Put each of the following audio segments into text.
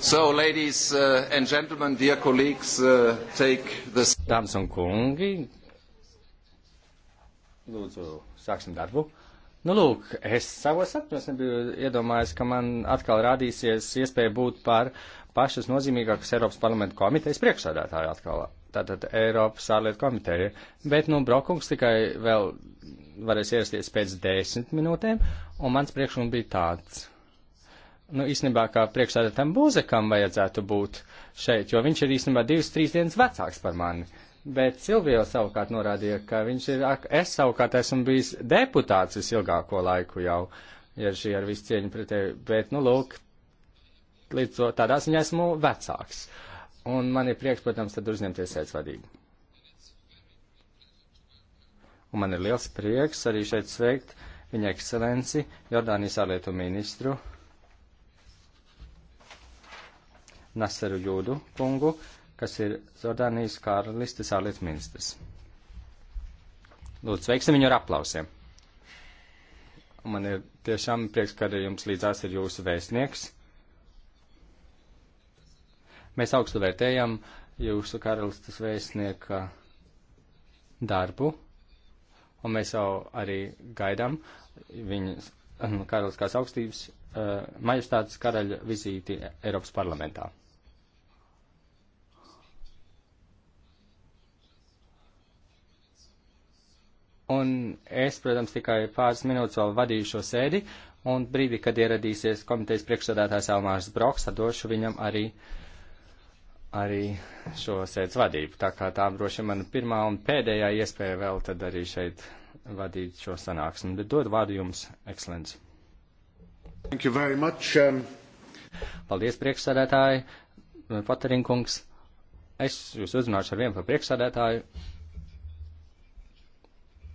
So, ladies uh, and gentlemen, dear colleagues, uh, take this. Dāmas un kungi, lūdzu, sāksim darbu. Nu, lūk, es savos sapņos nebiju iedomājies, ka man atkal rādīsies iespēja būt par pašas nozīmīgākas Eiropas parlamenta komitejas priekšsādātāju atkal. Tātad Eiropas ārlietu komiteja. Bet, nu, Brokungs tikai vēl varēs ierasties pēc desmit minūtēm, un mans priekšlikums bija tāds nu, īstenībā kā priekšstādātam Būzekam vajadzētu būt šeit, jo viņš ir īstenībā divas, trīs dienas vecāks par mani. Bet Silvija savukārt norādīja, ka viņš ir, es savukārt esmu bijis deputāts visilgāko laiku jau, ja šī ar visu cieņu pretēju, bet, nu, lūk, līdz to tādā ziņā esmu vecāks. Un man ir prieks, protams, tad uzņemties sēdz vadību. Un man ir liels prieks arī šeit sveikt viņa ekscelenci Jordānijas ārlietu ministru Naseru Jūdu kungu, kas ir Zordānijas karalistes ārlietu ministrs. Lūdzu, sveiksim viņu ar aplausiem. Man ir tiešām prieks, ka jums līdzās ir jūsu vēstnieks. Mēs augstu vērtējam jūsu karalistes vēstnieka darbu, un mēs jau arī gaidām viņas karaliskās augstības eh, majestātes karaļa vizīti Eiropas parlamentā. Un es, protams, tikai pāris minūtes vēl vadīju šo sēdi, un brīdī, kad ieradīsies komitejas priekšsādātājs Elmārs Broks, tad došu viņam arī, arī šo sēdes vadību. Tā kā tā droši mana pirmā un pēdējā iespēja vēl tad arī šeit vadīt šo sanāksmi. Bet dod vārdu jums, ekscelenci. Thank you very much. Um... Paldies, priekšsādātāji, Paterinkungs. Es jūs uzrunāšu ar vienu par priekšsādātāju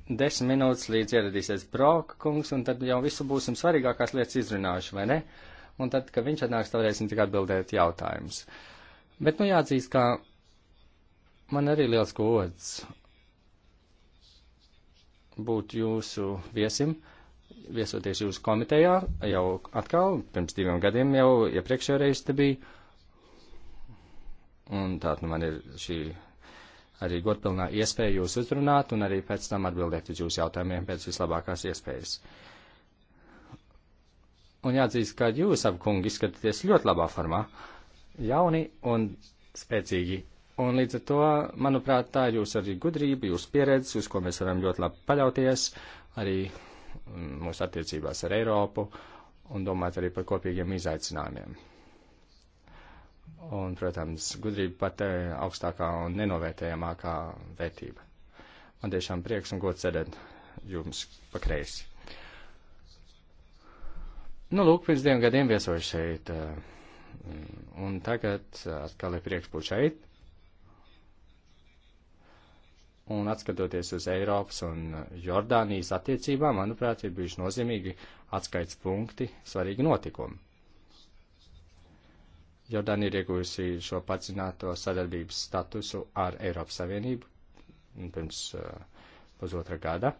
desmit minūtes līdz ieradīsies Broka kungs, un tad jau visu būsim svarīgākās lietas izrunājuši, vai ne? Un tad, kad viņš atnāks, tad varēsim tikai atbildēt jautājumus. Bet, nu, jāatzīst, ka man arī liels gods būt jūsu viesim, viesoties jūsu komitejā jau atkal, pirms diviem gadiem jau iepriekšējā reize te bija. Un tātad nu, man ir šī arī godpilnā iespēja jūs uzrunāt un arī pēc tam atbildēt uz jūsu jautājumiem pēc vislabākās iespējas. Un jāatzīst, ka jūs abi kungi izskatāties ļoti labā formā, jauni un spēcīgi. Un līdz ar to, manuprāt, tā ir jūsu arī gudrība, jūsu pieredze, uz ko mēs varam ļoti labi paļauties, arī mm, mūsu attiecībās ar Eiropu un domāt arī par kopīgiem izaicinājumiem. Un, protams, gudrība pat e, augstākā un nenovērtējamākā vērtība. Man tiešām prieks un gods sēdēt jums pa kreisi. Nu, lūk, pirms diviem gadiem viesoju šeit. E, un tagad atkal ir prieks būt šeit. Un atskatoties uz Eiropas un Jordānijas attiecībām, manuprāt, ir bijuši nozīmīgi atskaits punkti, svarīgi notikumi. Jordāna ir iegūjusi šo pacināto sadarbības statusu ar Eiropas Savienību pirms uh, pusotra gada.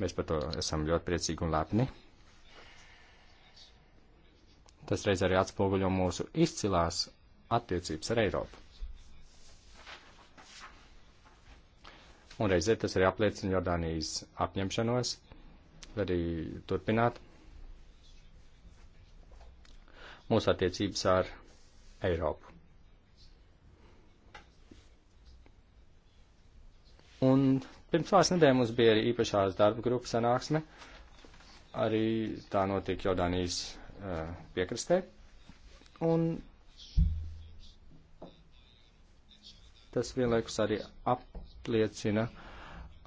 Mēs par to esam ļoti priecīgi un lepni. Tas reiz arī atspoguļo mūsu izcilās attiecības ar Eiropu. Un reizē tas arī apliecina Jordānijas apņemšanos arī turpināt mūsu attiecības ar Eiropu. Un pirms pāris nedēļām mums bija arī īpašās darba grupas sanāksme, arī tā notika Jordānijas uh, piekrastē. Un tas vienlaikus arī apliecina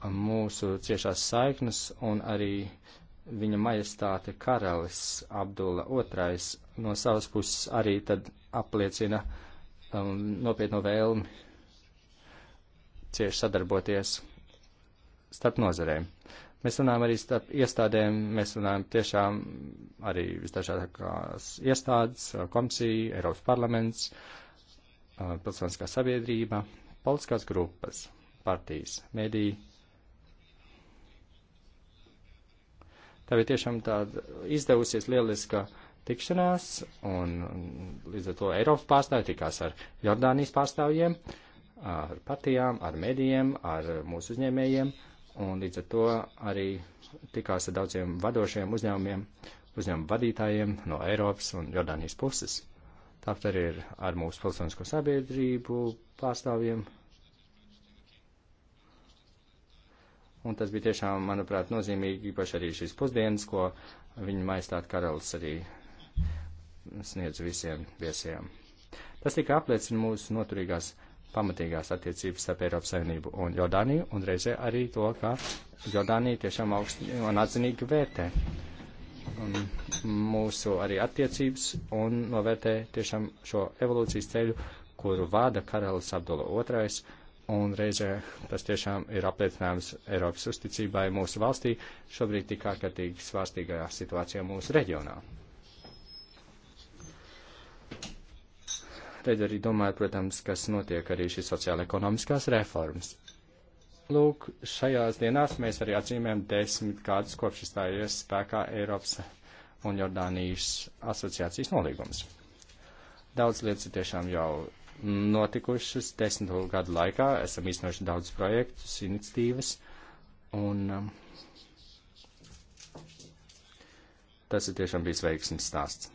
mūsu ciešās saiknes un arī uh, viņa majestāte karalis Abdula II no savas puses arī tad apliecina um, nopietno vēlmi cieši sadarboties starp nozarēm. Mēs runājam arī starp iestādēm, mēs runājam tiešām arī visdažādākās iestādes, komisija, Eiropas parlaments, um, pilsoniskā sabiedrība, politiskās grupas, partijas, mediji Tā bija tiešām tāda izdevusies lieliska tikšanās, un līdz ar to Eiropas pārstāvji tikās ar Jordānijas pārstāvjiem, ar partijām, ar medijiem, ar mūsu uzņēmējiem, un līdz ar to arī tikās ar daudziem vadošiem uzņēmumiem, uzņēmumu vadītājiem no Eiropas un Jordānijas puses. Tāpat arī ir ar mūsu pilsonisko sabiedrību pārstāvjiem, Un tas bija tiešām, manuprāt, nozīmīgi, īpaši arī šīs pusdienas, ko viņa maistāt karalis arī sniedz visiem viesiem. Tas tikai apliecina mūsu noturīgās pamatīgās attiecības starp Eiropas Savienību un Jordāniju, un reizē arī to, ka Jordānija tiešām augsti un atzinīgi vērtē un mūsu arī attiecības un novērtē tiešām šo evolūcijas ceļu, kuru vada karalis Abdula II un reizē tas tiešām ir apliecinājums Eiropas uzticībai mūsu valstī šobrīd tik ārkārtīgi svārstīgajā situācijā mūsu reģionā. Redz arī domājot, protams, kas notiek arī šīs sociāla-ekonomiskās reformas. Lūk, šajās dienās mēs arī atzīmējam desmit gadus kopš izstājies spēkā Eiropas un Jordānijas asociācijas nolīgums. Daudz lietas ir tiešām jau notikušas desmito gadu laikā. Esam iznoši daudz projektus, iniciatīvas, un um, tas ir tiešām bijis veiksmes stāsts.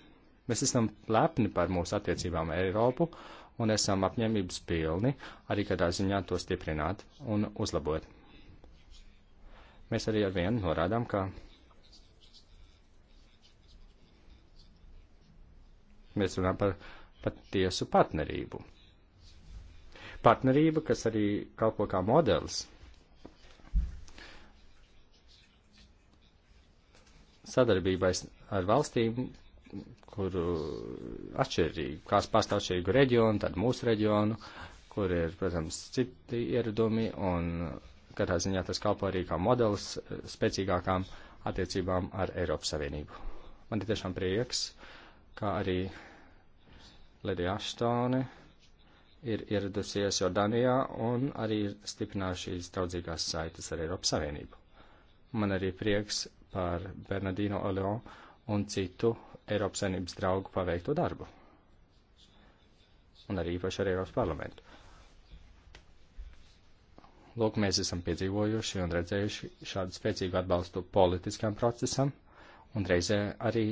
Mēs esam lepni par mūsu attiecībām ar Eiropu un esam apņēmības pilni arī kādā ziņā to stiprināt un uzlabot. Mēs arī ar vienu norādām, ka mēs runājam par patiesu partnerību partnerība, kas arī kaut ko kā modelis. Sadarbībai ar valstīm, kur atšķirīgi, kās pastāv atšķirīgu reģionu, tad mūsu reģionu, kur ir, protams, citi ieradumi, un katrā ziņā tas kalpo arī kā modelis eh, spēcīgākām attiecībām ar Eiropas Savienību. Man ir tiešām prieks, kā arī Lidija Aštone ir ieradusies Jordanijā un arī ir stiprinājuši šīs draudzīgās saites ar Eiropas Savienību. Man arī prieks par Bernardino Oleo un citu Eiropas Savienības draugu paveikto darbu. Un arī īpaši ar Eiropas parlamentu. Lūk, mēs esam piedzīvojuši un redzējuši šādu spēcīgu atbalstu politiskam procesam un reizē arī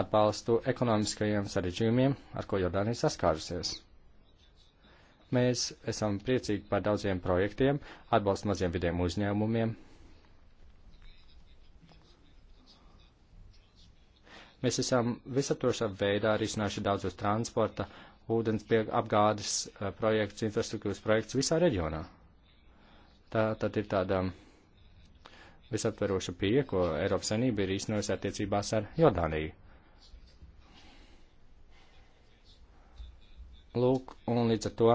atbalstu ekonomiskajiem sarežģījumiem, ar ko Jordānija saskārusies. Mēs esam priecīgi par daudziem projektiem, atbalstu maziem vidiem uzņēmumiem. Mēs esam visaptvarošā veidā risinājuši daudzus transporta, ūdens apgādes eh, projekts, infrastruktūras projekts visā reģionā. Tā tad ir tāda visaptvaroša pieeja, ko Eiropas Sanība ir īstenojusi attiecībās ar Jordāniju. Lūk, un līdz ar to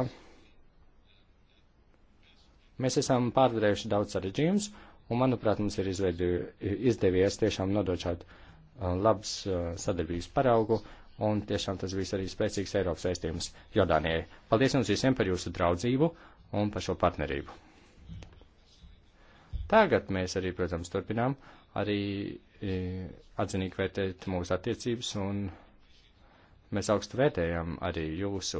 mēs esam pārvarējuši daudz sarežģījumus, un manuprāt, mums ir izveidu, izdevies tiešām nodot šādu uh, labs uh, sadarbības paraugu, un tiešām tas bija arī spēcīgs Eiropas saistījums Jordānijai. Paldies jums visiem par jūsu draudzību un par šo partnerību. Tagad mēs arī, protams, turpinām arī eh, atzinīgi vērtēt mūsu attiecības un Mēs augstu vērtējam arī jūsu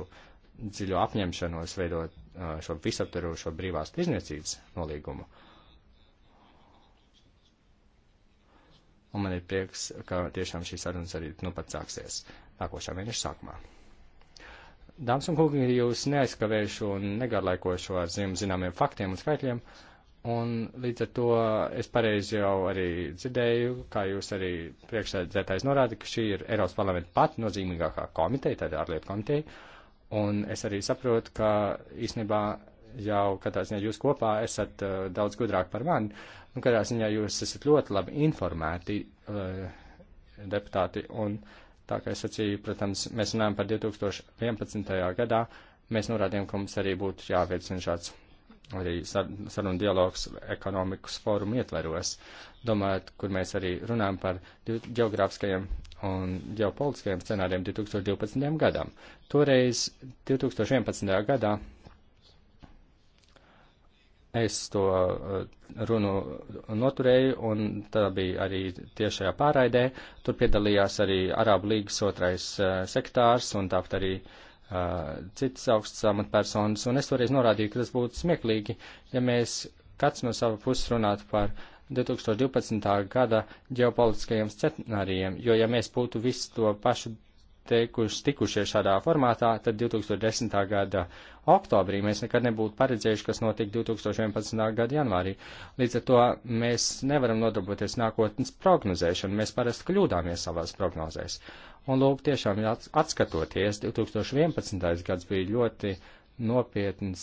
dziļo apņemšanos veidot uh, šo visaptverošo brīvās tirzniecības nolīgumu. Un man ir prieks, ka tiešām šīs sarunas arī nu pat sāksies nākošā mēneša sākumā. Dāmas un kungi, jūs neaizskavēšu un negarlaikošu ar zināmiem faktiem un skaitļiem. Uh, Un līdz ar to es pareizi jau arī dzirdēju, kā jūs arī priekšsēdētājs norāda, ka šī ir Eiropas parlamenta pati nozīmīgākā komiteja, tāda ārlietu komiteja. Un es arī saprotu, ka īstenībā jau katrā ziņā jūs kopā esat uh, daudz gudrāk par mani. Nu, katrā ziņā jūs esat ļoti labi informēti uh, deputāti. Un tā kā es sacīju, protams, mēs runājam par 2011. gadā, mēs norādījām, ka mums arī būtu jāveicina šāds arī sar, sarunu dialogs ekonomikas fórumu ietveros, domājot, kur mēs arī runājam par geogrāfiskajiem un ģeopolitiskajiem scenāriem 2012. gadam. Toreiz 2011. gadā es to eh, runu noturēju, un tā bija arī tiešajā pārraidē. Tur piedalījās arī Arābu līgas otrais eh, sektārs un tāpat arī uh, Uh, citas augstas amatpersonas, un es toreiz norādīju, ka tas būtu smieklīgi, ja mēs kāds no sava puses runātu par 2012. gada ģeopolitiskajiem scenārijiem, jo ja mēs būtu visu to pašu teikuši, tikušies šādā formātā, tad 2010. gada oktobrī mēs nekad nebūtu paredzējuši, kas notika 2011. gada janvārī. Līdz ar to mēs nevaram nodarboties nākotnes prognozēšanu, mēs parasti kļūdāmies savās prognozēs. Un lūk, tiešām atskatoties, 2011. gads bija ļoti nopietns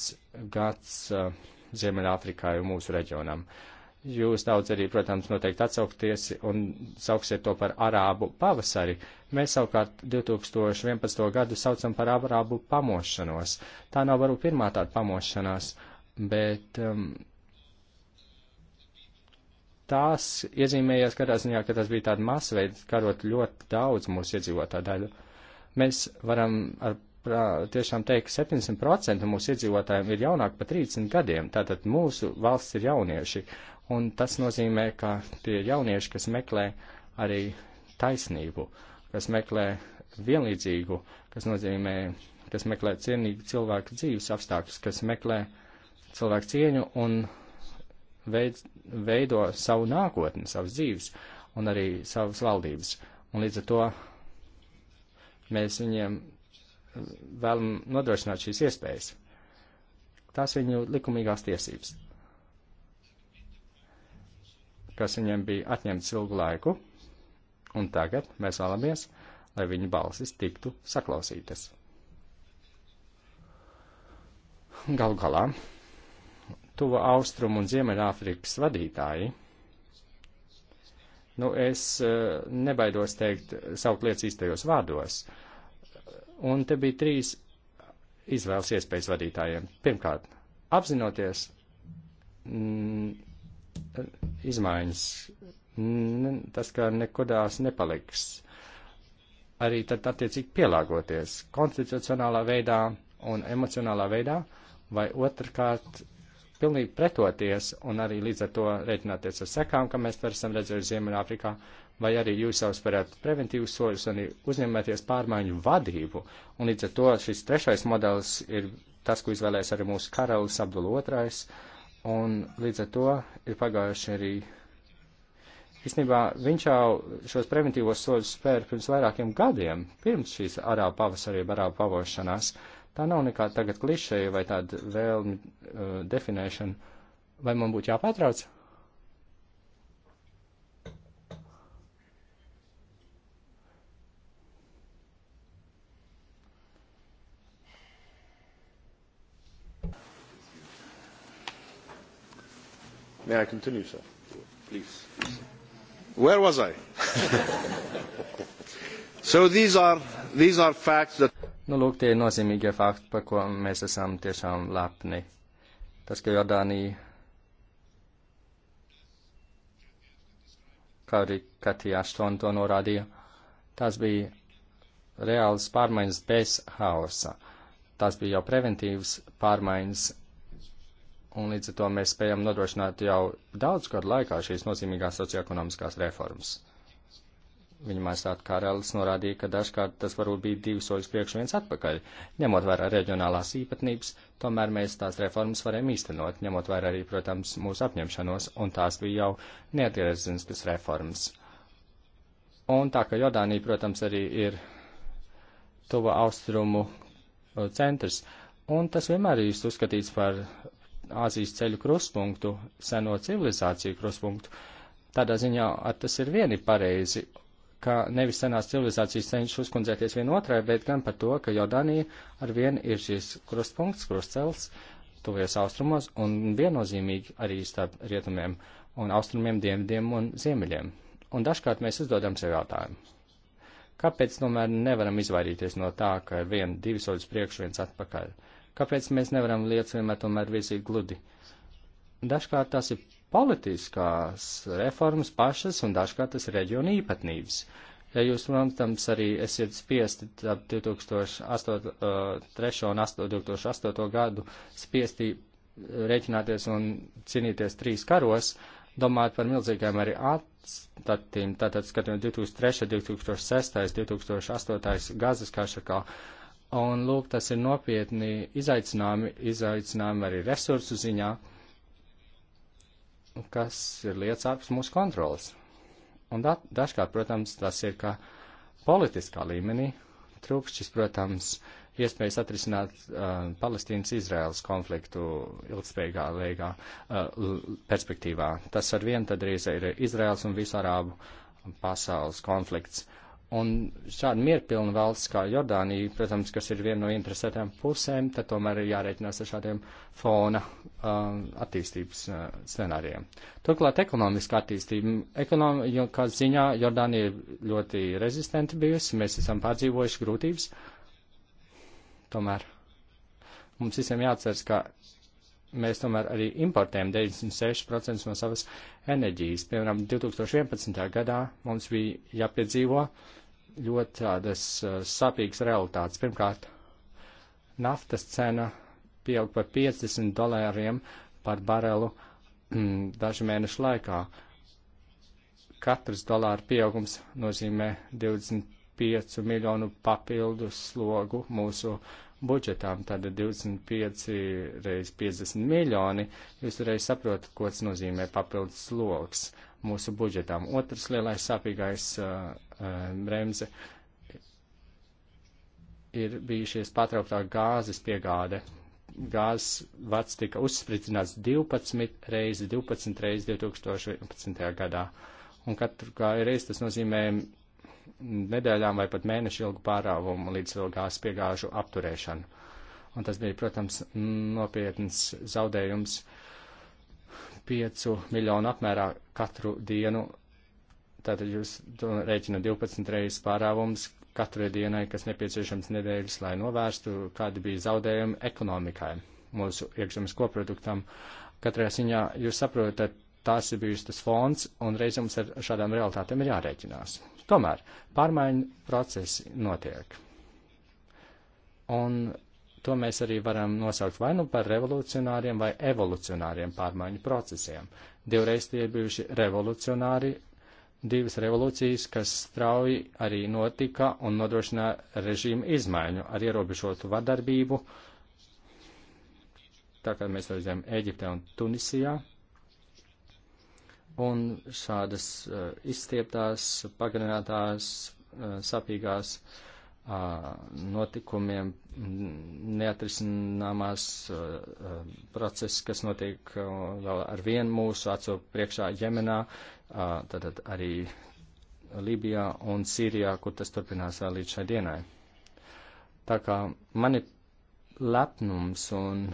gads uh, eh, Ziemeļāfrikai un mūsu reģionam. Jūs daudz arī, protams, noteikti atsaukties un sauksiet to par arābu pavasari. Mēs savukārt 2011. gadu saucam par arābu pamošanos. Tā nav varbūt pirmā tāda pamošanās, bet um, tās iezīmējās katrā ziņā, ka tas bija tāda masveida, karot ļoti daudz mūsu iedzīvotā daļu. Mēs varam ar prā, tiešām teikt, ka 70% mūsu iedzīvotājiem ir jaunāki par 30 gadiem, tātad mūsu valsts ir jaunieši, un tas nozīmē, ka tie jaunieši, kas meklē arī taisnību, kas meklē vienlīdzīgu, kas nozīmē, kas meklē cienīgu cilvēku dzīves apstākļus, kas meklē cilvēku cieņu un veids, veido savu nākotni, savas dzīves un arī savas valdības. Un līdz ar to mēs viņiem uh, vēlam nodrošināt šīs iespējas. Tās viņu likumīgās tiesības, kas viņiem bija atņemts ilgu laiku, un tagad mēs vēlamies, lai viņu balsis tiktu saklausītas. Galu galā Tuva Austrumu un Ziemeļāfrikas vadītāji. Nu, es eh, nebaidos teikt savu lietas īstajos vārdos. Un te bija trīs izvēles iespējas vadītājiem. Pirmkārt, apzinoties m, mm, izmaiņas, m, tas, ka nekodās nepaliks. Arī tad attiecīgi pielāgoties konstitucionālā veidā un emocionālā veidā, vai otrkārt pilnīgi pretoties un arī līdz ar to rēķināties ar sekām, ka mēs esam redzējuši Ziemeļāfrikā, vai arī jūs jau spērat preventīvus soļus un uzņematies pārmaiņu vadību. Un līdz ar to šis trešais modelis ir tas, ko izvēlēs arī mūsu karalis Abdul II. Un līdz ar to ir pagājuši arī. Īstenībā viņš jau šos preventīvos soļus spēr pirms vairākiem gadiem, pirms šīs arāba pavasarība, arāba pavošanās. Uh, Tā nav nekā tagad klišeja vai tāda vēlmi uh, definēšana. Vai man būtu jāpārtrauc? May I continue, sir? Please. Where was I? So these are, these are facts that. Nu, lūk, tie ir nozīmīgie fakti, par ko mēs esam tiešām lepni. Tas, ka Jordānija, kā arī Katija Aštona to norādīja, tās bija reāls pārmaiņas bez hausa. Tās bija jau preventīvas pārmaiņas, un līdz ar to mēs spējam nodrošināt jau daudz gadu laikā šīs nozīmīgās socioekonomiskās reformas. Viņa maistāta karalis norādīja, ka dažkārt tas varbūt bija divi soļus priekš un viens atpakaļ. Ņemot vērā reģionālās īpatnības, tomēr mēs tās reformas varējām īstenot, ņemot vērā arī, protams, mūsu apņemšanos, un tās bija jau neatgriezeniskas reformas. Un tā kā Jordānija, protams, arī ir tuva austrumu centrs, un tas vienmēr ir uzskatīts par Āzijas ceļu kruspunktu, seno civilizāciju kruspunktu. Tādā ziņā tas ir vieni pareizi ka nevis senās civilizācijas cenšas uzkundzēties vienotrai, bet gan par to, ka Jordānija ar vienu ir šis krustpunkts, krustcels, tuvies austrumos un viennozīmīgi arī starp rietumiem un austrumiem, dienvidiem un ziemeļiem. Un dažkārt mēs uzdodam sev jautājumu. Kāpēc tomēr nevaram izvairīties no tā, ka ir vien divi soļus priekš, viens atpakaļ? Kāpēc mēs nevaram lietas vienmēr tomēr virzīt gludi? Dažkārt tas ir politiskās reformas pašas un dažkārt tas ir reģiona īpatnības. Ja jūs, protams, arī esiet spiesti 2008, 3. un 8, 2008. gadu spiesti rēķināties un cīnīties trīs karos, domājot par milzīgām arī atstatīm, tātad skatījumiem 2003, 2006, 2008 gazas kašakā. Un lūk, tas ir nopietni izaicinājumi, izaicinājumi arī resursu ziņā. Uh, kas ir lietas ārpus mūsu kontrolas. Un da dažkārt, protams, tas ir, ka politiskā līmenī trūkšķis, protams, iespējas atrisināt uh, Palestīnas-Izraels konfliktu ilgspējīgā lēgā, uh, perspektīvā. Tas ar vienu tad arī ir Izraels un visu arābu pasaules konflikts. Uh, Un šāda mierpilna valsts kā Jordānija, protams, kas ir viena no interesētām pusēm, tad tomēr ir jārēķinās ar šādiem fona uh, attīstības uh, scenārijiem. Turklāt ekonomiska attīstība. Ekonomikā ziņā Jordānija ir ļoti rezistenta bijusi, mēs esam pārdzīvojuši grūtības. Tomēr mums visiem jāatceras, ka mēs tomēr arī importējam 96% no savas enerģijas. Piemēram, 2011. gadā mums bija jāpiedzīvo ļoti tādas sāpīgas realitātes. Pirmkārt, naftas cena pieaug par 50 dolāriem par barelu hm, dažu mēnešu laikā. Katrs dolāra pieaugums nozīmē 25 miljonu papildus slogu mūsu uh, budžetām, tāda 25 reiz 50 miljoni, jūs reiz saprotat, ko tas nozīmē papildus sloks mūsu budžetām. Otrs lielais sāpīgais uh, uh, bremze ir bijušies patrauktā gāzes piegāde. Gāzes vats tika uzspridzināts 12 reizi, 12 reizi 2011. gadā. Un katru reizi tas nozīmē nedēļām vai pat mēnešu ilgu pārāvumu līdz gāzes piegāžu apturēšanu. Un tas bija, protams, nopietns zaudējums 5 miljonu apmērā katru dienu. Tātad jūs rēķina 12 reizes pārāvums katrai dienai, kas nepieciešams nedēļas, lai novērstu, kādi bija zaudējumi ekonomikai, mūsu iekšzemes koproduktam. Katrā ziņā jūs saprotat, tās ir bijis tas fons, un reiz jums ar šādām realitātēm ir jārēķinās. Tomēr pārmaiņu procesi notiek. Un to mēs arī varam nosaukt vai nu par revolucionāriem vai evolucionāriem pārmaiņu procesiem. Divreiz tie ir bijuši revolucionāri, divas revolūcijas, kas strauji arī notika un nodrošināja režīmu izmaiņu ar ierobežotu vardarbību, tā kā mēs redzam Eģipte un Tunisijā. Un šādas uh, izstieptās, pagarinātās, uh, eh, sapīgās uh, ah, notikumiem neatrisināmās uh, eh, procesi, kas notiek uh, vēl ar vienu mūsu acu priekšā Jemenā, uh, tad arī Lībijā un Sīrijā, kur tas turpinās vēl līdz šai dienai. Tā kā man ir lepnums un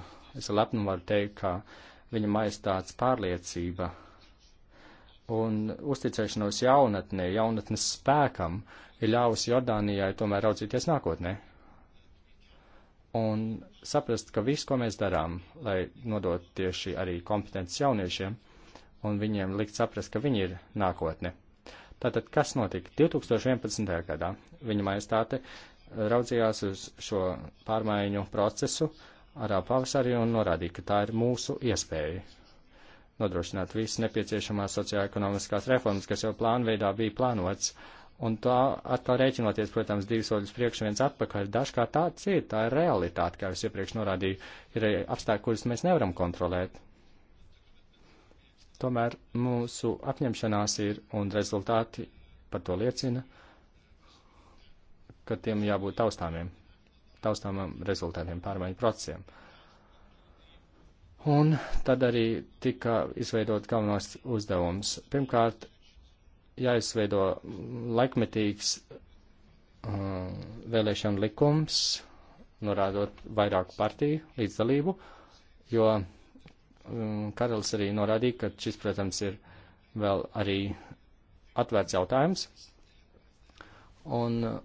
es lepnu varu teikt, ka viņam aizstāts pārliecība un uzticēšanos jaunatnē, jaunatnes spēkam ir ļāvusi Jordānijai tomēr raudzīties nākotnē. Un saprast, ka viss, ko mēs darām, lai nodot tieši arī kompetences jauniešiem, un viņiem likt saprast, ka viņi ir nākotne. Tātad, kas notika? 2011. gadā viņa majestāte eh, raudzījās uz šo pārmaiņu procesu arā pavasarī un norādīja, ka tā ir mūsu iespēja, nodrošināt visas nepieciešamās sociāekonomiskās reformas, kas jau plānveidā bija plānots. Un tā atkal rēķinoties, protams, divus soļus priekš viens atpakaļ, dažkārt tāds ir, tā ir realitāte, kā es iepriekš norādīju, ir apstākļi, kurus mēs nevaram kontrolēt. Tomēr mūsu apņemšanās ir, un rezultāti par to liecina, ka tiem jābūt taustāmiem, taustāmam rezultātiem pārmaiņu procesiem. Un tad arī tika izveidot galvenos uzdevums. Pirmkārt, jāizveido laikmetīgs um, uh, vēlēšana likums, norādot vairāku partiju līdzdalību, jo um, Karls arī norādīja, ka šis, protams, ir vēl arī atvērts jautājums. Un uh,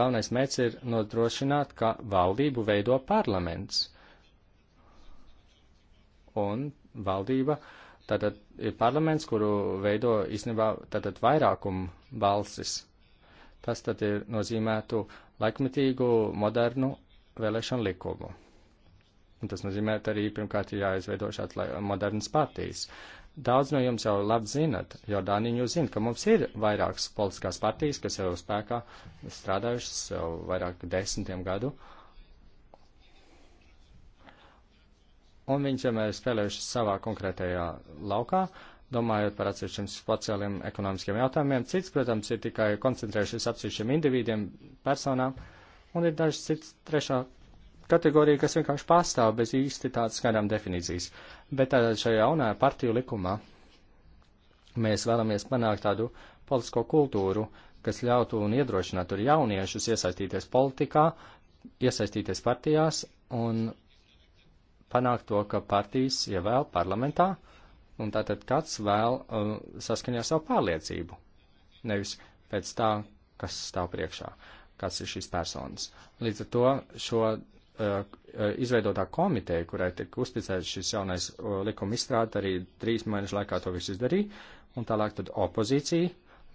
galvenais mērķis ir nodrošināt, ka valdību veido parlaments – un valdība, tātad ir parlaments, kuru veido īstenībā tātad vairākumu balsis. Tas tad ir nozīmētu laikmetīgu, modernu vēlēšanu likumu. Un tas nozīmē, ka arī pirmkārt ir jāizveido šāds moderns partijas. Daudz no jums jau labi zinat, jo Dāniņu jūs zinat, ka mums ir vairākas politiskās partijas, kas jau spēkā strādājušas jau vairāk desmitiem gadu. Uh, un viņš vienmēr ir eh, spēlējuši savā konkrētajā laukā, domājot par atsevišķiem sociāliem ekonomiskiem jautājumiem. Cits, protams, ir tikai koncentrējušies atsevišķiem individiem, personām, un ir dažas cits trešā kategorija, kas vienkārši pastāv bez īsti tādas skaidrām definīcijas. Bet tādā šajā jaunā partiju likumā mēs vēlamies panākt tādu politisko kultūru, kas ļautu un iedrošinātu jauniešus iesaistīties politikā, iesaistīties partijās un panākt to, ka partijas ievēl parlamentā, un tātad kāds vēl uh, saskaņā savu pārliecību, nevis pēc tā, kas stāv priekšā, kas ir šīs personas. Līdz ar to šo uh, uh izveidotā komiteja, kurai tika uzticēts šis jaunais uh, likuma izstrāde, arī trīs mēnešu laikā to visu izdarīja, un tālāk tad opozīcija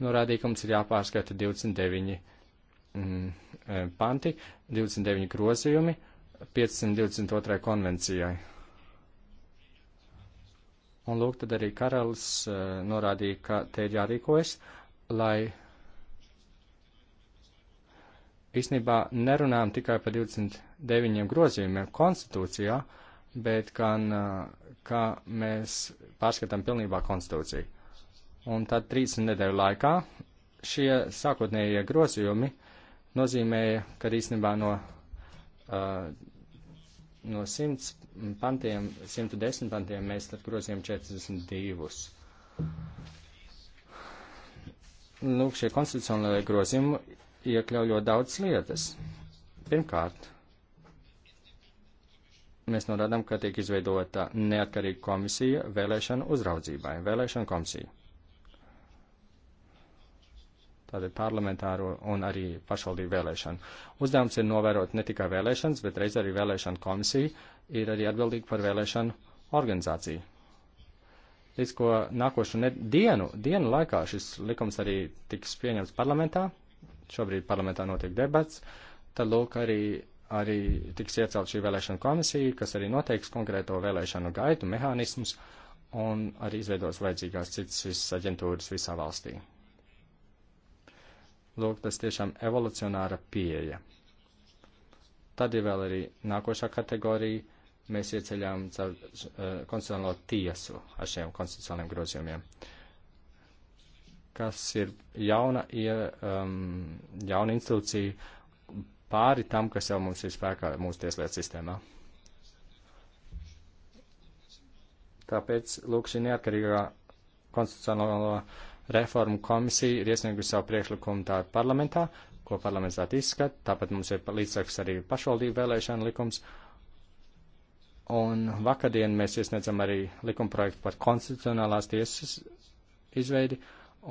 norādīja, ka mums ir jāpārskata 29 mm, eh, panti, 29 grozījumi, uh, 522. konvencijai. Un lūk, tad arī karalis uh, norādīja, ka te ir jārīkojas, lai īstenībā nerunājam tikai par 29 grozījumiem konstitūcijā, bet gan, uh, eh, ka mēs pārskatām pilnībā konstitūciju. Un tad 30 nedēļu laikā šie sākotnējie grozījumi nozīmēja, ka īstenībā no uh, no 100 pantiem, 110 pantiem mēs tad grozījām 42. Nu, šie konstitucionālajie grozījumi iekļauj ļoti daudz lietas. Pirmkārt, mēs norādām, ka tiek izveidota neatkarīga komisija vēlēšanu uzraudzībai, vēlēšanu komisija tātad parlamentāro un arī pašvaldību vēlēšanu. Uzdevums ir novērot ne tikai vēlēšanas, bet reiz arī vēlēšana komisija ir arī atbildīga par vēlēšanu organizāciju. Līdz ko nākošu dienu, dienu laikā šis likums arī tiks pieņemts parlamentā, šobrīd parlamentā notiek debats, tad lūk arī, arī tiks iecelt šī vēlēšana komisija, kas arī noteiks konkrēto vēlēšanu gaitu, mehānismus un arī izveidos vajadzīgās citas aģentūras visā valstī. Lūk, tas tiešām evolucionāra pieeja. Tad ir vēl arī nākošā kategorija. Mēs ieceļām caur uh, konstitucionālo tiesu ar šiem konstitucionāliem grozījumiem, kas ir jauna, ie, um, jauna institūcija pāri tam, kas jau mums ir spēkā mūsu tieslietu sistēmā. Tāpēc, lūk, šī neatkarīgā konstitucionālo reformu komisija ir iesniegusi savu priekšlikumu tā parlamentā, ko parlaments tā izskata, tāpat mums ir līdzsaks arī pašvaldību vēlēšana likums. Un vakardien mēs iesniedzam arī likumprojektu par konstitucionālās tiesas izveidi,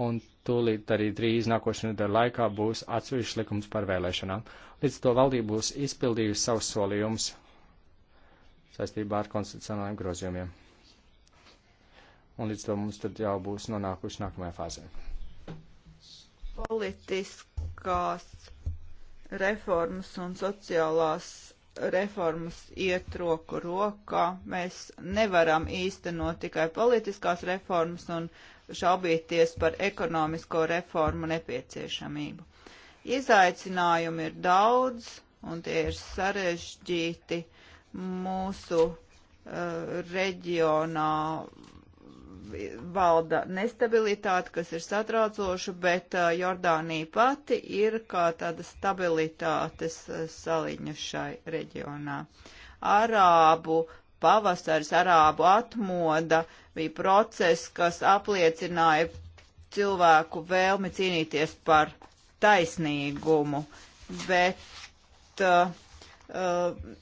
un tūlīt arī drīz nākošajā nedēļa laikā būs atsevišķs likums par vēlēšanām. Līdz to valdība būs izpildījusi savus solījumus saistībā ar konstitucionālajiem grozījumiem un līdz to mums tad jau būs nonākuši nākamajā fāzē. Politiskās reformas un sociālās reformas iet roku rokā. Mēs nevaram īstenot tikai politiskās reformas un šaubīties par ekonomisko reformu nepieciešamību. Izaicinājumi ir daudz un tie ir sarežģīti mūsu uh, reģionā valda nestabilitāte, kas ir satraucoša, bet Jordānija pati ir kā tāda stabilitātes saliņa šai reģionā. Arābu pavasars, arābu atmoda bija process, kas apliecināja cilvēku vēlmi cīnīties par taisnīgumu, bet uh, uh,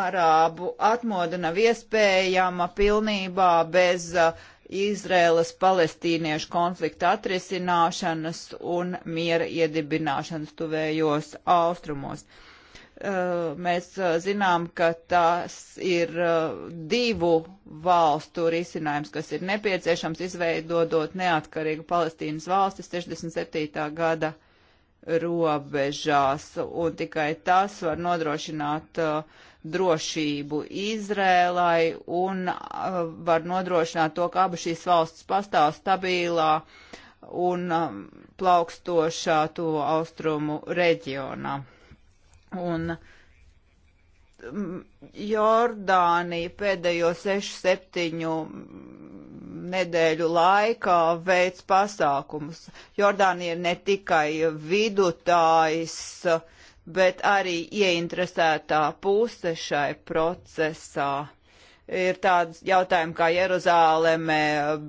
arābu atmoda nav iespējama pilnībā bez uh, Izrēlas palestīniešu konflikta atrisināšanas un miera iedibināšanas tuvējos austrumos. Uh, mēs uh, zinām, ka tas ir divu valstu risinājums, kas ir nepieciešams izveidodot neatkarīgu Palestīnas valsti 67. gada robežās, un tikai tas var nodrošināt uh, drošību Izrēlai un uh, var nodrošināt to, ka abas šīs valsts pastāv stabilā un um, plaukstošā to austrumu reģionā. Un um, Jordānija pēdējo 6-7 nedēļu laikā veids pasākumus. Jordānija ir ne tikai vidutājs, uh, bet arī ieinteresētā puse šai procesā. Ir tāds jautājums kā Jeruzāleme,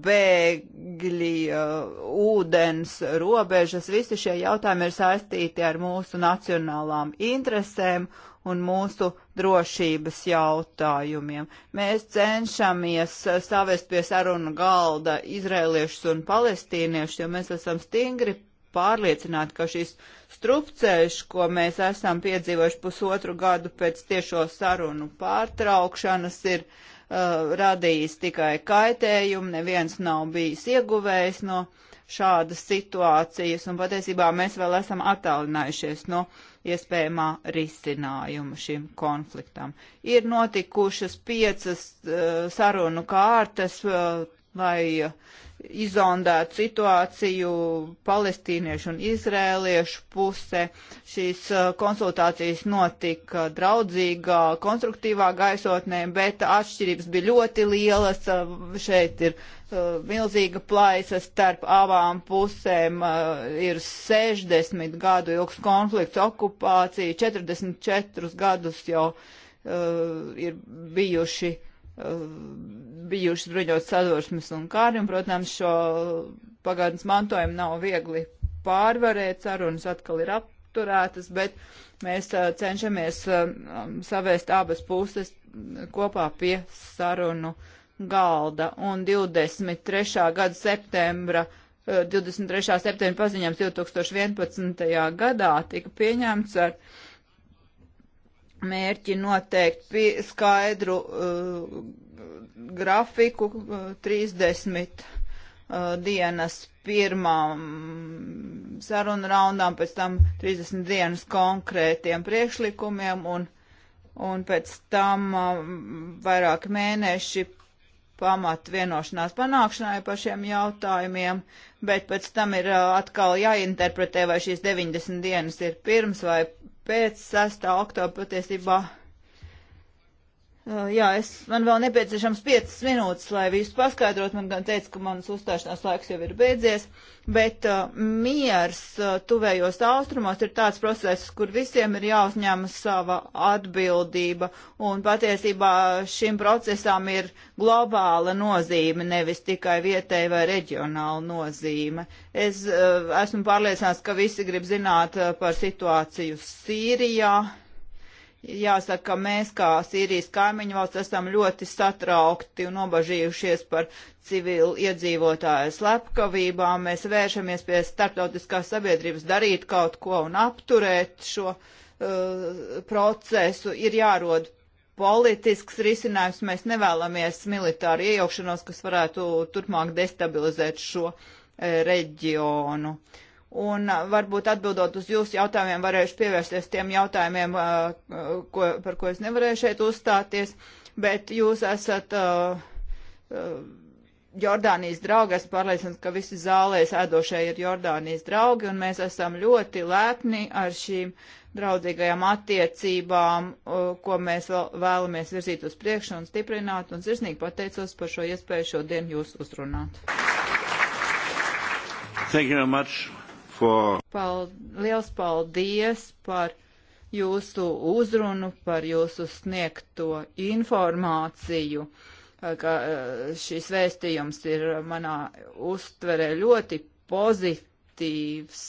bēgļi, uh, ūdens, robežas. Visi šie jautājumi ir saistīti ar mūsu nacionālām interesēm un mūsu drošības jautājumiem. Mēs cenšamies savest pie sarunu galda izrēliešus un palestīniešus, jo mēs esam stingri pārliecināti, ka šis strupceļš, ko mēs esam piedzīvojuši pusotru gadu pēc tiešo sarunu pārtraukšanas, ir uh, radījis tikai kaitējumu, neviens nav bijis ieguvējis no šādas situācijas, un patiesībā mēs vēl esam attālinājušies no iespējamā risinājuma šim konfliktam. Ir notikušas piecas uh, sarunu kārtas, uh, lai uh, izondēt situāciju palestīniešu un izrēliešu puse. Šīs uh, konsultācijas notika draudzīgā, konstruktīvā gaisotnē, bet atšķirības bija ļoti lielas. Uh, šeit ir uh, milzīga plaisa starp abām pusēm ir 60 gadu ilgs konflikts, okupācija, 44 gadus jau uh, ir bijuši uh, Eh, bijušas bruņotas sadursmes un kāri, un, protams, šo pagātnes mantojumu nav viegli pārvarēt, sarunas atkal ir apturētas, bet mēs uh, cenšamies uh, eh, savēst abas puses kopā pie sarunu galda. Un 23. gada septembra, uh, 23. septembra paziņams 2011. gadā tika pieņemts ar mērķi noteikti skaidru uh, grafiku uh, 30 uh, dienas pirmām sarunu raundām, pēc tam 30 dienas konkrētiem priekšlikumiem un, un pēc tam uh, vairāki mēneši pamat vienošanās panākšanai par šiem jautājumiem, bet pēc tam ir uh, atkal jāinterpretē, vai šīs 90 dienas ir pirms vai pēc 6. oktobra patiesībā Uh, jā, es, man vēl nepieciešams 5 minūtes, lai visu paskaidrot. Man gan teica, ka manas uzstāšanās laiks jau ir beidzies, bet uh, miers uh, tuvējos austrumos ir tāds process, kur visiem ir jāuzņemas sava atbildība, un patiesībā šim procesam ir globāla nozīme, nevis tikai vietēja vai reģionāla nozīme. Es uh, esmu pārliecināts, ka visi grib zināt uh, par situāciju Sīrijā Jāsaka, mēs kā Sīrijas kaimiņu valsts esam ļoti satraukti un nobažījušies par civilu iedzīvotāju slepkavībām. Mēs vēršamies pie starptautiskās sabiedrības darīt kaut ko un apturēt šo uh, procesu. Ir jārod politisks risinājums. Mēs nevēlamies militāru iejaukšanos, kas varētu turpmāk destabilizēt šo uh, reģionu. Uh, Un varbūt atbildot uz jūsu jautājumiem, varēšu pievērsties tiem jautājumiem, uh, uh, ko, par ko es nevarēju šeit uzstāties, bet jūs esat uh, uh, Jordānijas draugi, esmu pārliecināts, ka visi zālēs ēdošie ir Jordānijas draugi, un mēs esam ļoti lepni ar šīm draudzīgajām attiecībām, uh, ko mēs vēl, vēlamies virzīt uz priekšu un stiprināt, un sirsnīgi pateicos par šo iespēju šodien jūs uzrunāt. Thank you very much for... Pal liels paldies par jūsu uzrunu, par jūsu sniegto informāciju, ka šis vēstījums ir manā uztverē ļoti pozitīvs.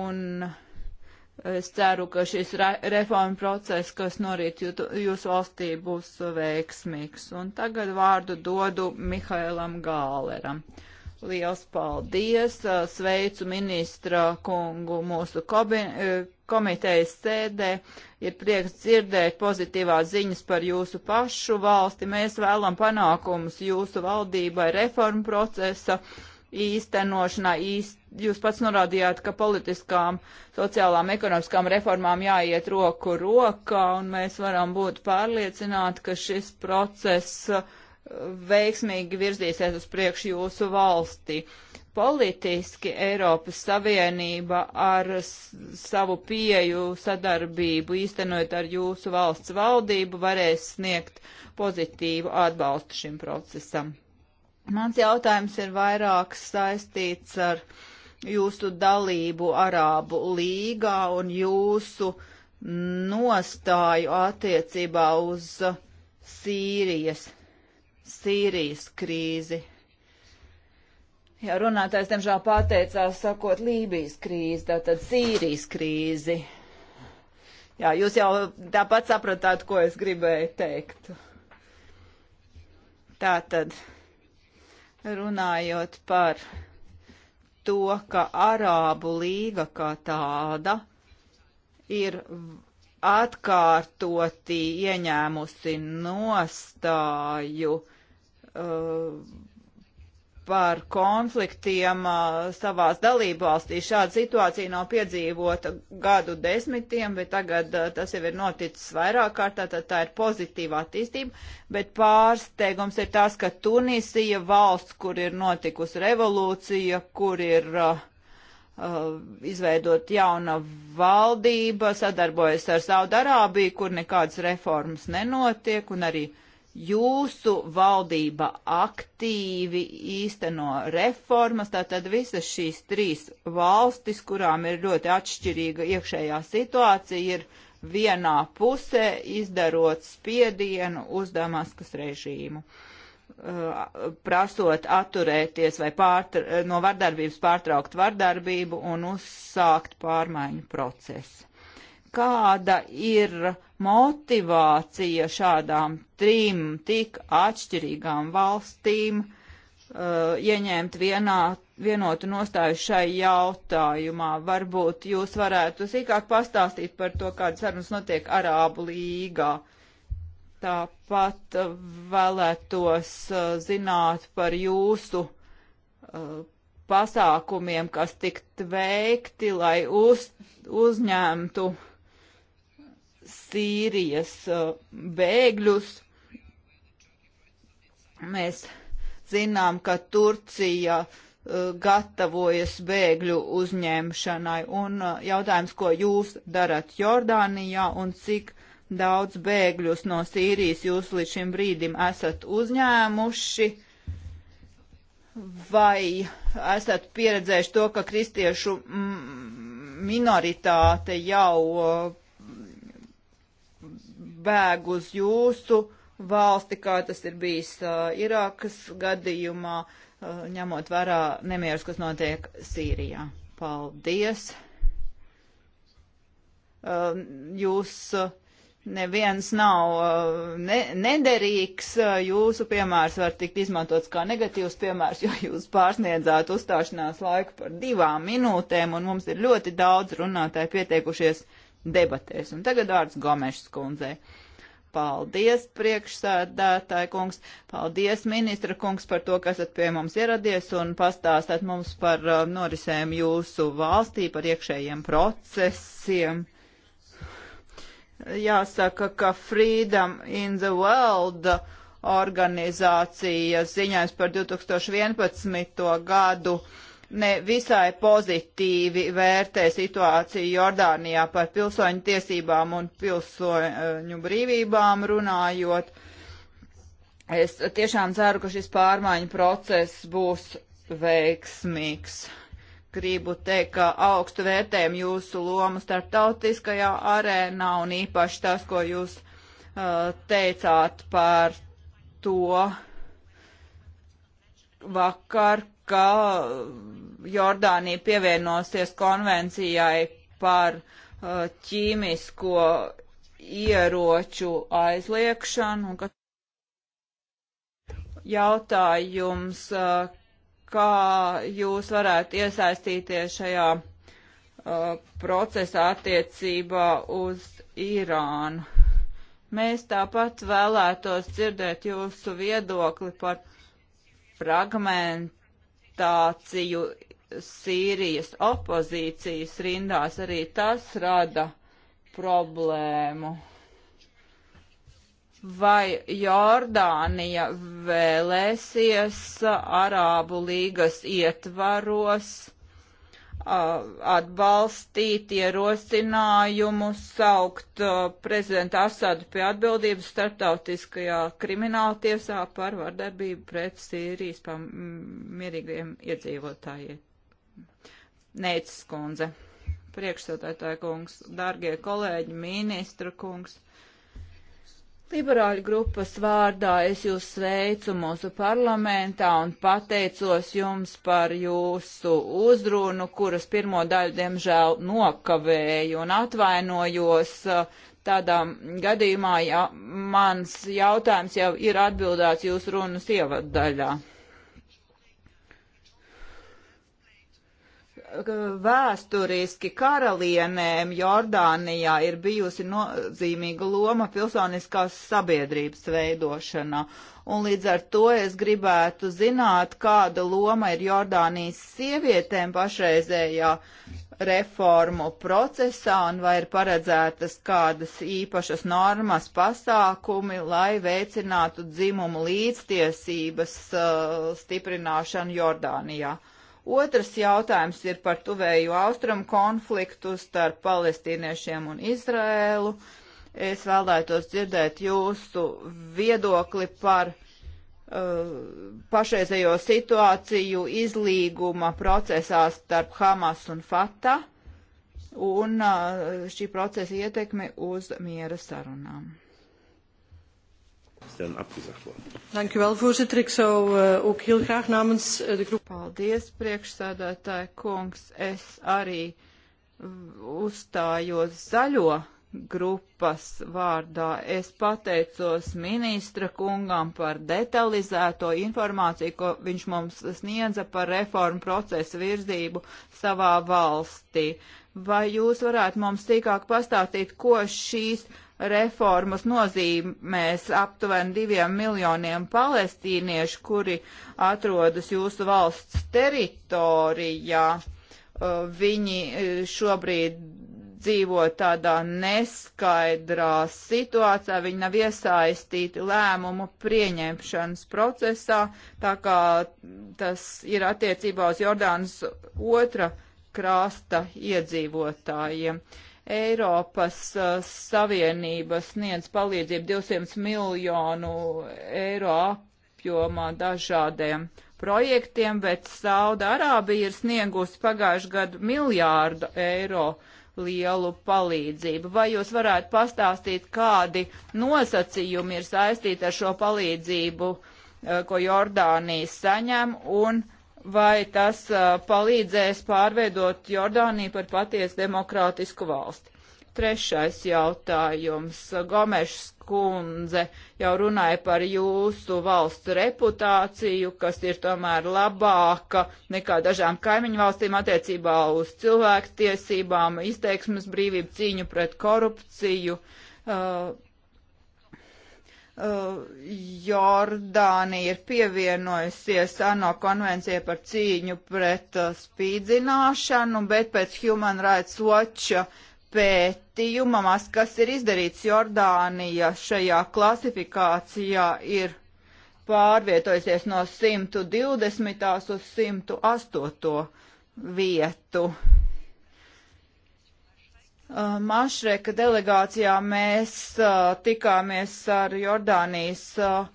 Un es ceru, ka šis re reforma process, kas norīt jūsu valstī, būs veiksmīgs. Un tagad vārdu dodu Mihailam Gāleram. Uh, Liels paldies! Sveicu ministra kungu mūsu komitejas sēdē. Ir prieks dzirdēt pozitīvās ziņas par jūsu pašu valsti. Mēs vēlam panākumus jūsu valdībai reformu procesa īstenošanā. Īst, jūs pats norādījāt, ka politiskām, sociālām, ekonomiskām reformām jāiet roku rokā, un mēs varam būt pārliecināti, ka šis process veiksmīgi virzīsies uz priekšu jūsu valstī. Politiski Eiropas Savienība ar savu pieju sadarbību īstenojot ar jūsu valsts valdību varēs sniegt pozitīvu atbalstu šim procesam. Mans jautājums ir vairāk saistīts ar jūsu dalību Arābu līgā un jūsu nostāju attiecībā uz Sīrijas Sīrijas krīzi. Jā, runātājs, diemžēl, pateicās, sakot, Lībijas krīzi, tātad Sīrijas krīzi. Jā, jūs jau tāpat sapratāt, ko es gribēju teikt. Tātad, runājot par to, ka Arābu līga kā tāda ir atkārtoti ieņēmusi nostāju, uh, Uh, par konfliktiem uh, savās dalībvalstīs. Šāda situācija nav piedzīvota gadu desmitiem, bet tagad uh, tas jau ir noticis vairāk kārtā, tad tā ir pozitīva attīstība, bet pārsteigums ir tas, ka Tunisija valsts, kur ir notikusi revolūcija, kur ir uh, izveidot jauna valdība, sadarbojas ar Saudarābiju, kur nekādas reformas nenotiek, un arī uh, jūsu valdība aktīvi īsteno reformas, tātad visas šīs trīs valstis, kurām ir ļoti atšķirīga iekšējā situācija, ir vienā pusē izdarot spiedienu uz Damaskas režīmu uh, prasot atturēties vai pārtra, no vardarbības pārtraukt vardarbību un uzsākt pārmaiņu procesu kāda ir motivācija šādām trim tik atšķirīgām valstīm uh, ieņemt vienā, vienotu nostāju šai jautājumā. Varbūt jūs varētu sīkāk pastāstīt par to, kādas sarunas notiek Arābu līgā. Tāpat vēlētos uh, zināt par jūsu uh, pasākumiem, kas tikt veikti, lai uz, uzņemtu uh, Sīrijas uh, bēgļus. Mēs zinām, ka Turcija uh, gatavojas bēgļu uzņemšanai. Un uh, jautājums, ko jūs darat Jordānijā un cik daudz bēgļus no Sīrijas jūs līdz šim brīdim esat uzņēmuši? Vai esat pieredzējuši to, ka kristiešu minoritāte jau bēg uz jūsu valsti, kā tas ir bijis uh, Irākas gadījumā, uh, ņemot vērā nemierus, kas notiek Sīrijā. Paldies! Um, uh, jūs neviens nav uh, ne, nederīgs, uh, jūsu piemērs var tikt izmantots kā negatīvs piemērs, jo jūs pārsniedzāt uzstāšanās laiku par divām minūtēm, un mums ir ļoti daudz runātāji pieteikušies debatēs. Un tagad vārds Gomešs kundzei. Paldies, priekšsēdētāji kungs, paldies, ministra kungs, par to, ka esat pie mums ieradies un pastāstāt mums par uh, norisēm jūsu valstī, par iekšējiem procesiem. Jāsaka, ka Freedom in the World organizācija ziņās par 2011. gadu uh, ne visai pozitīvi vērtē situāciju Jordānijā par pilsoņu tiesībām un pilsoņu brīvībām runājot. Es tiešām ceru, ka šis pārmaiņu process būs veiksmīgs. Gribu teikt, ka augstu vērtējam jūsu lomu starptautiskajā arēnā un īpaši tas, ko jūs uh, teicāt par to vakar, ka Jordānija pievienosies konvencijai par uh, ķīmisko ieroču aizliekšanu. Jautājums, uh, kā jūs varētu iesaistīties šajā uh, procesā attiecībā uz Irānu? Mēs tāpat vēlētos dzirdēt jūsu viedokli par fragmentāciju Sīrijas opozīcijas rindās, arī tas rada problēmu. Vai Jordānija vēlēsies Arābu līgas ietvaros atbalstīt ierosinājumu saukt prezidentu Asadu pie atbildības starptautiskajā krimināltiesā par vardarbību pret Sīrijas mierīgiem iedzīvotājiem? Neicis kundze, priekšsēdētāja kungs, dargie kolēģi, ministra kungs. Liberāļu grupas vārdā es jūs sveicu mūsu parlamentā un pateicos jums par jūsu uzrunu, kuras pirmo daļu, diemžēl, nokavēju un atvainojos uh, tādā gadījumā, ja mans jautājums jau ir atbildēts jūsu runas ievaddaļā. vēsturiski karalienēm Jordānijā ir bijusi nozīmīga loma pilsoniskās sabiedrības veidošanā. Un līdz ar to es gribētu zināt, kāda loma ir Jordānijas sievietēm pašreizējā reformu procesā un vai ir paredzētas kādas īpašas normas pasākumi, lai veicinātu dzimumu līdztiesības uh, stiprināšanu Jordānijā. Uh, Otrs jautājums ir par tuvēju austrumu konfliktu starp palestīniešiem un Izrēlu. Es vēlētos dzirdēt jūsu viedokli par uh, pašreizējo situāciju izlīguma procesā starp Hamas un Fatah un uh, šī procesa ietekmi uz miera sarunām is dan afgezegd worden. Dank u wel, voorzitter. Ik zou uh, ook heel graag namens uh, de groep... Paldies, priekšsēdētāji kungs. Es arī mm, uzstājos zaļo grupas vārdā. Es pateicos ministra kungam par detalizēto informāciju, ko viņš mums sniedza par reformu procesu virzību savā valstī. Vai jūs varētu mums tīkāk pastāstīt, ko šīs reformas nozīmēs aptuveni diviem miljoniem palestīniešu, kuri atrodas jūsu valsts teritorijā. Uh, viņi uh, šobrīd dzīvo tādā neskaidrā situācijā, viņi nav iesaistīti lēmumu pieņemšanas procesā, tā kā tas ir attiecībā uz Jordānas otra krasta iedzīvotājiem. Uh, Eiropas uh, Savienības sniedz palīdzību 200 miljonu eiro apjomā dažādiem projektiem, bet Sauda Arābija ir sniegusi pagājušajā gadu miljārdu eiro lielu palīdzību. Vai jūs varētu pastāstīt, kādi nosacījumi ir saistīti ar šo palīdzību, uh, ko Jordānija saņem, un uh, vai tas palīdzēs pārveidot Jordāniju par patiesu demokrātisku valsti. Trešais jautājums. Gomešs kundze jau runāja par jūsu valsts reputāciju, kas ir tomēr labāka nekā dažām kaimiņu valstīm attiecībā uz cilvēktiesībām, izteiksmes brīvību, cīņu pret korupciju. Uh, Uh, Jordānija ir pievienojusies ANO konvencijai par cīņu pret uh, spīdzināšanu, bet pēc Human Rights Watch pētījuma maz kas ir izdarīts Jordānija šajā klasifikācijā ir pārvietojusies no 120. uz 108. vietu. Uh, Mašreka delegācijā mēs uh, tikāmies ar Jordānijas uh,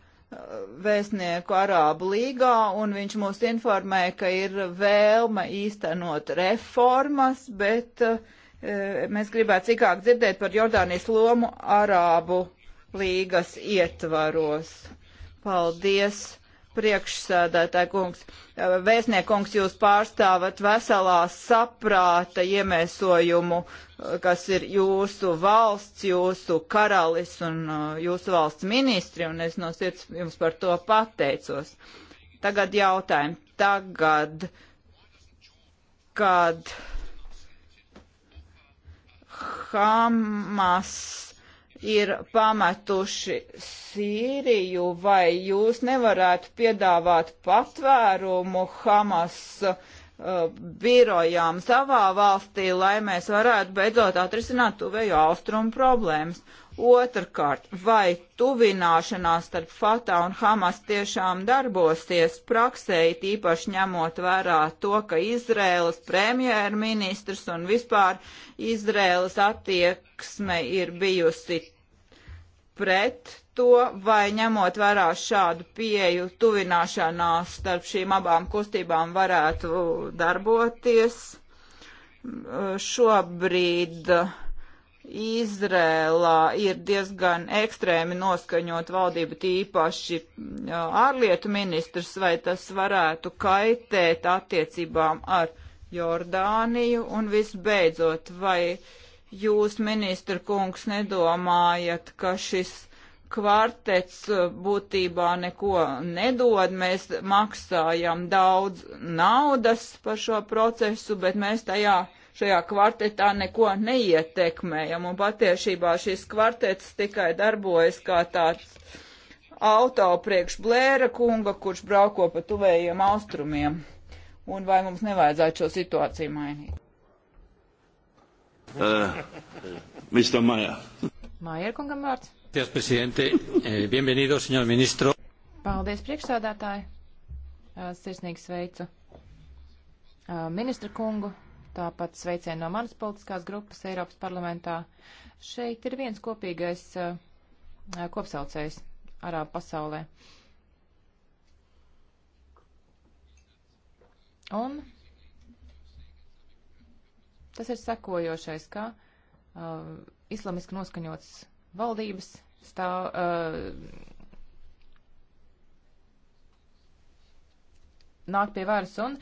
vēstnieku Arābu līgā, un viņš mūs informēja, ka ir vēlme īstenot reformas, bet uh, mēs gribētu cikāk dzirdēt par Jordānijas lomu Arābu līgas ietvaros. Paldies! priekšsēdētāji kungs, vēstniekungs, jūs pārstāvat veselā saprāta iemēsojumu, kas ir jūsu valsts, jūsu karalis un jūsu valsts ministri, un es no sirds jums par to pateicos. Tagad jautājumi. Tagad, kad Hamas ir pametuši Sīriju, vai jūs nevarētu piedāvāt patvērumu Hamas uh, birojām savā valstī, lai mēs varētu beidzot atrisināt tuvējo austrumu problēmas. Otrkārt, vai tuvināšanās starp Fatā un Hamas tiešām darbosies praksē, tīpaši ņemot vērā to, ka Izrēlas premjerministrs un vispār Izrēlas attieksme ir bijusi pret to, vai ņemot vērā šādu pieju tuvināšanās starp šīm abām kustībām varētu darboties. Šobrīd Izrēlā ir diezgan ekstrēmi noskaņot valdību, tīpaši ārlietu ministrs, vai tas varētu kaitēt attiecībām ar Jordāniju un visbeidzot, vai uh, jūs, ministra kungs, nedomājat, ka šis kvartets uh, būtībā neko nedod. Mēs maksājam daudz naudas par šo procesu, bet mēs tajā, šajā kvartetā neko neietekmējam. Un patiešībā šis kvartets tikai darbojas kā tāds auto priekš Blēra kunga, kurš brauko pa tuvējiem austrumiem. Un vai mums nevajadzētu šo situāciju mainīt? Uh, Mr. Mayer. Mayer kungam vārds. Paldies, prezidente. Eh, bienvenido, senor ministro. Paldies, priekšsādātāji. Eh, sirsnīgi sveicu eh, ministra kungu. Tāpat sveicienu no manas politiskās grupas Eiropas parlamentā. Šeit ir viens kopīgais kopsaucējs Arābu pasaulē. Un Tas ir sekojošais, ka uh, islamiski noskaņots valdības stāv. Uh, nāk pie varas un uh,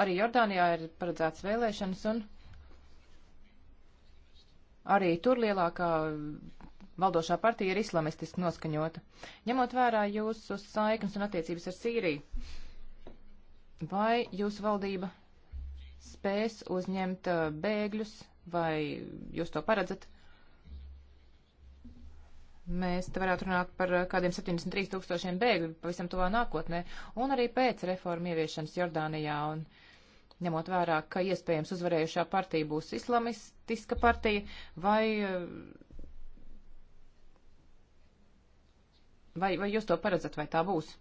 arī Jordānijā ir paredzēts vēlēšanas un arī tur lielākā valdošā partija ir islamistiski noskaņota. Ņemot vērā jūsu saiknes un attiecības ar Sīriju, vai jūsu valdība spēs uzņemt uh, bēgļus, vai jūs to paredzat? Mēs te varētu runāt par uh, kādiem 73 tūkstošiem bēgļu pavisam tuvā nākotnē, un arī pēc reformu ieviešanas Jordānijā, un ņemot vērā, ka iespējams uzvarējušā partija būs islamistiska partija, vai, uh, vai, vai jūs to paredzat, vai tā būs?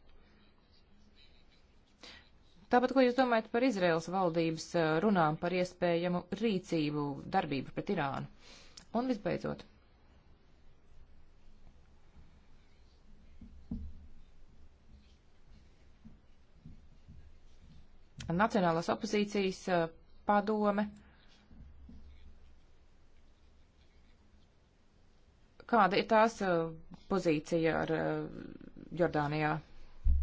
Tāpat, ko jūs domājat par Izraels valdības eh, runām par iespējamu rīcību darbību pret Irānu? Un visbeidzot. Nacionālās opozīcijas eh, padome. Kāda ir tās eh, pozīcija ar Jordānijā?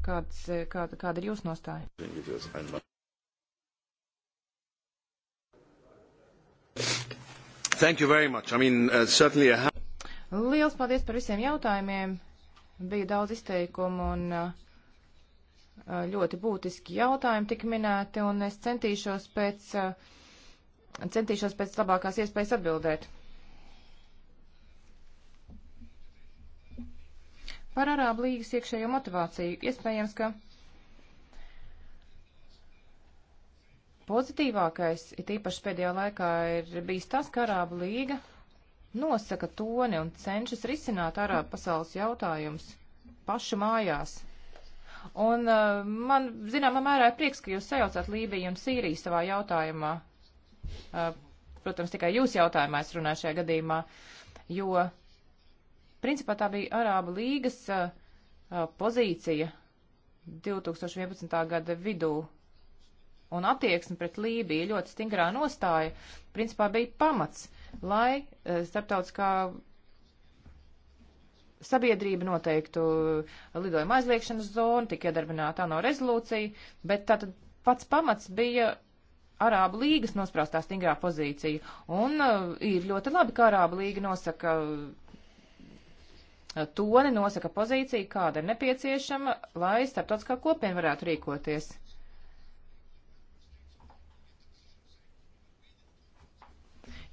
Kāds, eh, kāda, kāda ir jūsu nostāja? Thank you very much. I mean, uh, certainly a... Liels paldies par visiem jautājumiem. Bija daudz izteikumu un uh, ļoti būtiski jautājumi tik minēti, un es centīšos pēc, uh, centīšos pēc labākās iespējas atbildēt. Par Arābu līgas iekšējo motivāciju iespējams, ka pozitīvākais, it īpaši pēdējā laikā, ir bijis tas, ka Arābu līga nosaka toni un cenšas risināt Arābu pasaules jautājumus pašu mājās. Un uh, man, zināmā mērā, ir prieks, ka jūs sajaucāt Lībiju un Sīriju savā jautājumā. Uh, protams, tikai jūs jautājumā es runāju šajā gadījumā, jo Principā tā bija Arābu līgas pozīcija 2011. gada vidū un attieksme pret Lībiju ļoti stingrā nostāja, principā bija pamats, lai starptautiskā sabiedrība noteiktu lidojuma aizliekšanas zonu, tika iedarbināta ANO rezolūcija, bet tātad pats pamats bija Arābu līgas nosprāstā stingrā pozīcija. Un uh, ir ļoti labi, ka Arābu līga nosaka toni nosaka pozīciju, kāda ir nepieciešama, lai starptautiskā kopiena varētu rīkoties.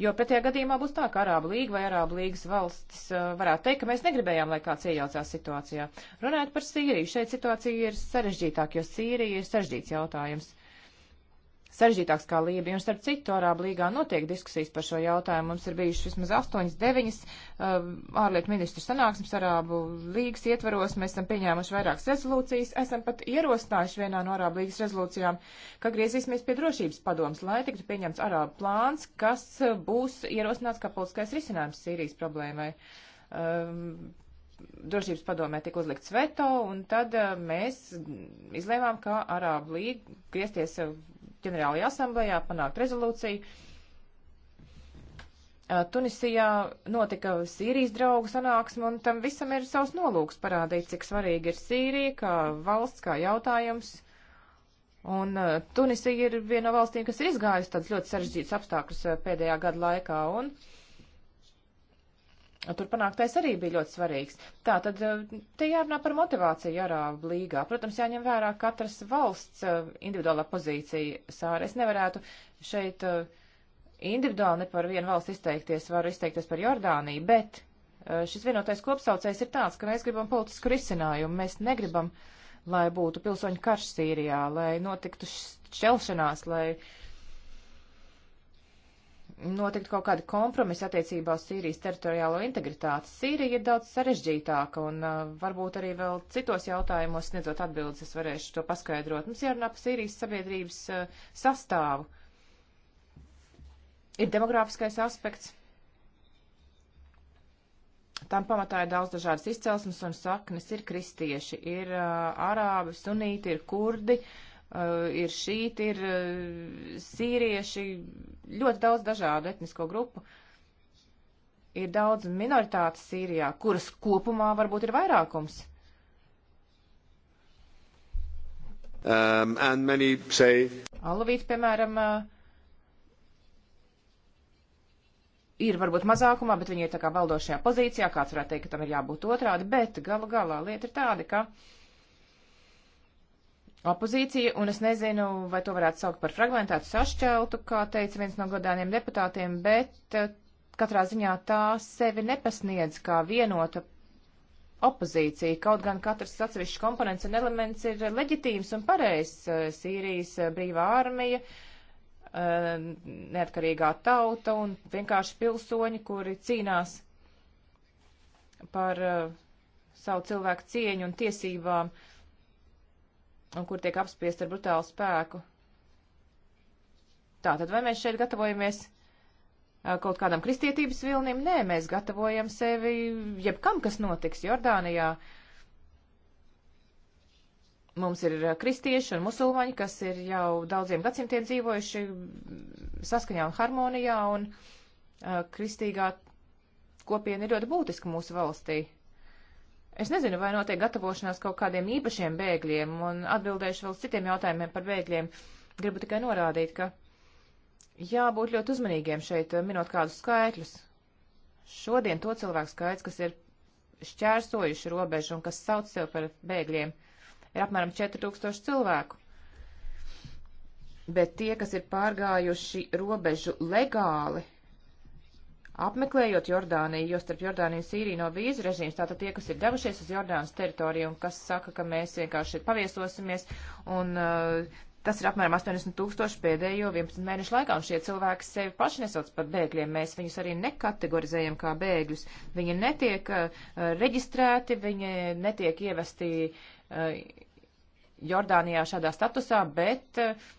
Jo pretējā gadījumā būs tā, ka Arābu līga vai Arābu līgas valstis uh, varētu teikt, ka mēs negribējām, lai kāds iejaucās situācijā. Runājot par Sīriju, šeit situācija ir sarežģītāka, jo Sīrija ir sarežģīts jautājums sarežģītāks kā Lībija. Un starp citu, Arābu līgā notiek diskusijas par šo jautājumu. Mums ir bijušas vismaz 8, 9 uh, ārlietu ministru sanāksmes Arābu līgas ietvaros. Mēs esam pieņēmuši vairākas rezolūcijas. Esam pat ierosinājuši vienā no Arābu līgas rezolūcijām, ka griezīsimies pie drošības padomas, lai tiktu pieņemts Arābu plāns, kas būs ierosināts kā politiskais risinājums Sīrijas problēmai. Um, drošības padomē tika uzlikts veto, un tad uh, mēs izlēmām, ka Arābu līga griezties ģenerālajā asamblējā panākt rezolūciju. Tunisijā notika Sīrijas draugu sanāksme, un tam visam ir savs nolūks parādīt, cik svarīgi ir Sīrija kā valsts, kā jautājums. Un Tunisija ir viena no valstīm, kas ir izgājusi tāds ļoti sarežģīts apstākļus pēdējā gada laikā, un uh, Tur panāktais arī bija ļoti svarīgs. Tā tad eh, te jārunā par motivāciju Arābu līgā. Protams, jāņem vērā katras valsts eh, individuālā pozīcija. Sāra, es nevarētu šeit eh, individuāli ne par vienu valsti izteikties, varu izteikties par Jordāniju, bet šis vienotais kopsaucējs ir tāds, ka mēs gribam politisku risinājumu. Mēs negribam, lai būtu pilsoņu karš Sīrijā, lai notiktu šķelšanās, lai uh, notikt kaut kāda kompromisa attiecībā uz Sīrijas teritoriālo integritāti. Sīrija ir daudz sarežģītāka un uh, varbūt arī vēl citos jautājumos sniedzot atbildes es varēšu to paskaidrot. Mums jārunā par Sīrijas sabiedrības uh, sastāvu. Ir demogrāfiskais aspekts. Tam pamatā ir daudz dažādas izcelsmes un saknes. Ir kristieši, ir uh, arābi, sunīti, ir kurdi. Uh, Eh, ir šīti, ir eh, sīrieši, ļoti daudz dažādu etnisko grupu. Ir daudz minoritātes Sīrijā, kuras kopumā varbūt ir vairākums. Um, say... Alavīti, piemēram, eh, ir varbūt mazākumā, bet viņi ir tā kā valdošajā pozīcijā, kāds varētu teikt, ka tam ir jābūt otrādi, bet gala galā lieta ir tāda, ka uh, opozīcija, un es nezinu, vai to varētu saukt par fragmentētu sašķeltu, kā teica viens no godāniem deputātiem, bet eh, katrā ziņā tā sevi nepasniedz kā vienota opozīcija, kaut gan katrs atsevišķs komponents un elements ir leģitīvs un pareizs. Eh, Sīrijas eh, brīvā armija, neatkarīgā tauta un vienkārši pilsoņi, kuri cīnās par savu cilvēku cieņu un tiesībām. Uh, un kur tiek apspiest ar brutālu spēku. Tātad, vai mēs šeit gatavojamies kaut kādam kristietības vilnim? Nē, mēs gatavojam sevi jebkam, kas notiks Jordānijā. Mums ir kristieši un musulmaņi, kas ir jau daudziem gadsimtiem dzīvojuši saskaņā un harmonijā, un kristīgā kopiena ir ļoti būtiska mūsu valstī. Es nezinu, vai notiek gatavošanās kaut kādiem īpašiem bēgļiem, un atbildēšu vēl citiem jautājumiem par bēgļiem. Gribu tikai norādīt, ka jābūt ļoti uzmanīgiem šeit, eh, minot kādus skaitļus. Šodien to cilvēku skaits, kas ir šķērsojuši robežu un kas sauc sev par bēgļiem, ir apmēram 4000 cilvēku. Bet tie, kas ir pārgājuši robežu legāli, apmeklējot Jordāniju, jo starp Jordāniju un Sīriju nav no vīzu režīms, tātad tie, kas ir devušies uz Jordānas teritoriju un kas saka, ka mēs vienkārši paviesosimies, un uh, tas ir apmēram 80 tūkstoši pēdējo 11 mēnešu laikā, un šie cilvēki sevi paši nesauc par bēgļiem, mēs viņus arī nekategorizējam kā bēgļus, viņi netiek uh, reģistrēti, viņi netiek ievesti uh, Jordānijā šādā statusā, bet uh,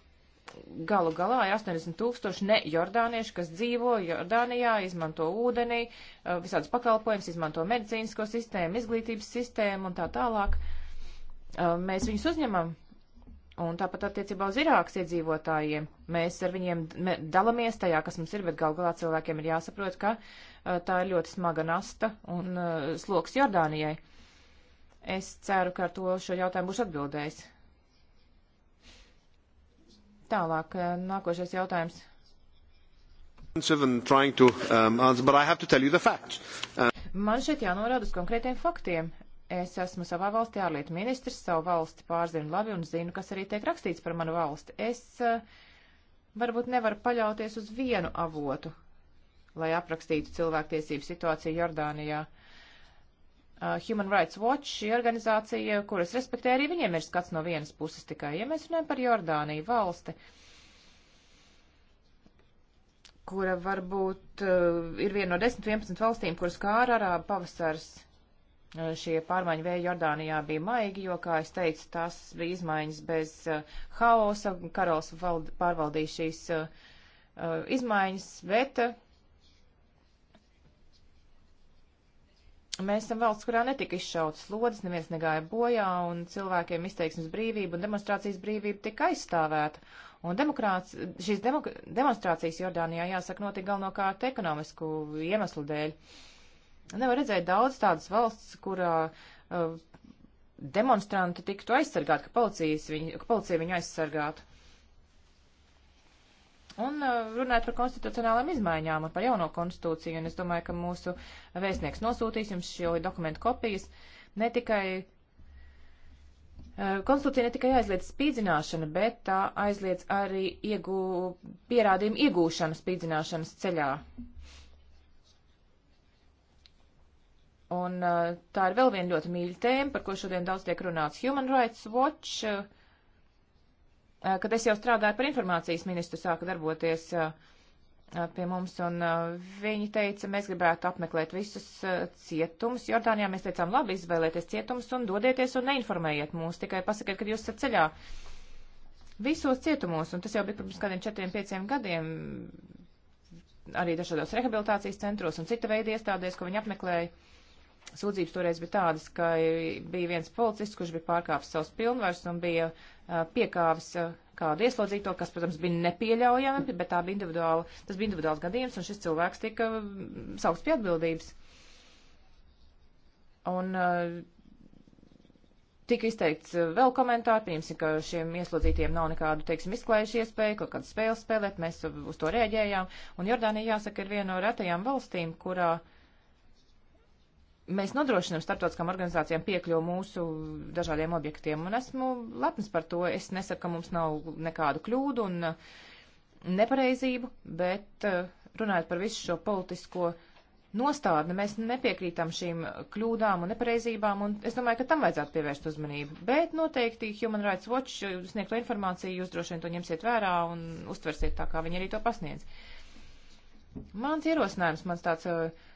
galu galā ir 80 tūkstoši ne jordānieši, kas dzīvo Jordānijā, izmanto ūdenī, eh, visādas pakalpojums, izmanto medicīnisko sistēmu, izglītības sistēmu un tā tālāk. Eh, mēs viņus uzņemam. Un tāpat attiecībā uz Irākas iedzīvotājiem. Mēs ar viņiem dalamies tajā, kas mums ir, bet galu galā cilvēkiem ir jāsaprot, ka eh, tā ir ļoti smaga nasta un sloks Jordānijai. Es ceru, ka ar to šo jautājumu būšu atbildējis. Tālāk, eh, nākošais jautājums. To, um, answer, uh, Man šeit jānorāda uz konkrētiem faktiem. Es esmu savā valstī ārlietu ministrs, savu valsti pārzinu labi un zinu, kas arī tiek rakstīts par manu valsti. Es uh, varbūt nevaru paļauties uz vienu avotu, lai aprakstītu cilvēktiesību situāciju Jordānijā. Uh, Uh, Human Rights Watch, šī organizācija, kuras respektē arī viņiem ir skats no vienas puses tikai. Ja mēs runājam par Jordāniju valsti, kura varbūt uh, ir viena no 10-11 valstīm, kuras kāra arāba pavasars uh, šie pārmaiņu vēja Jordānijā bija maigi, jo, kā es teicu, tās bija izmaiņas bez uh, haosa. Karols vald, pārvaldīja šīs uh, uh, izmaiņas, bet uh, Mēs esam valsts, kurā netika izšauts slodzes, neviens negāja bojā, un cilvēkiem izteiksmes brīvība un demonstrācijas brīvība tika aizstāvēta. Un šīs demok demonstrācijas Jordānijā, jāsaka, notika galvenokārt ekonomisku iemeslu dēļ. Nevar redzēt daudz tādas valsts, kurā uh, demonstranti tiktu aizsargāti, ka, viņu, ka policija viņu aizsargātu. Un uh, runājot par konstitucionālām izmaiņām un par jauno konstitūciju, un es domāju, ka mūsu vēstnieks nosūtīs jums šo dokumentu kopijas, ne tikai. Uh, konstitūcija ne tikai aizliedz spīdzināšanu, bet tā aizliedz arī iegū, pierādījumu iegūšanu spīdzināšanas ceļā. Un uh, tā ir vēl viena ļoti mīļa tēma, par ko šodien daudz tiek runāts. Human Rights Watch uh, Eh, kad es jau strādāju par informācijas ministru, sāka darboties eh, eh, pie mums, un viņi teica, mēs gribētu apmeklēt visus cietumus. Jordānijā mēs teicām, labi, izvēlieties cietumus un dodieties un neinformējiet mūs, tikai pasakiet, kad jūs esat ceļā. Visos cietumos, un tas jau bija pirms kādiem četriem, pieciem gadiem, arī dažādos rehabilitācijas centros un cita veida iestādēs, ko viņi apmeklēja sūdzības toreiz bija tādas, ka bija viens policists, kurš bija pārkāpis savus pilnvars un bija piekāvis kādu ieslodzīto, kas, protams, bija nepieļaujami, bet tā bija individuāla, tas bija individuāls gadījums, un šis cilvēks tika saukts pie atbildības. Un tika izteikts vēl komentāri, pieņemsim, ka šiem ieslodzītiem nav nekādu, teiksim, izklājuši iespēju kaut kādas spēles spēlēt, mēs uz to rēģējām, un Jordānija, jāsaka, ir viena no retajām valstīm, kurā uh, mēs nodrošinām starptautiskām organizācijām piekļuvu mūsu dažādiem objektiem, un esmu lepns par to. Es nesaku, ka mums nav nekādu kļūdu un uh, nepareizību, bet uh, runājot par visu šo politisko nostādni, mēs nepiekrītam šīm kļūdām un nepareizībām, un es domāju, ka tam vajadzētu pievērst uzmanību. Bet noteikti Human Rights Watch uh, sniegto informāciju, jūs droši vien to ņemsiet vērā un uztversiet tā, kā viņi arī to pasniedz. Mans ierosinājums, mans tāds uh,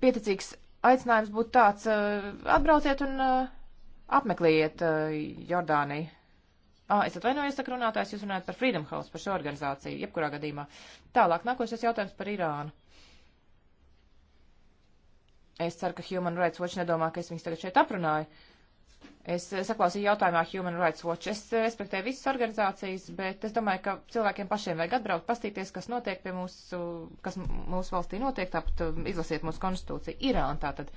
pieticīgs aicinājums būtu tāds - atbrauciet un apmeklējiet Jordāniju. Ah, es atvainojos, saka runātājs, jūs runājat par Freedom House, par šo organizāciju, jebkurā gadījumā. Tālāk, nākošais jautājums par Irānu. Es ceru, ka Human Rights Watch nedomā, ka es viņus tagad šeit aprunāju. Uh, Es saklausīju jautājumā Human Rights Watch. Es respektēju visas organizācijas, bet es domāju, ka cilvēkiem pašiem vajag atbraukt, pastīties, kas notiek pie mūsu, kas mūsu valstī notiek, tāpat um, izlasiet mūsu konstitūciju. Irāna tātad.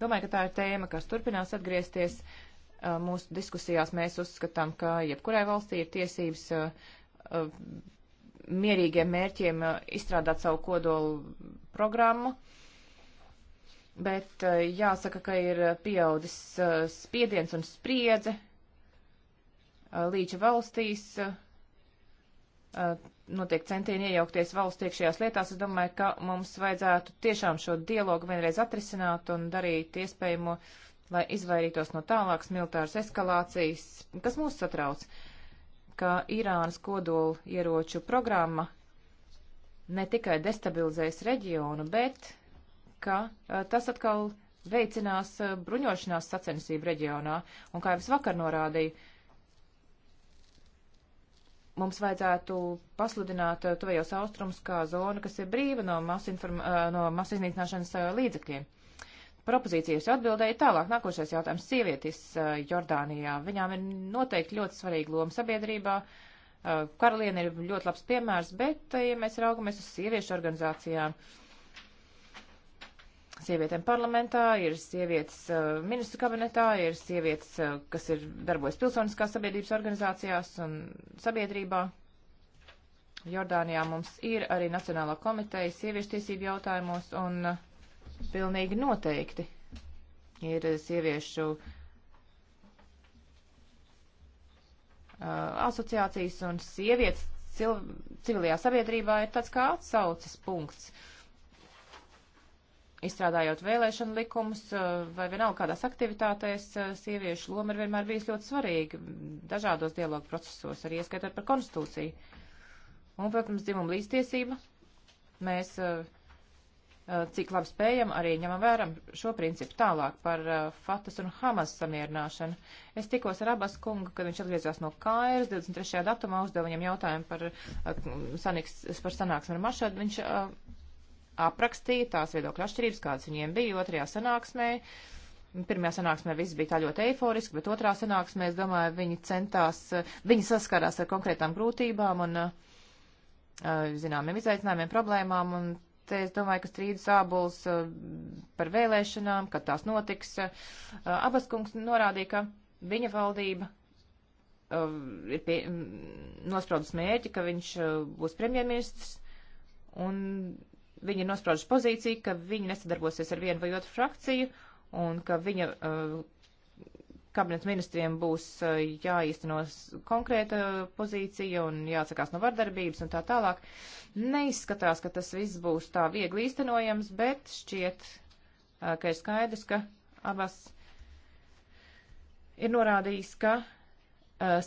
Domāju, ka tā ir tēma, kas turpinās atgriezties. Uh, mūsu diskusijās mēs uzskatām, ka jebkurai valstī ir tiesības uh, uh, mierīgiem mērķiem izstrādāt savu kodolu programmu bet eh, jāsaka, ka ir pieaudzis eh, spiediens un spriedze eh, līča valstīs. Notiek centieni iejaukties valsts iekšējās lietās. Es domāju, ka mums vajadzētu tiešām šo dialogu vienreiz atrisināt un darīt iespējamo, lai izvairītos no tālākas militāras eskalācijas, kas mūs satrauc, ka Irānas kodolu ieroču programma ne tikai destabilizēs reģionu, bet ka tas atkal veicinās bruņošanās sacensību reģionā. Un kā jau es vakar norādīju, mums vajadzētu pasludināt tuvējos austrums kā zonu, kas ir brīva no masu, no masu iznīcināšanas līdzekļiem. Propozīcijas atbildēja tālāk. Nākošais jautājums - sievietis Jordānijā. Viņām ir noteikti ļoti svarīga loma sabiedrībā. Karaliene ir ļoti labs piemērs, bet, ja mēs raugamies uz sieviešu organizācijām, uh, sievietēm parlamentā, ir sievietes uh, ministru kabinetā, ir sievietes, uh, kas ir darbojas pilsoniskās sabiedrības organizācijās un sabiedrībā. Jordānijā mums ir arī Nacionālā komiteja sieviešu tiesību jautājumos un uh, pilnīgi noteikti ir sieviešu uh, asociācijas un sievietes cil civilajā sabiedrībā ir tāds kā atsauces punkts. Uh, izstrādājot vēlēšanu likumus eh, vai vienalga kādās aktivitātēs, eh, sieviešu loma ir vienmēr bijis ļoti svarīga dažādos dialogu procesos, arī ieskaitot par konstitūciju. Un, protams, dzimuma līdztiesība. Mēs, eh, cik labi spējam, arī ņemam vēram šo principu tālāk par Fatas un Hamas samierināšanu. Es tikos ar abas kungu, kad viņš atgriezās no Kairas 23. datumā, uzdevu viņam jautājumu par, sanīks, par sanāksmi ar Mašādu. Viņš aprakstīja tās viedokļa atšķirības, kādas viņiem bija otrajā sanāksmē. Pirmajā sanāksmē viss bija tā ļoti eiforiski, bet otrā sanāksmē, es domāju, viņi centās, viņi saskārās ar konkrētām grūtībām un zināmiem izaicinājumiem, problēmām, un te es domāju, ka strīdus ābols par vēlēšanām, kad tās notiks. Abas kungs norādīja, ka viņa valdība ir pie, nospraudus mērķi, ka viņš būs premjerministrs, un Viņi ir nospraužuši pozīciju, ka viņi nesadarbosies ar vienu vai otru frakciju un ka viņa eh, kabinets ministriem būs eh, jāīstenos konkrēta pozīcija un jāatsakās no vardarbības un tā tālāk. Neizskatās, ka tas viss būs tā viegli īstenojams, bet šķiet, eh, ka ir skaidrs, ka abas ir norādījis, ka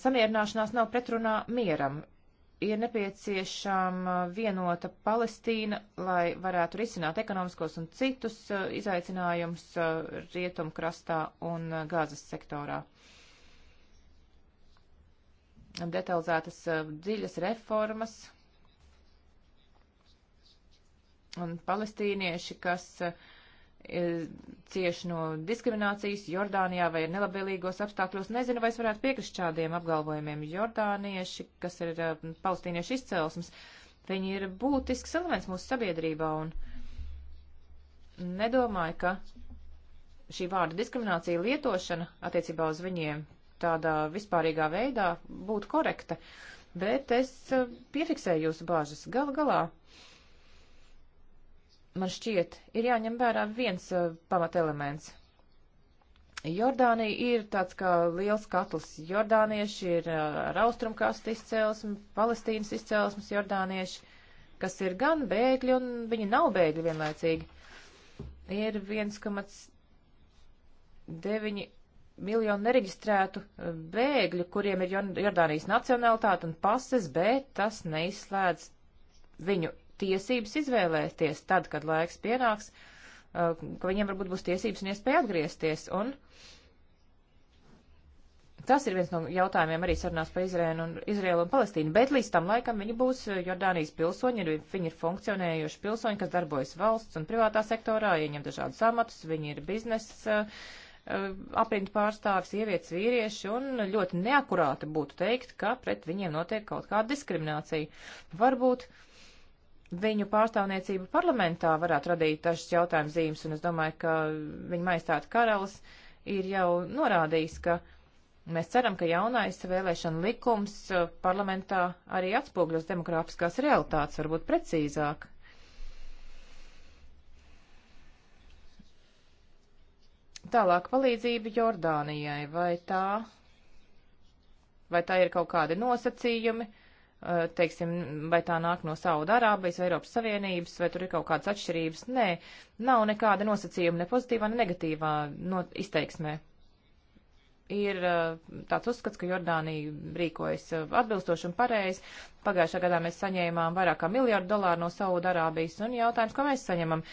samierināšanās nav pretrunā mieram ir nepieciešama vienota Palestīna, lai varētu risināt ekonomiskos un citus uh, izaicinājumus uh, rietumkrastā un uh, gāzes sektorā. Detalizētas dziļas reformas un palestīnieši, kas uh, E, cieši no diskriminācijas Jordānijā vai ir nelabvēlīgos apstākļos. Nezinu, vai es varētu piekrist šādiem apgalvojumiem. Jordānieši, kas ir e, palestīniešu izcelsmes, viņi ir būtisks elements mūsu sabiedrībā un nedomāju, ka šī vārda diskriminācija lietošana attiecībā uz viņiem tādā vispārīgā veidā būtu korekta, bet es e, piefiksēju jūsu bāžas. Galu galā man šķiet, ir jāņem vērā viens uh, pamatelements. Jordānija ir tāds kā liels katls. Jordānieši ir uh, ar austrumkasta izcēlesmi, palestīnas izcēlesmes jordānieši, kas ir gan bēgļi, un viņi nav bēgļi vienlaicīgi. Ir 1,9 miljonu nereģistrētu eh, bēgļu, kuriem ir Jordānijas nacionalitāte un pases, bet tas neizslēdz viņu tiesības izvēlēties tad, kad laiks pienāks, uh, ka viņiem varbūt būs tiesības un iespēja atgriezties. Un tas ir viens no jautājumiem arī sarunās par Izrēnu un Izrēlu un Palestīnu. Bet līdz tam laikam viņi būs uh, Jordānijas pilsoņi, ir, viņi ir funkcionējuši pilsoņi, kas darbojas valsts un privātā sektorā, ieņem dažādus amatus, viņi ir biznesa uh, apriņķu pārstāvis, sievietes, vīrieši, un ļoti neakurāti būtu teikt, ka pret viņiem notiek kaut kāda diskriminācija. Varbūt uh, viņu pārstāvniecība parlamentā varētu radīt dažas jautājumas zīmes, un es domāju, ka viņa maistāta karalis ir jau norādījis, ka mēs ceram, ka jaunais vēlēšana likums uh, parlamentā arī atspogļos demokrātiskās realitātes, varbūt precīzāk. Tālāk palīdzība Jordānijai, vai tā, vai tā ir kaut kādi nosacījumi? Uh, Eh, teiksim, vai tā nāk no Saudārābijas vai Eiropas Savienības, vai tur ir kaut kādas atšķirības. Nē, nav nekāda nosacījuma ne pozitīvā, ne negatīvā no izteiksmē. Ir eh, tāds uzskats, ka Jordānija rīkojas eh, atbilstoši un pareizi. Pagājušā gadā mēs saņēmām vairāk kā miljārdu dolāru no Saudārābijas, un jautājums, ko mēs saņemam,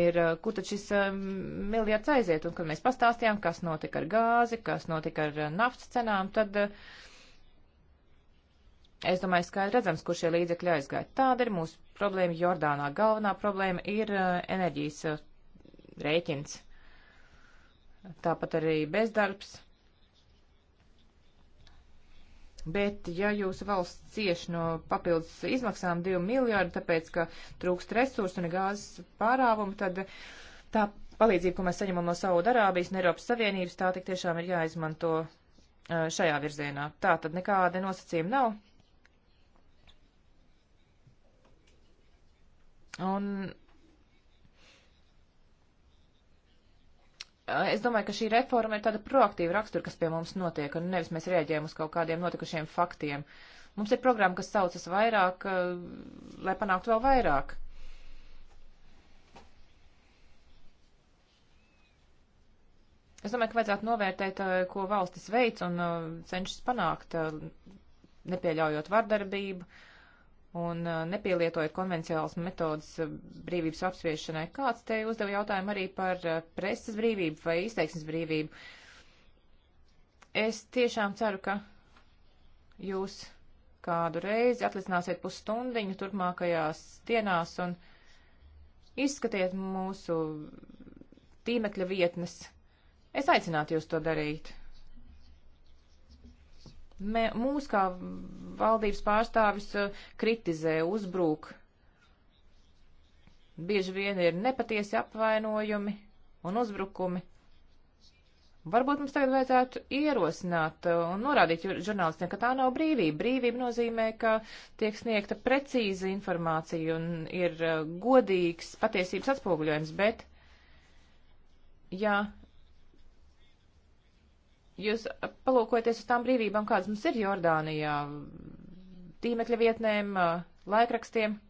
ir, kur tad šis miljards aiziet, un kad mēs pastāstījām, kas notika ar gāzi, kas notika ar naftas cenām, tad uh, Es domāju, skaidri redzams, kur šie līdzekļi aizgāja. Tāda ir mūsu problēma Jordānā. Galvenā problēma ir uh, enerģijas uh, rēķins. Tāpat arī bezdarbs. Bet, ja jūsu valsts cieš no papildus izmaksām 2 miljārdu, tāpēc, ka trūkst resursu un gāzes pārāvumu, tad tā palīdzība, ko mēs saņemam no Saudarābijas un Eiropas Savienības, tā tik tiešām ir jāizmanto uh, šajā virzienā. Tā tad nekāda nosacījuma nav Un eh, es domāju, ka šī reforma ir tāda proaktīva rakstura, kas pie mums notiek, un nevis mēs rēģējam uz kaut kādiem notikušiem faktiem. Mums ir programma, kas saucas vairāk, eh, lai panāktu vēl vairāk. Es domāju, ka vajadzētu novērtēt, eh, ko valstis veic un cenšas panākt, nepieļaujot vardarbību. Uh, un uh, nepielietojot konvencionālas metodas uh, brīvības apspriešanai. Kāds te uzdeva jautājumu arī par uh, preses brīvību vai izteiksmes brīvību. Es tiešām ceru, ka jūs kādu reizi atlicināsiet pusstundiņu turpmākajās dienās un izskatiet mūsu tīmekļa vietnes. Es aicinātu jūs to darīt mē, mūs kā valdības pārstāvis uh, kritizē, uzbrūk. Bieži vien ir nepatiesi apvainojumi un uzbrukumi. Varbūt mums tagad vajadzētu ierosināt uh, un norādīt žurnālistiem, ka tā nav brīvība. Brīvība nozīmē, ka tiek sniegta precīza informācija un ir uh, godīgs patiesības atspoguļojums, bet, ja Jūs palūkojaties uz tām brīvībām, kādas mums ir Jordānijā, tīmekļa vietnēm, laikrakstiem.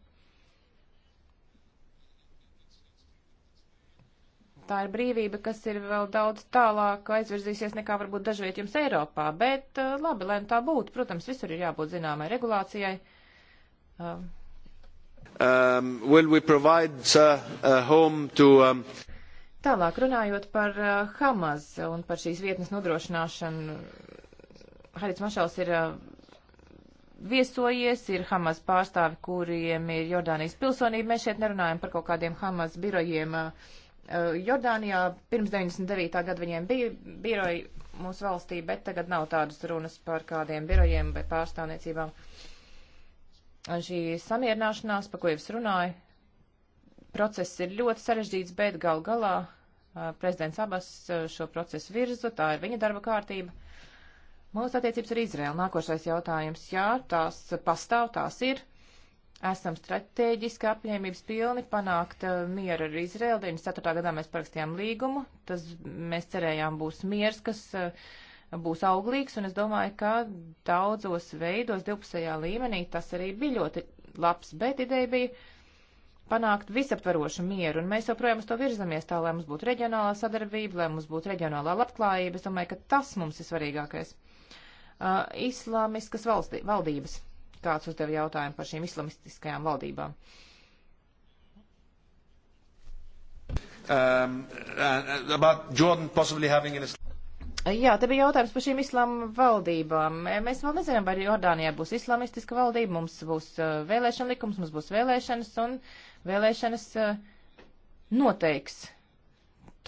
tā ir brīvība, kas ir vēl daudz tālāk aizvirzīsies nekā varbūt dažviet jums Eiropā, bet labi, lai nu tā būtu, protams, visur ir jābūt zināmai regulācijai. Um, um, will we provide uh, a home to um... Tālāk runājot par uh, Hamas un par šīs vietnes nodrošināšanu, Harits Mašals ir uh, viesojies, ir Hamas pārstāvi, kuriem ir Jordānijas pilsonība. Mēs šeit nerunājam par kaut kādiem Hamas birojiem uh, uh Jordānijā. Pirms 99. gada viņiem bija biroji mūsu valstī, bet tagad nav tādas runas par kādiem birojiem vai pārstāvniecībām. Un šī samierināšanās, pa ko jau es runāju, Process ir ļoti sarežģīts, bet gal galā prezidents abas šo procesu virza, tā ir viņa darba kārtība. Mūsu attiecības ar Izraēlu nākošais jautājums. Jā, tās pastāv, tās ir. Esam strateģiski apņēmības pilni panākt uh, mieru ar Izraēlu. 94. gadā mēs parakstījām līgumu. Tas mēs cerējām būs miers, kas uh, būs auglīgs, un es domāju, ka daudzos veidos, divpusējā līmenī, tas arī bija ļoti labs, bet ideja bija panākt visaptvarošu mieru, un mēs joprojām uz to virzamies tā, lai mums būtu reģionālā sadarbība, lai mums būtu reģionālā labklājība. Es domāju, ka tas mums ir svarīgākais. Uh, islamiskas valstī, valdības. Kāds uzdev jautājumu par šīm islamistiskajām valdībām? Um, uh, Jā, te bija jautājums par šīm islāma valdībām. E, mēs vēl nezinām, vai Jordānijā būs islamistiska valdība, mums būs uh, vēlēšana likums, mums būs vēlēšanas, un Vēlēšanas eh, noteiks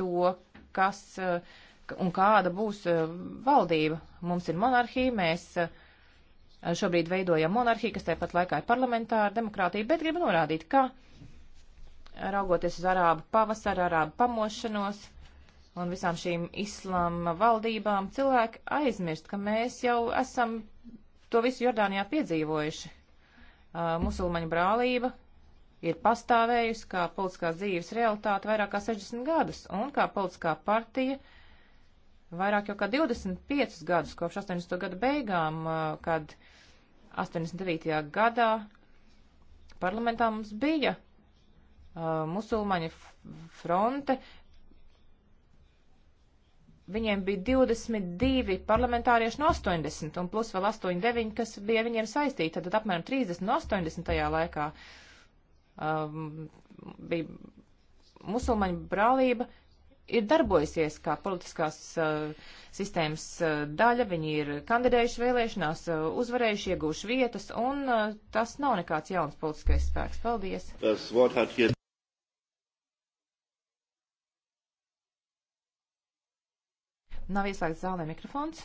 to, kas eh, un kāda būs eh, valdība. Mums ir monarhija, mēs šobrīd veidojam monarhiju, kas tāpat laikā ir parlamentāra demokrātija, bet gribu norādīt, ka raugoties uz arābu pavasaru, arābu pamošanos un visām šīm islāma valdībām, cilvēki aizmirst, ka mēs jau esam to visu Jordānijā piedzīvojuši. Musulmaņu brālība ir pastāvējusi kā politiskās dzīves realitāte vairāk kā 60 gadus un kā politiskā partija vairāk jau kā 25 gadus kopš 80. gada beigām, kad 89. gadā parlamentā mums bija uh, musulmaņa fronte. Viņiem bija 22 parlamentārieši no 80 un plus vēl 8-9, kas bija viņiem saistīti, tad apmēram 30 no 80. laikā. Uh, um, bija musulmaņu brālība, ir darbojusies kā politiskās uh, sistēmas uh, daļa, viņi ir kandidējuši vēlēšanās, uh, uzvarējuši, iegūši vietas, un uh, tas nav nekāds jauns politiskais spēks. Paldies! Nav ieslēgts zālē mikrofons.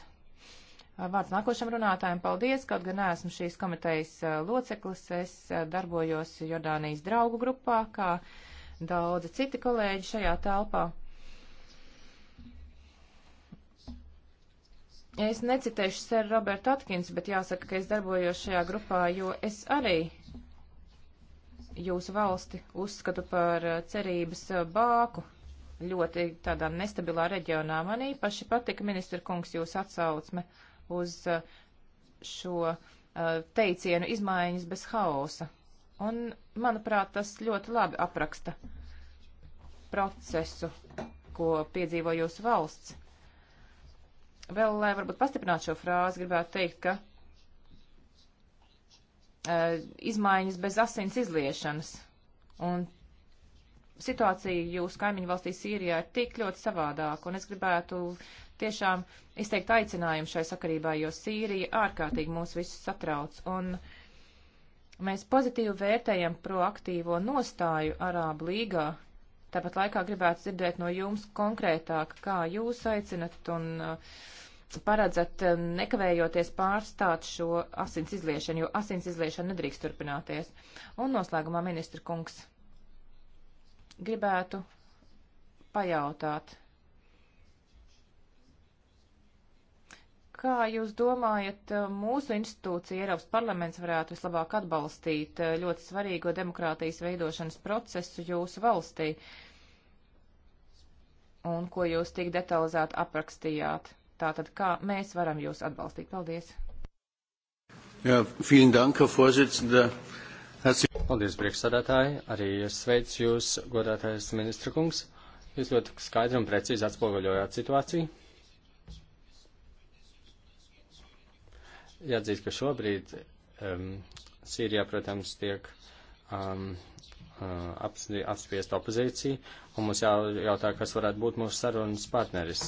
Vārds nākošam runātājiem paldies, kaut gan neesmu šīs komitejas eh, loceklis, es eh, darbojos Jordānijas draugu grupā, kā daudzi citi kolēģi šajā telpā. Es necitēšu seru Robertu Atkins, bet jāsaka, ka es darbojos šajā grupā, jo es arī jūsu valsti uzskatu par eh, cerības bāku ļoti tādā nestabilā reģionā. Man īpaši patika, ministra kungs, jūsu atsaucme. Uh, uz uh, šo uh, teicienu izmaiņas bez haosa. Un, manuprāt, tas ļoti labi apraksta procesu, ko piedzīvo jūsu valsts. Vēl, lai varbūt pastiprinātu šo frāzi, gribētu teikt, ka uh, izmaiņas bez asins izliešanas. Un situācija jūsu kaimiņu valstī Sīrijā ir tik ļoti savādāka, un es gribētu tiešām izteikt aicinājumu šai sakarībā, jo Sīrija ārkārtīgi mūs visus satrauc. Un mēs pozitīvi vērtējam proaktīvo nostāju Arābu līgā. Tāpat laikā gribētu dzirdēt no jums konkrētāk, kā jūs aicinat un uh, paredzat uh, nekavējoties pārstāt šo asins izliešanu, jo asins izliešana nedrīkst turpināties. Un noslēgumā ministra kungs gribētu pajautāt, Kā jūs domājat, eh, mūsu institūcija Eiropas parlaments varētu vislabāk atbalstīt eh, ļoti svarīgo demokrātijas veidošanas procesu jūsu valstī? Un ko jūs tik detalizēti aprakstījāt? Tātad, kā mēs varam jūs atbalstīt? Paldies! Jā, vielen dank, Vorsitzende. Paldies, priekšsādātāji. Arī es sveicu jūs, godātais ministra kungs. Jūs ļoti skaidri un precīzi atspoguļojāt situāciju. jāatzīst, ka šobrīd um, Sīrijā, protams, tiek um, apspiest opozīciju, un mums jājautā, kas varētu būt mūsu sarunas partneris.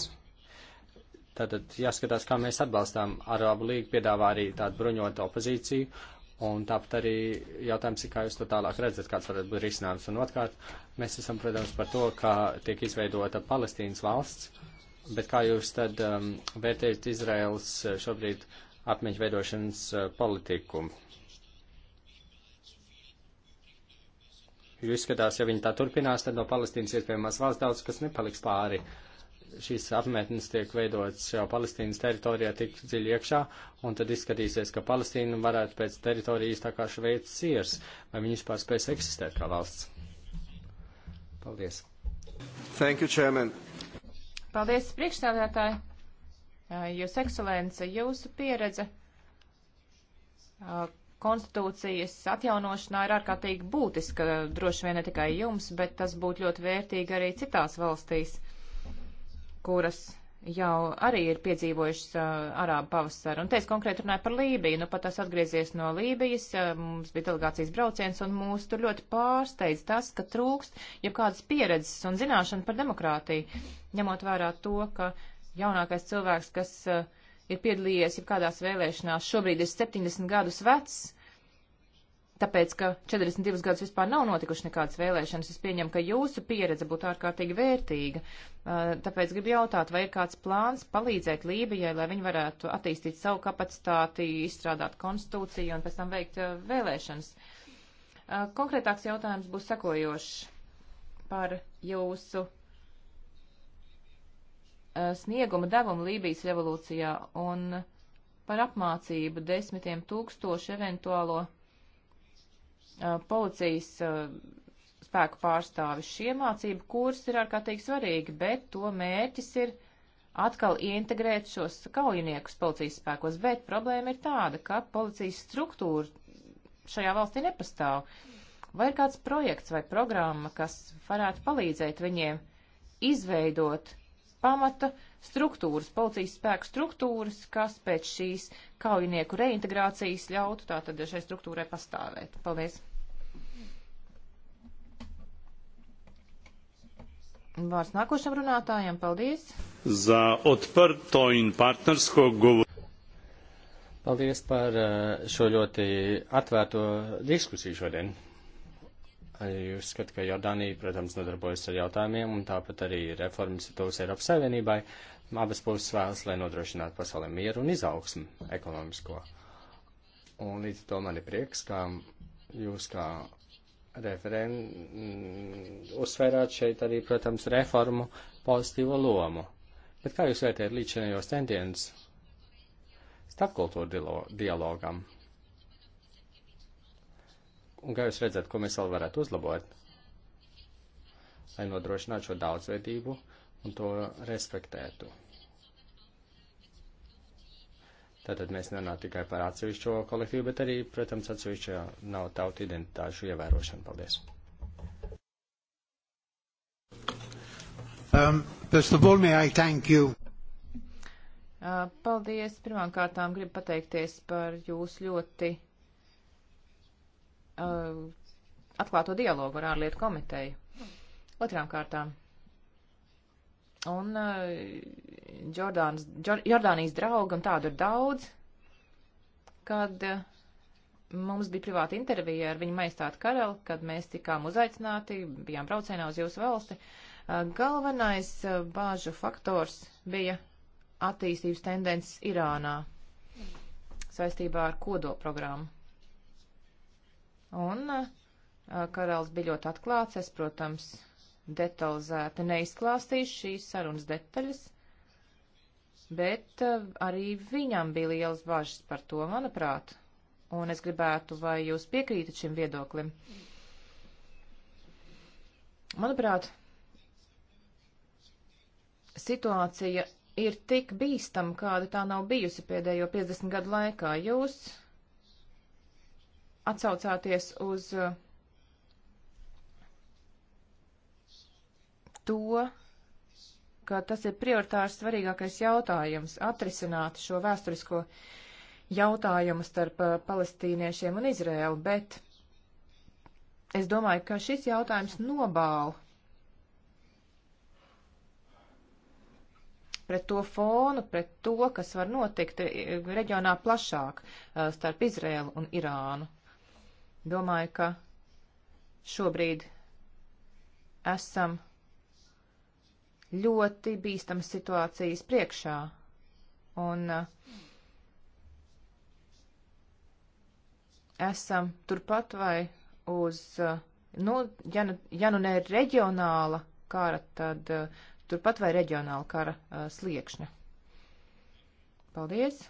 Tātad jāskatās, kā mēs atbalstām Arābu līgu, piedāvā arī tādu bruņotu opozīciju, un tāpat arī jautājums ir, kā jūs to tālāk redzat, kāds varētu būt risinājums. Un otrkārt, mēs esam, protams, par to, ka tiek izveidota Palestīnas valsts, bet kā jūs tad um, vērtējat Izraels eh, šobrīd uh, apmaiņu veidošanas politiku. Jo izskatās, ja viņi tā turpinās, tad no Palestīnas iespējamās valsts daudz kas nepaliks pāri. Šīs apmetnes tiek veidotas jau Palestīnas teritorijā tik dziļi iekšā, un tad izskatīsies, ka Palestīna varētu pēc teritorijas tā kā Šveicis ciers, vai viņi vispār spēs eksistēt kā valsts. Paldies! Thank you, Chairman. Paldies, priekšstādātāji! Eh, jūs, ekscelence, jūsu pieredze eh, konstitūcijas atjaunošanā ir ārkārtīgi būtiska, droši vien ne tikai jums, bet tas būtu ļoti vērtīgi arī citās valstīs, kuras jau arī ir piedzīvojušas uh, arābu pavasaru. Un te es konkrēti runāju par Lībiju. Nu, pat es atgriezies no Lībijas, uh, mums bija delegācijas brauciens, un mūs tur ļoti pārsteidz tas, ka trūkst jau kādas pieredzes un zināšana par demokrātiju, ņemot vērā to, ka uh, jaunākais cilvēks, kas uh, ir piedalījies jau kādās vēlēšanās, šobrīd ir 70 gadus vecs, tāpēc, ka 42 gadus vispār nav notikuši nekādas vēlēšanas. Es pieņemu, ka jūsu pieredze būtu ārkārtīgi vērtīga. Uh, tāpēc gribu jautāt, vai ir kāds plāns palīdzēt Lībijai, lai viņi varētu attīstīt savu kapacitāti, izstrādāt konstitūciju un pēc tam veikt uh, vēlēšanas. Konkrētāks jautājums būs sekojošs par jūsu Uh, snieguma devumu Lībijas revolūcijā un par apmācību desmitiem tūkstošu eventuālo uh, policijas uh, spēku pārstāvis. Šie mācību kursi ir ārkārtīgi svarīgi, bet to mērķis ir atkal integrēt šos kaujiniekus policijas spēkos, bet problēma ir tāda, ka policijas struktūra šajā valstī nepastāv. Vai ir kāds projekts vai programma, kas varētu palīdzēt viņiem izveidot pamata struktūras, policijas spēku struktūras, kas pēc šīs kaujinieku reintegrācijas ļautu tātad šai struktūrai pastāvēt. Paldies! Vārds nākošam runātājam, paldies! Za otparto un partnersko govu. Paldies par eh, šo ļoti atvērto diskusiju šodien arī uzskatu, ka Jordānija, protams, nodarbojas ar jautājumiem, un tāpat arī reformas ir tūs Eiropas Savienībai. Abas puses vēlas, lai nodrošinātu pasaulē mieru un izaugsmu ekonomisko. Un līdz to man ir prieks, ka jūs kā referenti mm, uzsvērāt šeit arī, protams, reformu pozitīvo lomu. Bet kā jūs vērtējat līdz šajos centienus starpkultūru dialogam? Dialo Un kā jūs redzat, ko mēs vēl varētu uzlabot, lai nodrošinātu šo daudzveidību un to respektētu? Tātad mēs nerunājam tikai par atsevišķo kolektīvu, bet arī, protams, atsevišķo nav tautu identitāšu ievērošanu. Paldies! Um, first of all, may I thank you. Uh, paldies. Pirmkārtām gribu pateikties par jūsu ļoti uh, atklāto dialogu ar ārlietu komiteju. Otrām kārtām. Un uh, Jordāns, Jordānijas draugam tādu ir daudz, kad uh, mums bija privāta intervija ar viņu maistātu karali, kad mēs tikām uzaicināti, bijām braucienā uz jūsu valsti. Uh, galvenais uh, bāžu faktors bija attīstības tendences Irānā saistībā ar kodolprogrammu. Un karalis bija ļoti atklāts, es, protams, detalizēti neizklāstīšu šīs sarunas detaļas, bet arī viņam bija lielas bažas par to, manuprāt. Un es gribētu, vai jūs piekrītat šim viedoklim. Manuprāt, situācija ir tik bīstama, kāda tā nav bijusi pēdējo 50 gadu laikā. Jūs atsaucāties uz uh, to, ka tas ir prioritārs svarīgākais jautājums - atrisināt šo vēsturisko jautājumu starp uh, palestīniešiem un Izrēlu, bet es domāju, ka šis jautājums nobāla pret to fonu, pret to, kas var notikt eh, reģionā plašāk eh, starp Izrēlu un Irānu. Domāju, ka šobrīd esam ļoti bīstamas situācijas priekšā. Un uh, esam turpat vai uz, uh, nu, ja nu, ja nu ne reģionāla kara, tad uh, turpat vai reģionāla kara uh, sliekšņa. Paldies!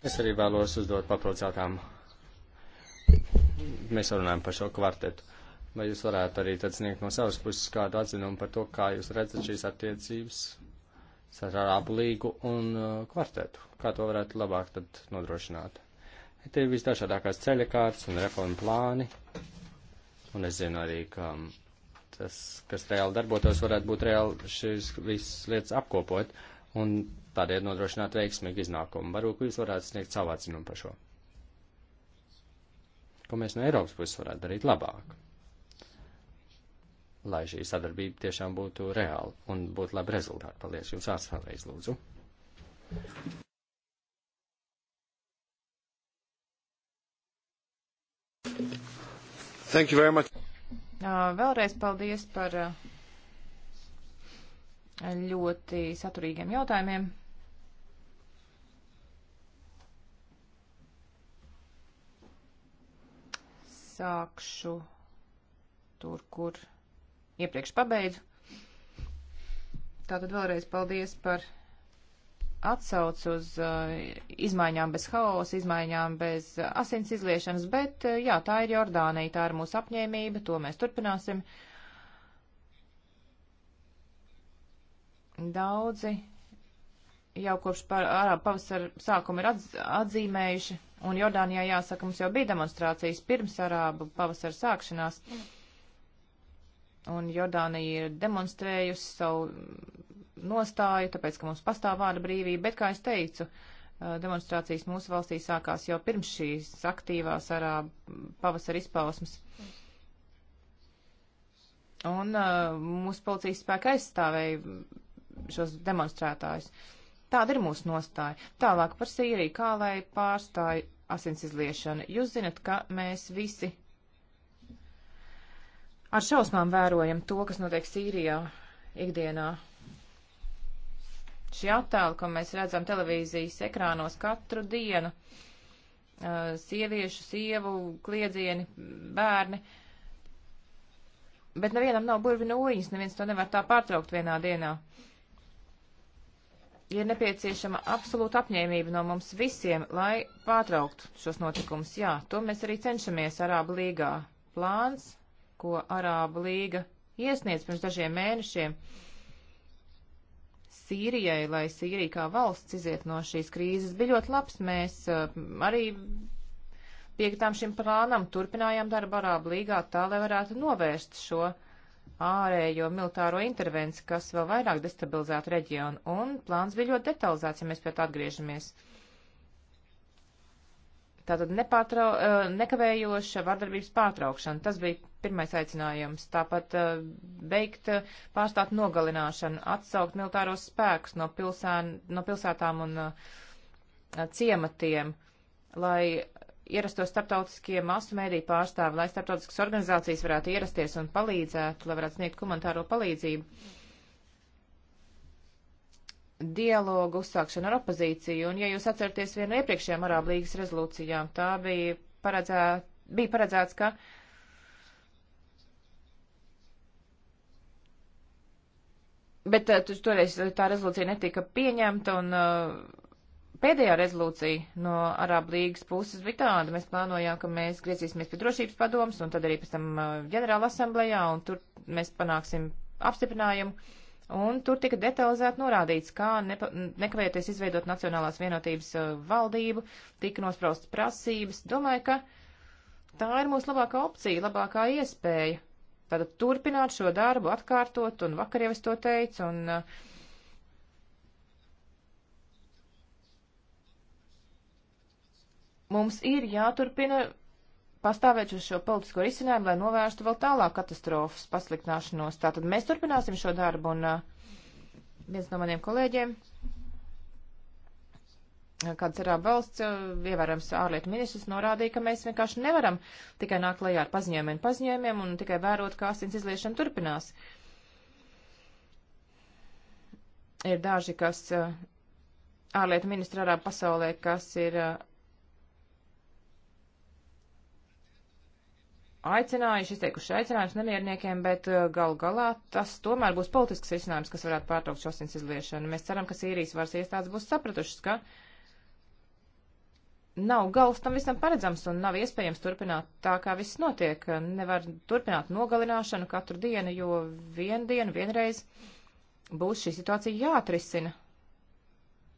Es arī vēlos uzdot papildus jautājumu. Mēs runājam par šo kvartetu. Vai jūs varētu arī tad sniegt no savas puses kādu atzinumu par to, kā jūs redzat šīs attiecības ar Arābu līgu un uh, kvartetu? Kā to varētu labāk tad nodrošināt? Te ir visdažādākās ceļakārtas un reformu plāni. Un es zinu arī, ka um, tas, kas reāli darbotos, varētu būt reāli šīs visas lietas apkopot un tādēļ nodrošināt veiksmīgu iznākumu. Varbūt jūs varētu sniegt savu atzinumu par šo. Ko mēs no Eiropas puses varētu darīt labāk, lai šī sadarbība tiešām būtu reāla un būtu labi rezultāti. Paldies jums atstāvēs, lūdzu. Thank you very much. Vēlreiz paldies par ļoti saturīgiem jautājumiem. Sākšu tur, kur iepriekš pabeidzu. Tātad vēlreiz paldies par atsauc uz uh, izmaiņām bez haosa, izmaiņām bez uh, asins izliešanas, bet uh, jā, tā ir Jordānija, tā ir mūsu apņēmība, to mēs turpināsim. Daudzi jau kopš Arābu pavasara sākuma ir atz, atzīmējuši Un Jordānijā, jāsaka, mums jau bija demonstrācijas pirms arābu pavasara sākšanās. Un Jordānija ir demonstrējusi savu nostāju, tāpēc, ka mums pastāv vārda brīvība, bet, kā es teicu, demonstrācijas mūsu valstī sākās jau pirms šīs aktīvās arābu pavasara izpausmes. Un uh, mūsu policijas spēki aizstāvēja šos demonstrētājus. Uh, Tāda ir mūsu nostāja. Tālāk par Sīriju, kā lai pārstāj asins izliešana. Jūs zinat, ka mēs visi ar šausmām vērojam to, kas notiek Sīrijā ikdienā. Šie attēli, ko mēs redzam televīzijas ekrānos katru dienu, sieviešu, sievu, kliedzieni, bērni. Bet nevienam nav burvina ujiņas, neviens to nevar tā pārtraukt vienā dienā. Uh, ir nepieciešama absolūta apņēmība no mums visiem, lai pārtrauktu šos notikumus. Jā, to mēs arī cenšamies Arābu līgā. Plāns, ko Arābu līga iesniedz pirms dažiem mēnešiem Sīrijai, lai Sīrija kā valsts iziet no šīs krīzes, bija ļoti labs. Mēs uh, arī piekritām šim plānam, turpinājām darbu Arābu līgā tā, lai varētu novērst šo uh, ārējo militāro intervenciju, kas vēl vairāk destabilizētu reģionu, un plāns bija ļoti detalizēts, ja mēs pie tā atgriežamies. Tātad nepātrau, eh, nekavējoša vardarbības pārtraukšana, tas bija pirmais aicinājums. Tāpat eh, beigt eh, pārstāt nogalināšanu, atsaukt militāros spēkus no, pilsēn, no pilsētām un ciematiem, lai ierastos starptautiskie masu mēdīju pārstāvi, lai starptautiskas organizācijas varētu ierasties un palīdzētu, lai varētu sniegt humanitāro palīdzību. Dialogu uzsākšana ar opozīciju, un ja jūs atceraties vienu iepriekšējām Arābu līgas rezolūcijām, tā bija, paredzē, bija paredzēts, ka Bet eh, toreiz tā rezolūcija netika pieņemta, un uh, Pēdējā rezolūcija no Arābu līgas puses bija tāda, mēs plānojām, ka mēs griezīsimies pie drošības padomas un tad arī pēc tam uh, ģenerāla asamblējā un tur mēs panāksim apstiprinājumu. Un tur tika detalizēti norādīts, kā nepa, nekavējoties izveidot Nacionālās vienotības uh, valdību, tika nospraustas prasības. Domāju, ka tā ir mūsu labākā opcija, labākā iespēja. Tātad turpināt šo darbu, atkārtot, un vakar jau es to teicu, un uh, Mums ir jāturpina pastāvēt uz šo politisko risinājumu, lai novērstu vēl tālāk katastrofas pasliktināšanos. Tātad mēs turpināsim šo darbu un uh, viens no maniem kolēģiem, kāds ir uh, valsts, uh, ievērams ārlietu ministrs, norādīja, ka mēs vienkārši nevaram tikai nākt lejā ar paziņojumiem, paziņojumiem un tikai vērot, kā asins izliešana turpinās. Ir daži, kas uh, ārlietu ministri arā pasaulē, kas ir uh, aicinājuši, izteikuši aicinājumus nemierniekiem, bet uh, gal galā tas tomēr būs politisks risinājums, kas varētu pārtraukt šo asins izliešanu. Mēs ceram, ka Sīrijas varas iestādes būs sapratušas, ka nav gals tam visam paredzams un nav iespējams turpināt tā, kā viss notiek. Nevar turpināt nogalināšanu katru dienu, jo vienu dienu, vienreiz būs šī situācija jāatrisina.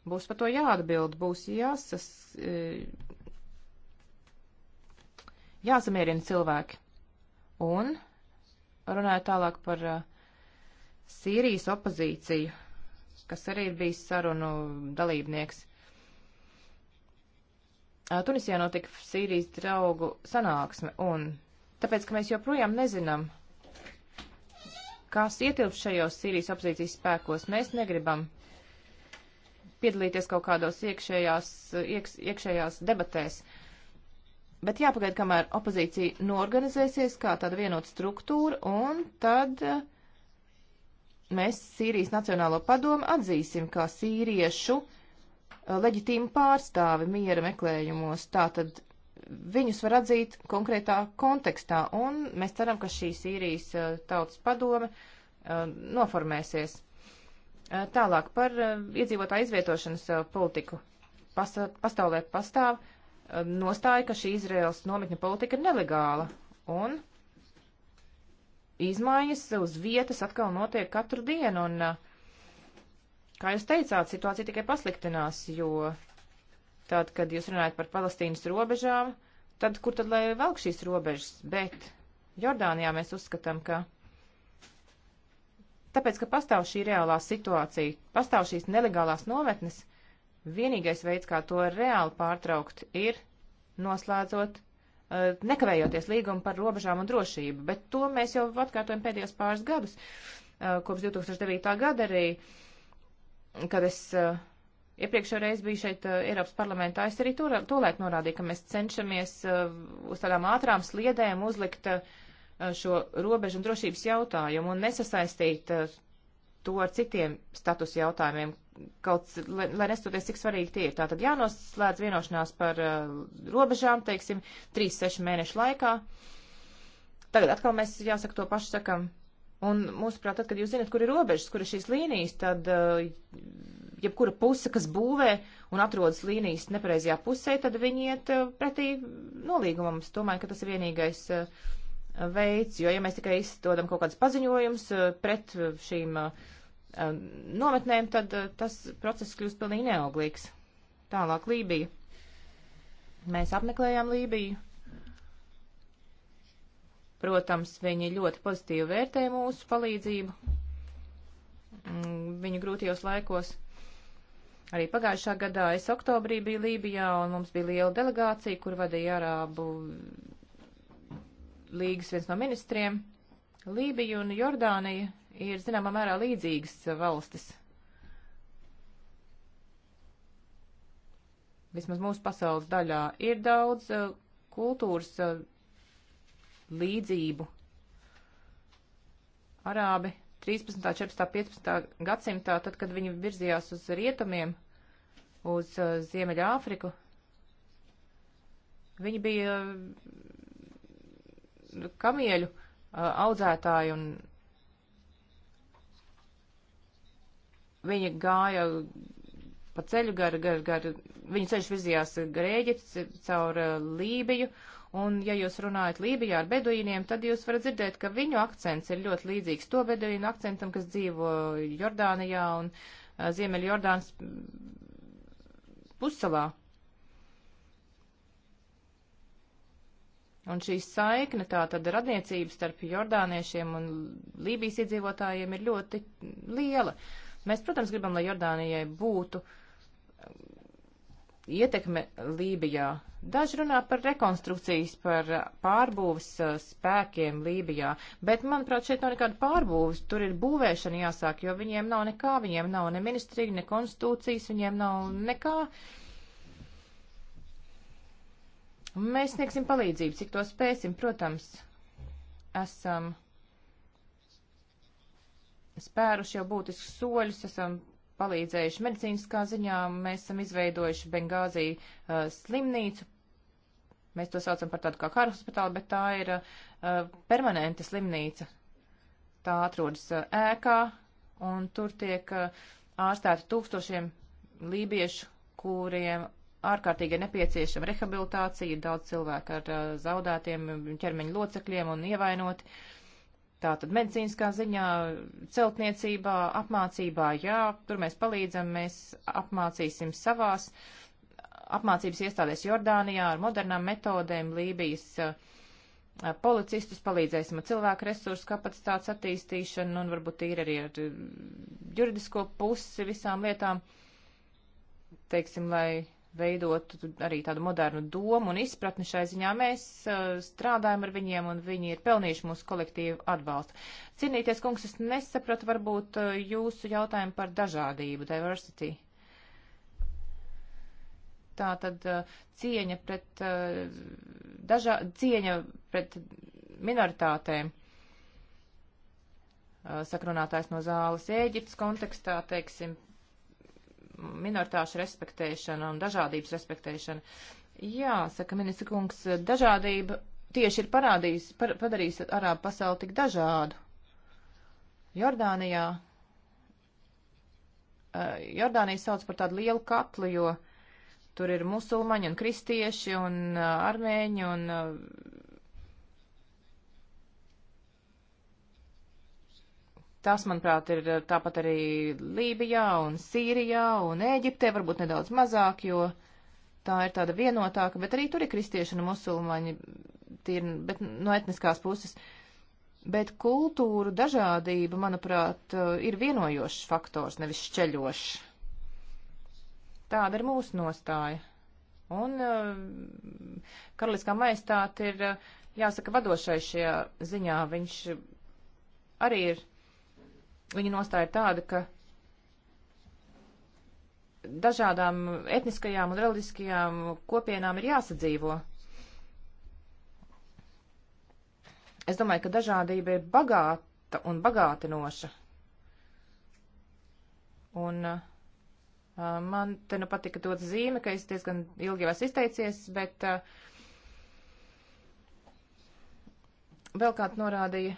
Būs par to jāatbild, būs jāsas, e, Jāsamierina cilvēki. Un runāju tālāk par uh, Sīrijas opozīciju, kas arī ir bijis sarunu dalībnieks. Uh, Tunisijā notika Sīrijas draugu sanāksme, un tāpēc, ka mēs joprojām nezinām, kas ietilpst šajos Sīrijas opozīcijas spēkos, mēs negribam piedalīties kaut kādos iekšējās, uh, iekš, iekšējās debatēs. Bet jāpagaida, kamēr opozīcija norganizēsies kā tāda vienota struktūra, un tad eh, mēs Sīrijas Nacionālo padomu atzīsim kā sīriešu eh, leģitīmu pārstāvi miera meklējumos. Tātad viņus var atzīt konkrētā kontekstā, un mēs ceram, ka šī Sīrijas eh, tautas padome noformēsies. Tālāk par iedzīvotāju izvietošanas politiku. Pas, pastāvē pastāv Um, nostāja, ka šī Izraels nometņa politika ir nelegāla. Un izmaiņas uz vietas atkal notiek katru dienu. Un, uh, kā jūs teicāt, situācija tikai pasliktinās, jo tad, kad jūs runājat par Palestīnas robežām, tad kur tad lai velk šīs robežas? Bet Jordānijā mēs uzskatām, ka. Tāpēc, ka pastāv šī reālā situācija, pastāv šīs nelegālās nometnes, Vienīgais veids, kā to reāli pārtraukt, ir noslēdzot, eh, nekavējoties līgumu par robežām un drošību, bet to mēs jau atkārtojam pēdējos pāris gadus, eh, kopš 2009. gada arī, kad es eh, Iepriekšējā reizē biju šeit uh, Eiropas parlamentā, es arī tūlēt norādīju, ka mēs cenšamies uh, uz tādām ātrām sliedēm uzlikt uh, šo robežu un drošības jautājumu un nesasaistīt uh, to ar citiem status jautājumiem, kaut, lai, lai nestoties, cik svarīgi tie ir. Tātad jānoslēdz vienošanās par uh, robežām, teiksim, 3-6 mēnešu laikā. Tagad atkal mēs, jāsaka, to pašu sakam. Un mūsuprāt, tad, kad jūs zinat, kur ir robežas, kur ir šīs līnijas, tad uh, jebkura puse, kas būvē un atrodas līnijas nepareizajā pusē, tad viņi iet uh, pretī nolīgumam. Es domāju, ka tas ir vienīgais. Uh, veids, jo ja mēs tikai izdodam kaut kādus paziņojumus eh, pret eh, šīm eh, nometnēm, tad tas process kļūst pilnīgi neauglīgs. Tālāk Lībija. Mēs apmeklējām Lībiju. Protams, viņi ļoti pozitīvi vērtē mūsu palīdzību mm, viņu grūtajos laikos. Arī pagājušā gadā es oktobrī biju Lībijā, un mums bija liela delegācija, kur vadīja arābu līgas viens no ministriem. Lībija un Jordānija ir, zināmā mērā, līdzīgas valstis. Vismaz mūsu pasaules daļā ir daudz eh, kultūras eh, līdzību. Arābi 13., 14., 15. gadsimtā, tad, kad viņi virzījās uz rietumiem, uz eh, Ziemeļāfriku, viņi bija kamieļu uh, audzētāji un viņa gāja pa ceļu gar, gar, gar viņa ceļš virzījās gar Ēģipti, caur uh, Lībiju, un ja jūs runājat Lībijā ar beduīniem, tad jūs varat dzirdēt, ka viņu akcents ir ļoti līdzīgs to beduīnu akcentam, kas dzīvo Jordānijā un uh, Ziemeļjordānas mm, pussalā. Un šī saikne, tā tad radniecība starp jordāniešiem un Lībijas iedzīvotājiem ir ļoti liela. Mēs, protams, gribam, lai Jordānijai būtu um, ietekme Lībijā. Daži runā par rekonstrukcijas, par pārbūves uh, spēkiem Lībijā, bet, manuprāt, šeit nav nekāda pārbūves, tur ir būvēšana jāsāk, jo viņiem nav nekā, viņiem nav ne ministrija, ne konstitūcijas, viņiem nav nekā. Uh, Mēs sniegsim palīdzību, cik to spēsim. Protams, esam spēruši jau būtiskus soļus, esam palīdzējuši medicīniskā ziņā, mēs esam izveidojuši Bengāzī uh, slimnīcu. Mēs to saucam par tādu kā karu hospitālu, bet tā ir uh, permanenta slimnīca. Tā atrodas uh, ēkā, un tur tiek uh, ārstēti tūkstošiem lībiešu, kuriem ārkārtīgi nepieciešama rehabilitācija, daudz cilvēku ar zaudētiem ķermeņa locekļiem un ievainoti. Tātad medicīniskā ziņā, celtniecībā, apmācībā, jā, tur mēs palīdzam, mēs apmācīsim savās apmācības iestādēs Jordānijā ar modernām metodēm, Lībijas policistus palīdzēsim ar cilvēku resursu kapacitātes attīstīšanu un varbūt tīri arī ar juridisko pusi visām lietām, teiksim, lai veidot arī tādu modernu domu un izpratni šai ziņā. Mēs uh, strādājam ar viņiem un viņi ir pelnījuši mūsu kolektīvu atbalstu. Cienīties, kungs, es nesapratu varbūt uh, jūsu jautājumu par dažādību, diversity. Tā tad uh, cieņa pret, uh, dažā, cieņa pret minoritātēm. Uh, sakrunātājs no zāles Ēģiptes kontekstā, teiksim, minoritāšu respektēšana un dažādības respektēšana. Jā, saka ministra kungs, dažādība tieši ir parādījis, par, padarījis arābu pasauli tik dažādu. Jordānijā. Eh, Jordānija sauc par tādu lielu katlu, jo tur ir musulmaņi un kristieši un eh, armēņi un eh, Tas, manuprāt, ir eh, tāpat arī Lībijā un Sīrijā un Ēģiptē, varbūt nedaudz mazāk, jo tā ir tāda vienotāka, bet arī tur ir kristieši un musulmaņi, tīri, bet no etniskās puses. Bet kultūru dažādība, manuprāt, eh, ir vienojošs faktors, nevis šķeļošs. Tāda ir mūsu nostāja. Un uh, karaliskā maistāte ir, uh, jāsaka, vadošais šajā ziņā. Viņš arī ir viņa nostāja tāda, ka dažādām etniskajām un reliģiskajām kopienām ir jāsadzīvo. Es domāju, ka dažādība ir bagāta un bagātinoša. Un uh, man te nu patika dot zīme, ka es diezgan ilgi jau esmu izteicies, bet uh, vēl kāds norādīja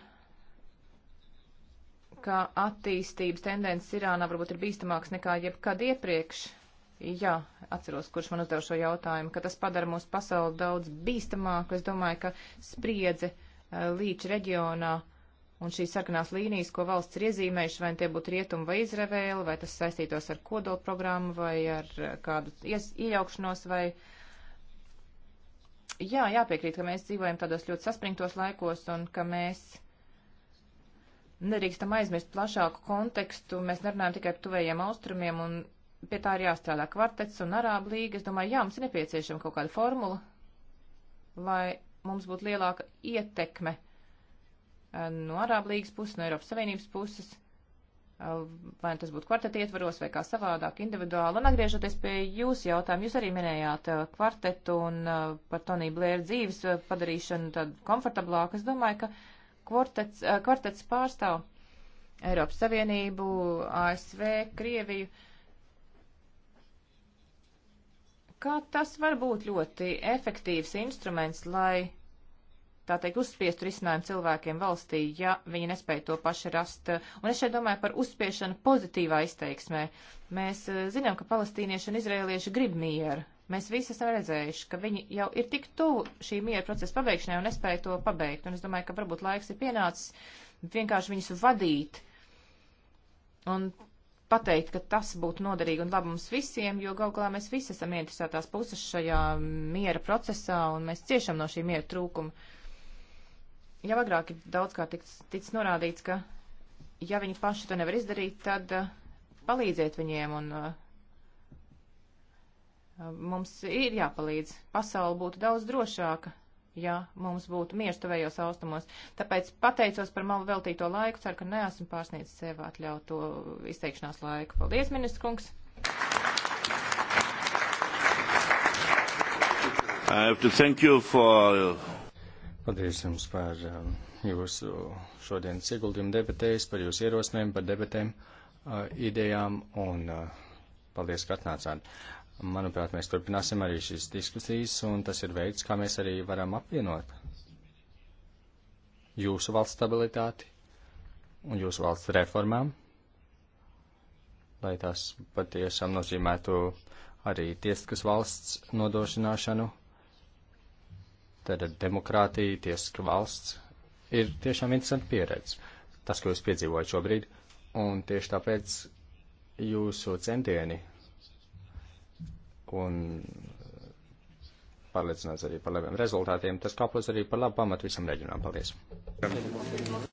ka attīstības tendences Irānā varbūt ir bīstamāks nekā jebkad iepriekš. Jā, atceros, kurš man uzdev šo jautājumu, ka tas padara mūsu pasauli daudz bīstamāku. Es domāju, ka spriedze eh, līča reģionā un šīs sarkanās līnijas, ko valsts ir iezīmējuši, vai nu tie būtu rietumi vai Izravēla, vai tas saistītos ar kodolprogrammu vai ar eh, kādu iejaukšanos vai jā, jāpiekrīt, ka mēs dzīvojam tādos ļoti saspringtos laikos un ka mēs nedrīkstam aizmirst plašāku kontekstu. Mēs nerunājam tikai par tuvējiem austrumiem, un pie tā ir jāstrādā kvartets un arāba līga. Es domāju, jā, mums ir nepieciešama kaut kāda formula, lai mums būtu lielāka ietekme eh, no arāba līgas puses, no Eiropas Savienības puses, eh, vai tas būtu kvarteta ietvaros vai kā savādāk individuāli. Un atgriežoties pie jūsu jautājumu, jūs arī minējāt eh, kvartetu un par Tonī Blēra dzīves padarīšanu tādu komfortablāku. Es domāju, ka kvartets, eh, kvartets pārstāv Eiropas Savienību, ASV, Krieviju. Kā tas var būt ļoti efektīvs instruments, lai tā teikt, uzspiestu risinājumu cilvēkiem valstī, ja viņi nespēja to paši rast. Un es šeit domāju par uzspiešanu pozitīvā izteiksmē. Mēs eh, zinām, ka palestīnieši un izrēlieši grib mieru. Mēs visi esam redzējuši, ka viņi jau ir tik tuvu šī miera procesa pabeigšanai un nespēja to pabeigt. Un es domāju, ka varbūt laiks ir pienācis vienkārši viņus vadīt un pateikt, ka tas būtu noderīgi un labi mums visiem, jo gal galā mēs visi esam interesētās puses šajā miera procesā un mēs ciešam no šī miera trūkuma. Jau agrāk ir daudzkārt ticis tic norādīts, ka ja viņi paši to nevar izdarīt, tad uh, palīdziet viņiem un uh, Mums ir jāpalīdz. Pasaule būtu daudz drošāka, ja mums būtu mieru tuvējos austrumos. Tāpēc pateicos par malu veltīto laiku. Ceru, ka neesmu pārsniedzis sev atļautu izteikšanās laiku. Paldies, ministrs kungs! For... Paldies jums par um, jūsu šodienas ieguldījumu debatēs, par jūsu ierosinēm, par debatēm, uh, idejām un uh, paldies, ka atnācāt. Manuprāt, mēs turpināsim arī šīs diskusijas, un tas ir veids, kā mēs arī varam apvienot jūsu valsts stabilitāti un jūsu valsts reformām, lai tās patiešām nozīmētu arī tiesiskas valsts nodošināšanu, tad demokrātija, tiesiska valsts ir tiešām interesanti pieredze. Tas, ko jūs piedzīvojat šobrīd, un tieši tāpēc jūsu centieni un eh, pārliecināts arī par labiem rezultātiem. Tas kalpos arī par labu pamatu visam reģionam. Paldies!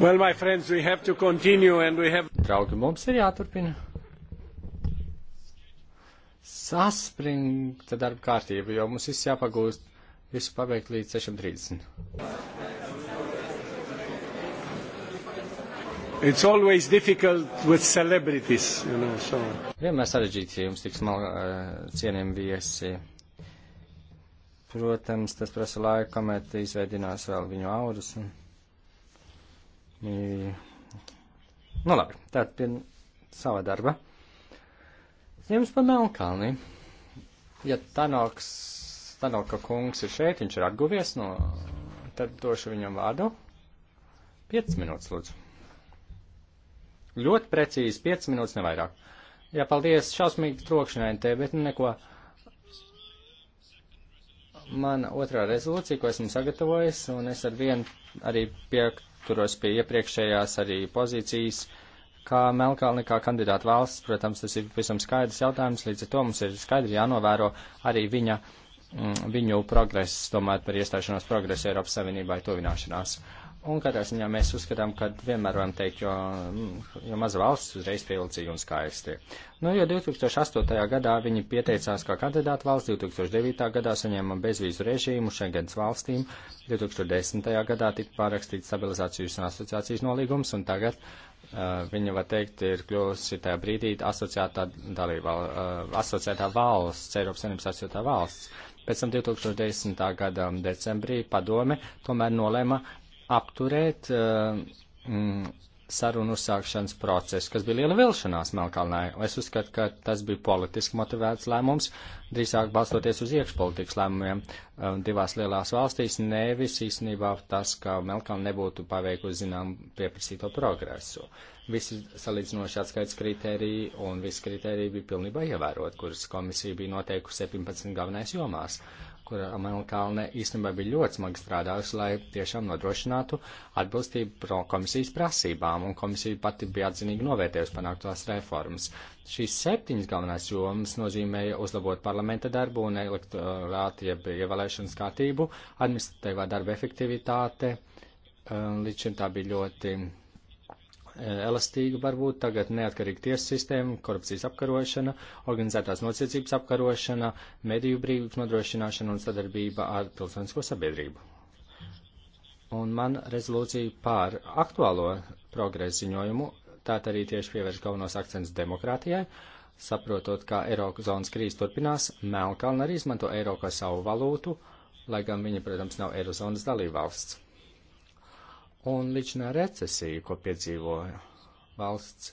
Well, my friends, we have to continue and we have... Draugi, mums ir jāturpina. Saspringta darba kārtība, jo mums viss jāpagūst, visu pabeigt līdz 6.30. It's always difficult with celebrities, you know, so. Vienmēr sarežģīti, ja jums tik smal uh, eh, cieniem viesi. Protams, tas prasa laiku, kamēr izveidinās vēl viņu aurus. Un... Nu, labi, tad pie sava darba. Jums pa Melnkalni. Ja Tanoks, Tanoka kungs ir šeit, viņš ir atguvies, no, tad došu viņam vārdu. 5 minūtes, lūdzu. Ļoti precīzi, 5 minūtes nevairāk. Jā, paldies, šausmīgi trokšņai te, bet nu neko. Mana otrā rezolūcija, ko esmu sagatavojis, un es ar vienu arī piektu turos pie iepriekšējās arī pozīcijas, kā Melkalni, kā kandidāta valsts, protams, tas ir visam skaidrs jautājums, līdz ar to mums ir skaidri jānovēro arī viņa, mm, viņu progress, domājot par iestāšanos progresu Eiropas Savienībai tuvināšanās. Uh, Un katrā ziņā mēs uzskatām, ka vienmēr varam teikt, jo, mm, jo maza valsts uzreiz pievilcīga un skaisti. Nu, jo 2008. gadā viņi pieteicās kā kandidāta valsts, 2009. gadā saņēma bezvīzu režīmu Schengens valstīm, 2010. gadā tika pārakstīts stabilizācijas un asociācijas nolīgums, un tagad uh, viņa, var teikt, ir kļūsi tajā brīdī asociētā, dalība, uh, asociētā valsts, Eiropas Savienības asociētā valsts. Pēc tam 2010. gada decembrī padome tomēr nolēma apturēt mm, sarunu uzsākšanas procesu, kas bija liela vilšanās Melkalnē. Es uzskatu, ka tas bija politiski motivēts lēmums, drīzāk balstoties uz iekšpolitikas lēmumiem eh, divās lielās valstīs, nevis īstenībā tas, ka Melkalna nebūtu paveikusi zinām pieprasīto progresu. Visi salīdzinoši atskaits kritēriji un visi kritēriji bija pilnībā ievērot, kuras komisija bija noteikusi 17 galvenais jomās. Uh, kur Melnkalne īstenībā bija ļoti smagi strādājusi, lai tiešām nodrošinātu atbilstību komisijas prasībām, un komisija pati bija atzinīgi novērtējusi panāktās reformas. Šīs septiņas galvenās jomas nozīmēja uzlabot parlamenta darbu un elektorātu, jeb ievēlēšanas kārtību, administratīvā darba efektivitāte, um, līdz šim tā bija ļoti Eh, elastīga varbūt tagad neatkarīga tiesa sistēma, korupcijas apkarošana, organizētās nociecības apkarošana, mediju brīvības nodrošināšana un sadarbība ar pilsonisko sabiedrību. Un man rezolūcija pār aktuālo progresu ziņojumu, tā arī tieši pievērš galvenos akcents demokrātijai, saprotot, ka Eirozonas krīze turpinās, Melkalna arī izmanto eiro kā savu valūtu, lai gan viņa, protams, nav Eirozonas dalībvalsts un līdzinā recesija, ko piedzīvo valsts,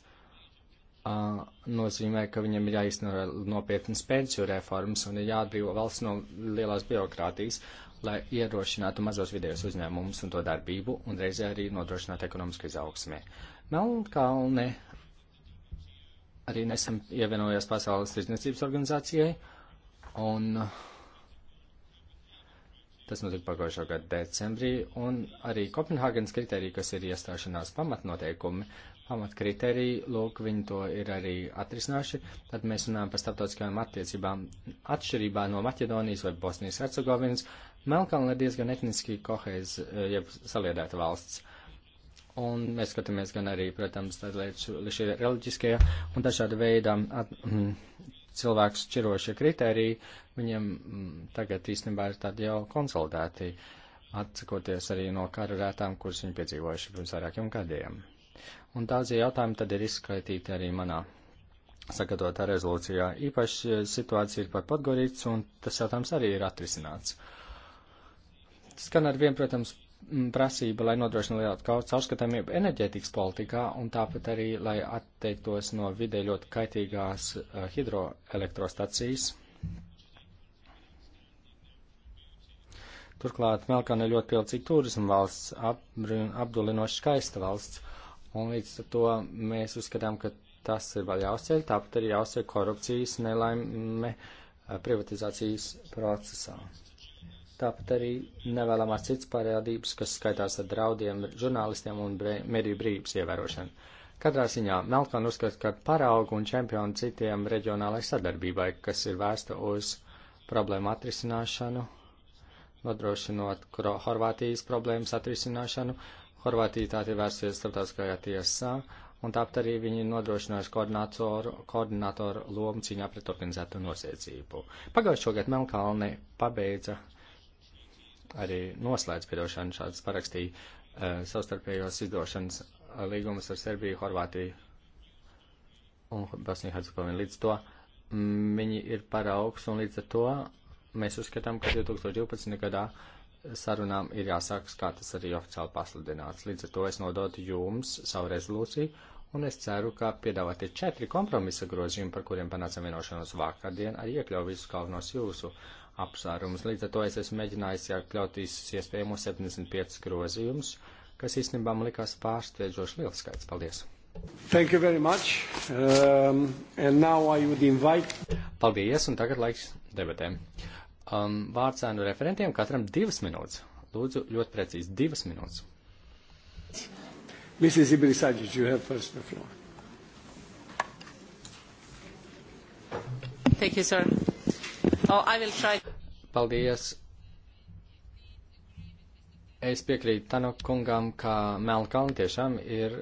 uh, nozīmē, ka viņam ir jāizsnara nopietnas pensiju reformas un ir jāatbrīvo valsts no lielās birokrātijas, lai ierošinātu mazos vidējos uzņēmumus un to darbību un reizē arī nodrošinātu ekonomisku izaugsmē. Melnkalne arī nesam ievienojās Pasaules tirdzniecības organizācijai un uh, Tas notika pagājušā gada decembrī, un arī Kopenhāgenes kriterija, kas ir iestāšanās pamatnoteikumi, pamatkritēriji, lūk, viņi to ir arī atrisinājuši. Tad mēs runājam par starptautiskajām attiecībām. Atšķirībā no Maķedonijas vai Bosnijas Hercegovinas, Melkalna ir diezgan etniski kohēz, eh, jeb saliedēta valsts. Un mēs skatāmies gan arī, protams, tad šie reliģiskie un dažādi veidi mm, cilvēku šķirošie kritēriji, Viņiem mm, tagad īstenībā ir tādi jau konsolidēti, atsakoties arī no kara rētām, kuras viņi piedzīvojuši pirms vairākiem gadiem. Un daudzi jautājumi tad ir izskaitīti arī manā sagatavotā rezolūcijā. Īpaši situācija ir par Podgorīts, un tas jautājums arī ir atrisināts. Skan ar vien, protams, prasība, lai nodrošina lielāku caurskatāmību enerģētikas politikā, un tāpat arī, lai atteiktos no vidē ļoti kaitīgās eh, hidroelektrostacijas, Turklāt Melkona ir ļoti pilcīga turisma valsts, apdulinoši skaista valsts, un līdz ar to mēs uzskatām, ka tas ir vēl jāuzceļ, tāpat arī jāuzceļ korupcijas nelaime eh, privatizācijas procesā. Tāpat arī nevēlamās citas parādības, kas skaitās ar draudiem žurnālistiem un mediju brīvības ievērošanu. Katrā ziņā Melkona uzskata, ka paraugu un čempionu citiem reģionālai sadarbībai, kas ir vēsta uz problēmu atrisināšanu nodrošinot Horvātijas problēmas atrisināšanu. Horvātija tā ir vērsties starptautiskajā tiesā, un tāpat arī viņi ir nodrošinājuši koordinātoru, koordinātoru lomu cīņā pret organizēto noziedzību. Pagājušo gadu Melkalne pabeidza arī noslēdz piedošanu šādas parakstīja uh, savstarpējos izdošanas eh, līgumus ar Serbiju, Horvātiju un Bosniju Hercegovinu. Līdz to mm, viņi ir paraugs un līdz ar to Mēs uzskatām, ka 2012. gadā sarunām ir jāsākas, kā tas arī oficiāli pasludināts. Līdz ar to es nodotu jums savu rezolūciju, un es ceru, ka piedāvātie četri kompromisa grozījumi, par kuriem panācām vienošanos vakardien, arī iekļauj visus galvenos jūsu apsvērumus. Līdz ar to es esmu mēģinājis iekļaut visus iespējamos 75 grozījumus, kas īstenībā man likās pārsteidzoši liels skaits. Paldies! Thank you very much. Um, and now I would invite. Paldies, un tagad laiks debatēm. Um, vārds ēnu referentiem katram divas minūtes. Lūdzu, ļoti precīzi divas minūtes. Mrs. Ibrisagic, you have first the floor. Thank you, sir. Oh, I will try. Paldies. Es piekrītu Tanok kungam, ka Melkalna tiešām ir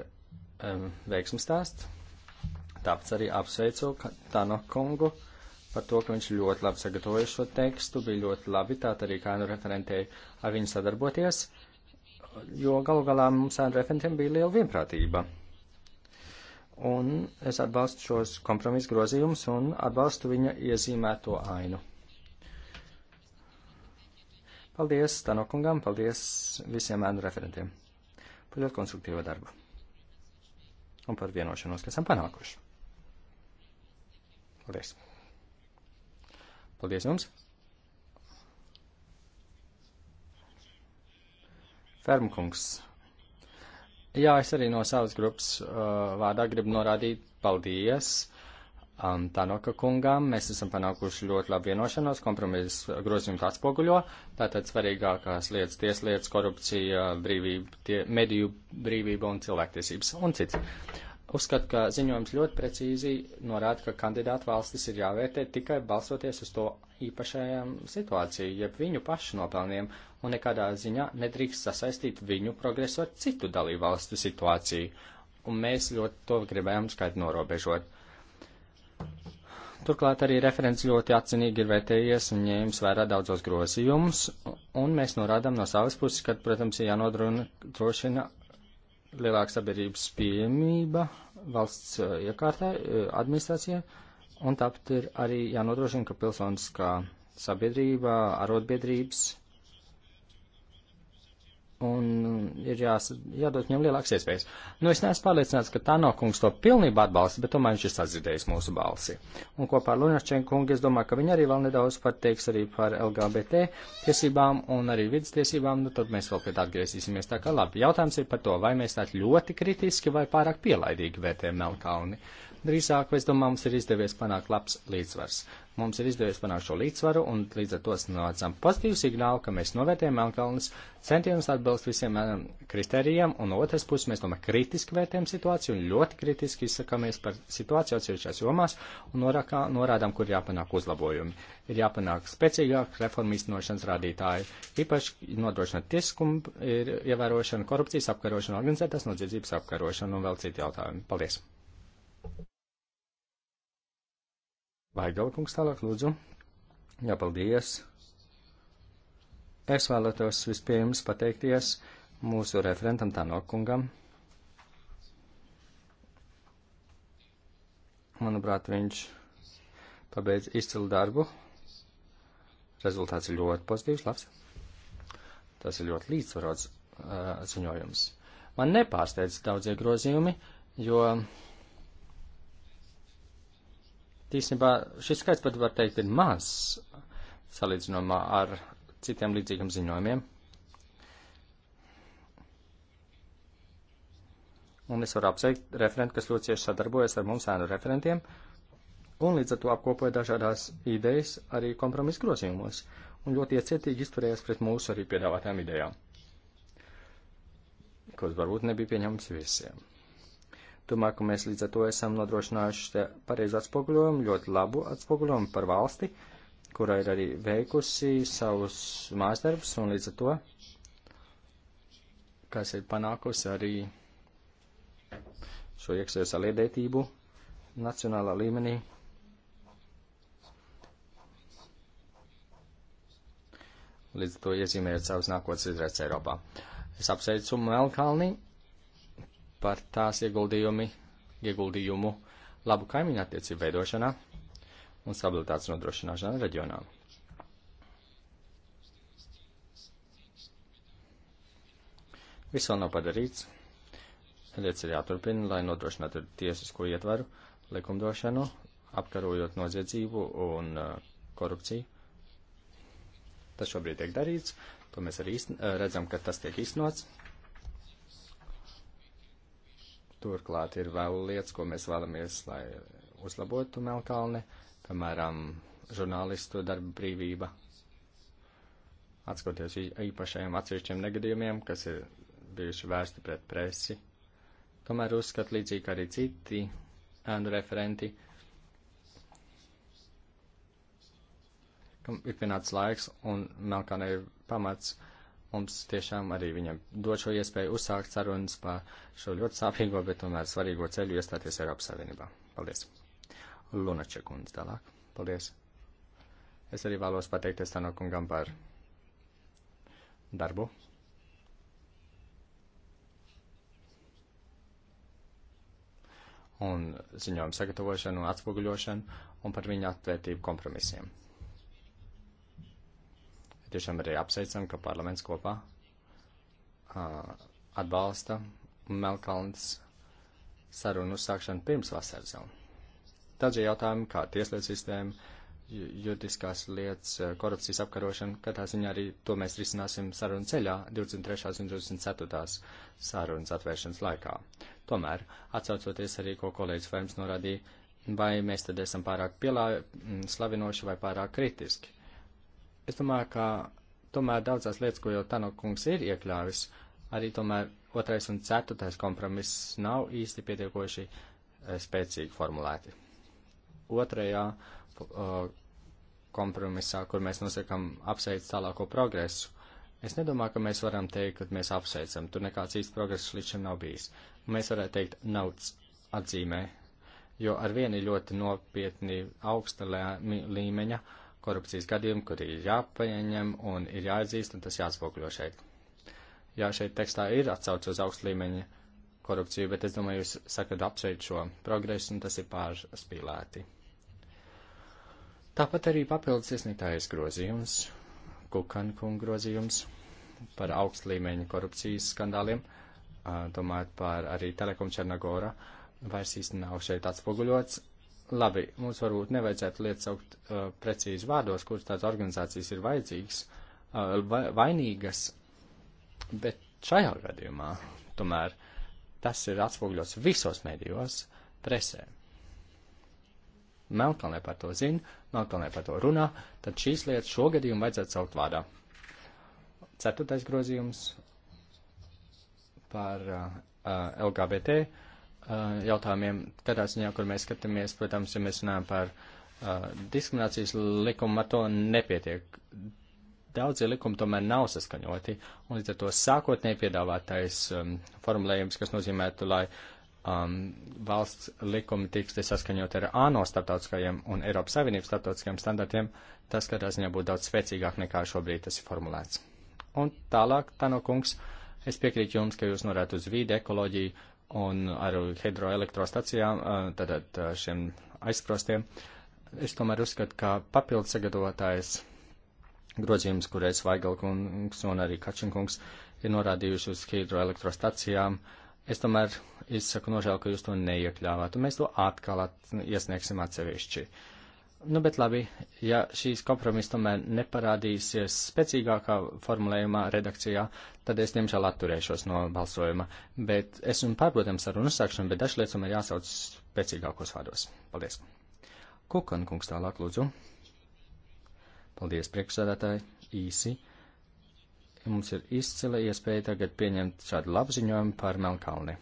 um, veiksmas stāsts. Tāpēc arī apsveicu Tano kungu par to, ka viņš ļoti labi sagatavoja šo tekstu, bija ļoti labi, tātad arī kā nu referentēja ar viņu sadarboties, jo galu galā mums ar referentiem bija liela vienprātība. Un es atbalstu šos kompromisu grozījumus un atbalstu viņa iezīmēto ainu. Paldies Tanokungam, paldies visiem ēnu referentiem par ļoti konstruktīvo darbu un par vienošanos, kas esam panākuši. Paldies! Paldies jums! Fermkungs. Jā, es arī no savas grupas uh, vārdā gribu norādīt paldies um, Tanaka kungam. Mēs esam panākuši ļoti labu vienošanos, kompromisu grozījums atspoguļo. Tātad svarīgākās lietas - tieslietas, korupcija, brīvība, tie, mediju brīvība un cilvēktiesības un cits. Uzskatu, ka ziņojums ļoti precīzi norāda, ka kandidātu valstis ir jāvērtē tikai balstoties uz to īpašajām situāciju, jeb viņu pašu nopelniem, un nekādā ziņā nedrīkst sasaistīt viņu progresu ar citu dalību valstu situāciju. Un mēs ļoti to gribējām skaidri norobežot. Uh, Turklāt arī referents ļoti atcinīgi ir vērtējies un ņēmis vērā daudzos grozījumus, un mēs norādām no savas puses, ka, protams, ir jānodrošina lielāka sabiedrības pieejamība valsts eh, iekārtē, eh, administrācijai, un tāpat ir arī jānodrošina, ka pilsoniskā sabiedrība, arotbiedrības un um, ir jās, jādod viņam lielāks iespējas. Nu, es neesmu pārliecināts, ka Tano kungs to pilnībā atbalsta, bet tomēr viņš ir sadzirdējis mūsu balsi. Un kopā ar Lunašķēnu kungu es domāju, ka viņi arī vēl nedaudz pateiks arī par LGBT tiesībām un arī vidas tiesībām, nu tad mēs vēl pie tā atgriezīsimies. Tā kā labi, jautājums ir par to, vai mēs tā ļoti kritiski vai pārāk pielaidīgi vērtējam Melkalni. Uh, Drīzāk, es domāju, mums ir izdevies panākt labs līdzsvars. Mums ir izdevies panākt šo līdzsvaru, un līdz ar to nonācām pozitīvu signālu, ka mēs novērtējam Melnkalnes centienus atbilst visiem kritērijiem, un no otras puses mēs tomēr kritiski vērtējam situāciju un ļoti kritiski izsakamies par situāciju atsevišķās jomās un norakā, norādām, kur jāpanāk uzlabojumi. Ir jāpanāk spēcīgāk reformu īstenošanas rādītāji, īpaši nodrošināt tiesiskumu, ir ievērošana, korupcijas apkarošana, organizētās nodziedzības apkarošana un vēl citi jautājumi. Paldies! Vaigala kungs tālāk, lūdzu. Jā, paldies. Es vēlētos vispirms pateikties mūsu referentam Tanokungam. Manuprāt, viņš pabeidz izcilu darbu. Rezultāts ir ļoti pozitīvs, labs. Tas ir ļoti līdzsvarots uh, ziņojums. Man nepārsteidz daudzie grozījumi, jo uh, īstenībā šis skaits pat var teikt ir mazs salīdzinājumā ar citiem līdzīgiem ziņojumiem. Un es varu apsveikt referentu, kas ļoti cieši sadarbojas ar mums ēnu referentiem, un līdz ar to apkopoja dažādās idejas arī kompromisu grozījumos, un ļoti iecietīgi izturējās pret mūsu arī piedāvātām idejām, kuras varbūt nebija pieņemams visiem. Domāju, ka mēs līdz ar to esam nodrošinājuši pareizu atspoguļojumu, ļoti labu atspoguļojumu par valsti, kura ir arī veikusi savus mājasdarbus un līdz ar to, kas ir panākusi arī šo iekšējo saliedētību nacionālā līmenī. Līdz ar to iezīmējot savus nākotnes izredzes Eiropā. Es apsveicu Melkalni par tās ieguldījumi, ieguldījumu labu kaimiņu attiecību veidošanā un stabilitātes nodrošināšanā reģionā. Viss vēl nav padarīts. Lietas ir jāturpina, lai nodrošinātu tiesisko ietvaru, likumdošanu, apkarojot noziedzību un uh, korupciju. Tas šobrīd tiek darīts, to mēs arī uh, redzam, ka tas tiek īstenots. Turklāt ir vēl lietas, ko mēs vēlamies, lai uzlabotu Melkalni, piemēram, žurnālistu darba brīvība. Atskatoties īpašajiem atsevišķiem negadījumiem, kas ir bijuši vērsti pret presi, tomēr uzskat līdzīgi arī citi ēnu referenti, kam ir pienācis laiks un Melkalni ir pamats mums tiešām arī viņam dod šo iespēju uzsākt sarunas par šo ļoti sāpīgo, bet tomēr svarīgo ceļu iestāties Eiropas Savienībā. Paldies! Lunača kundze tālāk. Paldies! Es arī vēlos pateikties Tanokungam par darbu. un ziņojumu sagatavošanu un atspoguļošanu un par viņu atvērtību kompromisiem. Tiešām arī apsveicam, ka parlaments kopā uh, atbalsta Melkalnas sarunu uzsākšanu pirms vasaras jau. Daži jautājumi, kā tieslietu sistēma, juridiskās lietas, korupcijas apkarošana, katrā ziņā arī to mēs risināsim sarunu ceļā 23. un 24. sarunas atvēršanas laikā. Tomēr, atsaucoties arī, ko kolēģis Ferms norādīja, vai mēs tad esam pārāk pielā, slavinoši vai pārāk kritiski es domāju, ka tomēr daudzās lietas, ko jau Tano kungs ir iekļāvis, arī tomēr otrais un ceturtais kompromiss nav īsti pietiekoši eh, spēcīgi formulēti. Otrajā eh, kompromisā, kur mēs nosakam apsveic tālāko progresu, es nedomāju, ka mēs varam teikt, ka mēs apsveicam, tur nekāds īsts progress līdz šim nav bijis. Mēs varētu teikt, nauds atzīmē, jo ar vieni ļoti nopietni augsta līmeņa uh, korupcijas gadījumi, kur ir jāpaņem un ir jāatzīst, un tas jāspokļo šeit. Jā, šeit tekstā ir atsauce uz augstu līmeņa korupciju, bet es domāju, jūs sakat apsveikt šo progresu, un tas ir pārspīlēti. Tāpat arī papildus iesniegtājas grozījums, Kukankunga grozījums par augstu līmeņa korupcijas skandāliem, domājot par arī Telekom Černagora, vairs īsti nav šeit atspoguļots, labi, mums varbūt nevajadzētu lietas saukt uh, precīzi vārdos, kuras tādas organizācijas ir vajadzīgas, uh, va vainīgas, bet šajā gadījumā tomēr tas ir atspoguļots visos medijos, presē. Melkalnē par to zina, Melkalnē par to runā, tad šīs lietas šogadījumu vajadzētu saukt vārdā. Ceturtais grozījums par uh, LGBT uh, jautājumiem, tādā ziņā, kur mēs skatāmies, protams, ja mēs runājam par uh, diskriminācijas likumu, ar to nepietiek. Daudzie likumi tomēr nav saskaņoti, un līdz ar to sākotnēji piedāvātais um, formulējums, kas nozīmētu, lai um, valsts likumi tiks saskaņot ar ANO starptautiskajiem un Eiropas Savienības starptautiskajiem standartiem, tas kādā ziņā būtu daudz spēcīgāk nekā šobrīd tas ir formulēts. Un tālāk, Tano kungs, es piekrītu jums, ka jūs norētu uz vīdi, ekoloģiju, un ar hidroelektrostacijām, tātad šiem aizsprostiem, es tomēr uzskatu, ka papildu sagatavotājs grozījums, kurēs Vaigalkungs un arī Kačinkungs ir norādījuši uz hidroelektrostacijām, es tomēr izsaku nožēlu, ka jūs to neiekļāvāt, un mēs to atkal at iesniegsim atsevišķi. Uh, Nu, bet labi, ja šīs kompromiss tomēr neparādīsies spēcīgākā formulējumā, redakcijā, tad es, diemžēl, atturēšos no balsojuma. Bet es un pārprotams ar uzsākšanu, bet dažas lietas man jāsauc spēcīgākos vārdos. Paldies. Kukan kungs tālāk lūdzu. Paldies, priekšsādātāji. Īsi. Mums ir izcila iespēja tagad pieņemt šādu labziņojumu par Melkalni.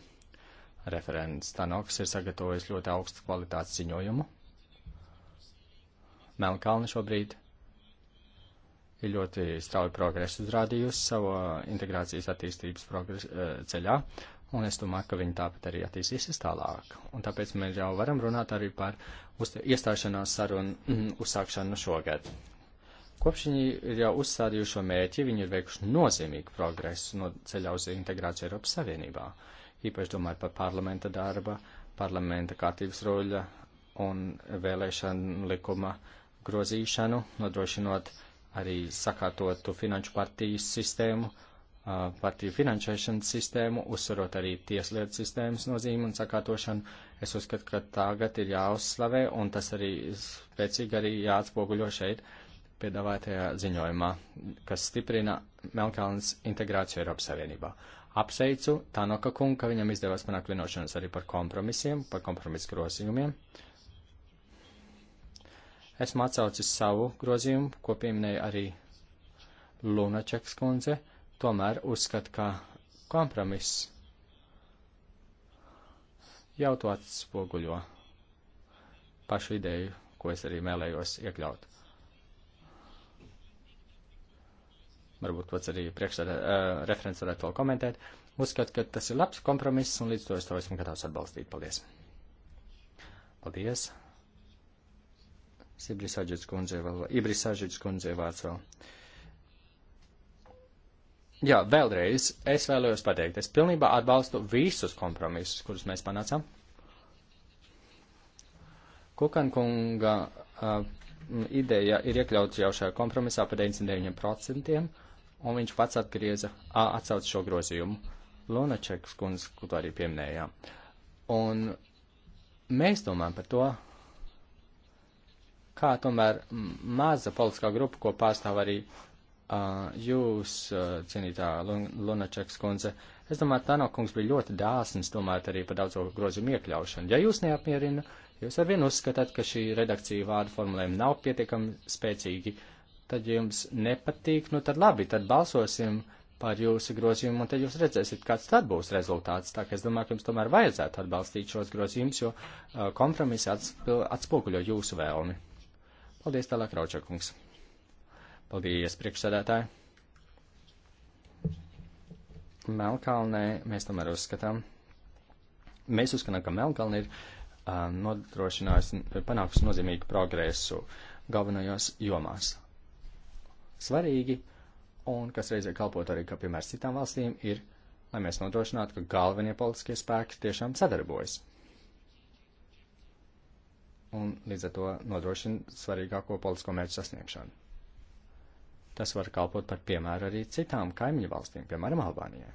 Referents Tanoks ir sagatavojis ļoti augstu kvalitātes ziņojumu Melnkalna šobrīd ir ļoti strauji progresu uzrādījusi savu uh, integrācijas attīstības progresu, uh, ceļā, un es domāju, ka viņi tāpat arī attīstīsies tālāk. Un tāpēc mēs jau varam runāt arī par iestāšanās sarunu mm, uzsākšanu šogad. Kopš viņi ir jau uzstādījuši šo mērķi, viņi ir veikuši nozīmīgu progresu no ceļā uz integrāciju Eiropas Savienībā. Īpaši domāju par parlamenta darba, parlamenta kārtības roļa un vēlēšana likuma uh, grozīšanu, nodrošinot arī sakārtotu finanšu partijas sistēmu, partiju finansēšanas sistēmu, uzsverot arī tieslietu sistēmas nozīmi un sakārtošanu. Es uzskatu, ka tagad ir jāuzslavē, un tas arī spēcīgi arī jāatspoguļo šeit piedāvātajā ziņojumā, kas stiprina Melkalnas integrāciju Eiropas Savienībā apsveicu Tanoka kungu, ka viņam izdevās panākt vienošanos arī par kompromisiem, par kompromisu grozījumiem. Esmu atsaucis savu grozījumu, ko pieminēja arī Lunačeks kundze, tomēr uzskat, ka kompromiss jau to atspoguļo pašu ideju, ko es arī mēlējos iekļaut. varbūt pats arī priekšsēdē uh, eh, referents varētu to komentēt. Uzskatu, ka tas ir labs kompromiss, un līdz to es to esmu gatavs atbalstīt. Paldies! Paldies! Sibrisaģets kundzei vēl, Ibrisaģets kundzei vārds vēl. Jā, vēlreiz es vēlējos pateikt, es pilnībā atbalstu visus kompromisus, kurus mēs panācām. Kukankunga uh, ideja ir iekļauts jau šajā kompromisā par 99%, un viņš pats atgrieza, atsauc šo grozījumu. Lunačekas kundze, ko arī pieminējām. Un mēs domājam par to, kā tomēr maza politiskā grupa, ko pārstāv arī uh, jūs, uh, cienītā Lun Lunačeks kundze, es domāju, Tano kungs bija ļoti dāsns domāt arī par daudzo grozījumu iekļaušanu. Ja jūs neapmierina, jūs arvien uzskatāt, ka šī redakcija vārdu formulējuma nav pietiekami spēcīgi, tad ja jums nepatīk, nu tad labi, tad balsosim par jūsu grozījumu, un tad jūs redzēsiet, kāds tad būs rezultāts. Tā ka es domāju, ka jums tomēr vajadzētu atbalstīt šos grozījumus, jo uh, kompromisi atspoguļo jūsu vēlmi. Paldies tālāk, Raučakungs. Paldies, priekšsēdētāji. Melkalnē mēs tomēr uzskatām. Mēs uzskatām, ka Melkalna ir uh, nodrošinājusi, panākusi nozīmīgu progresu galvenajos jomās. Svarīgi, un kas reizē kalpot arī, ka, piemēram, citām valstīm ir, lai mēs nodrošinātu, ka galvenie politiskie spēki tiešām sadarbojas un līdz ar to nodrošina svarīgāko politisko mērķu sasniegšanu. Tas var kalpot par piemēru arī citām kaimiņu valstīm, piemēram, Albānijai.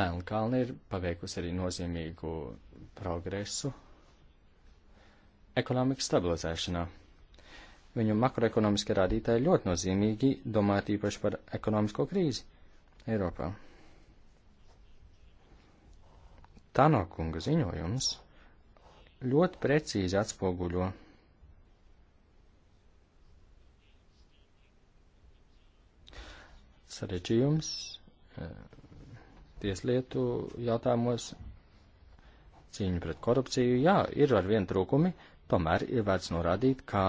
Melnkalna ir paveikusi arī nozīmīgu progresu ekonomikas stabilizēšanā. Viņu makroekonomiskie rādītāji ļoti nozīmīgi, domājot īpaši par ekonomisko krīzi Eiropā. Tanokunga ziņojums ļoti precīzi atspoguļo sarežģījums eh, tieslietu jautājumos cīņa pret korupciju. Jā, ir ar vien trūkumi, tomēr ir vērts norādīt, ka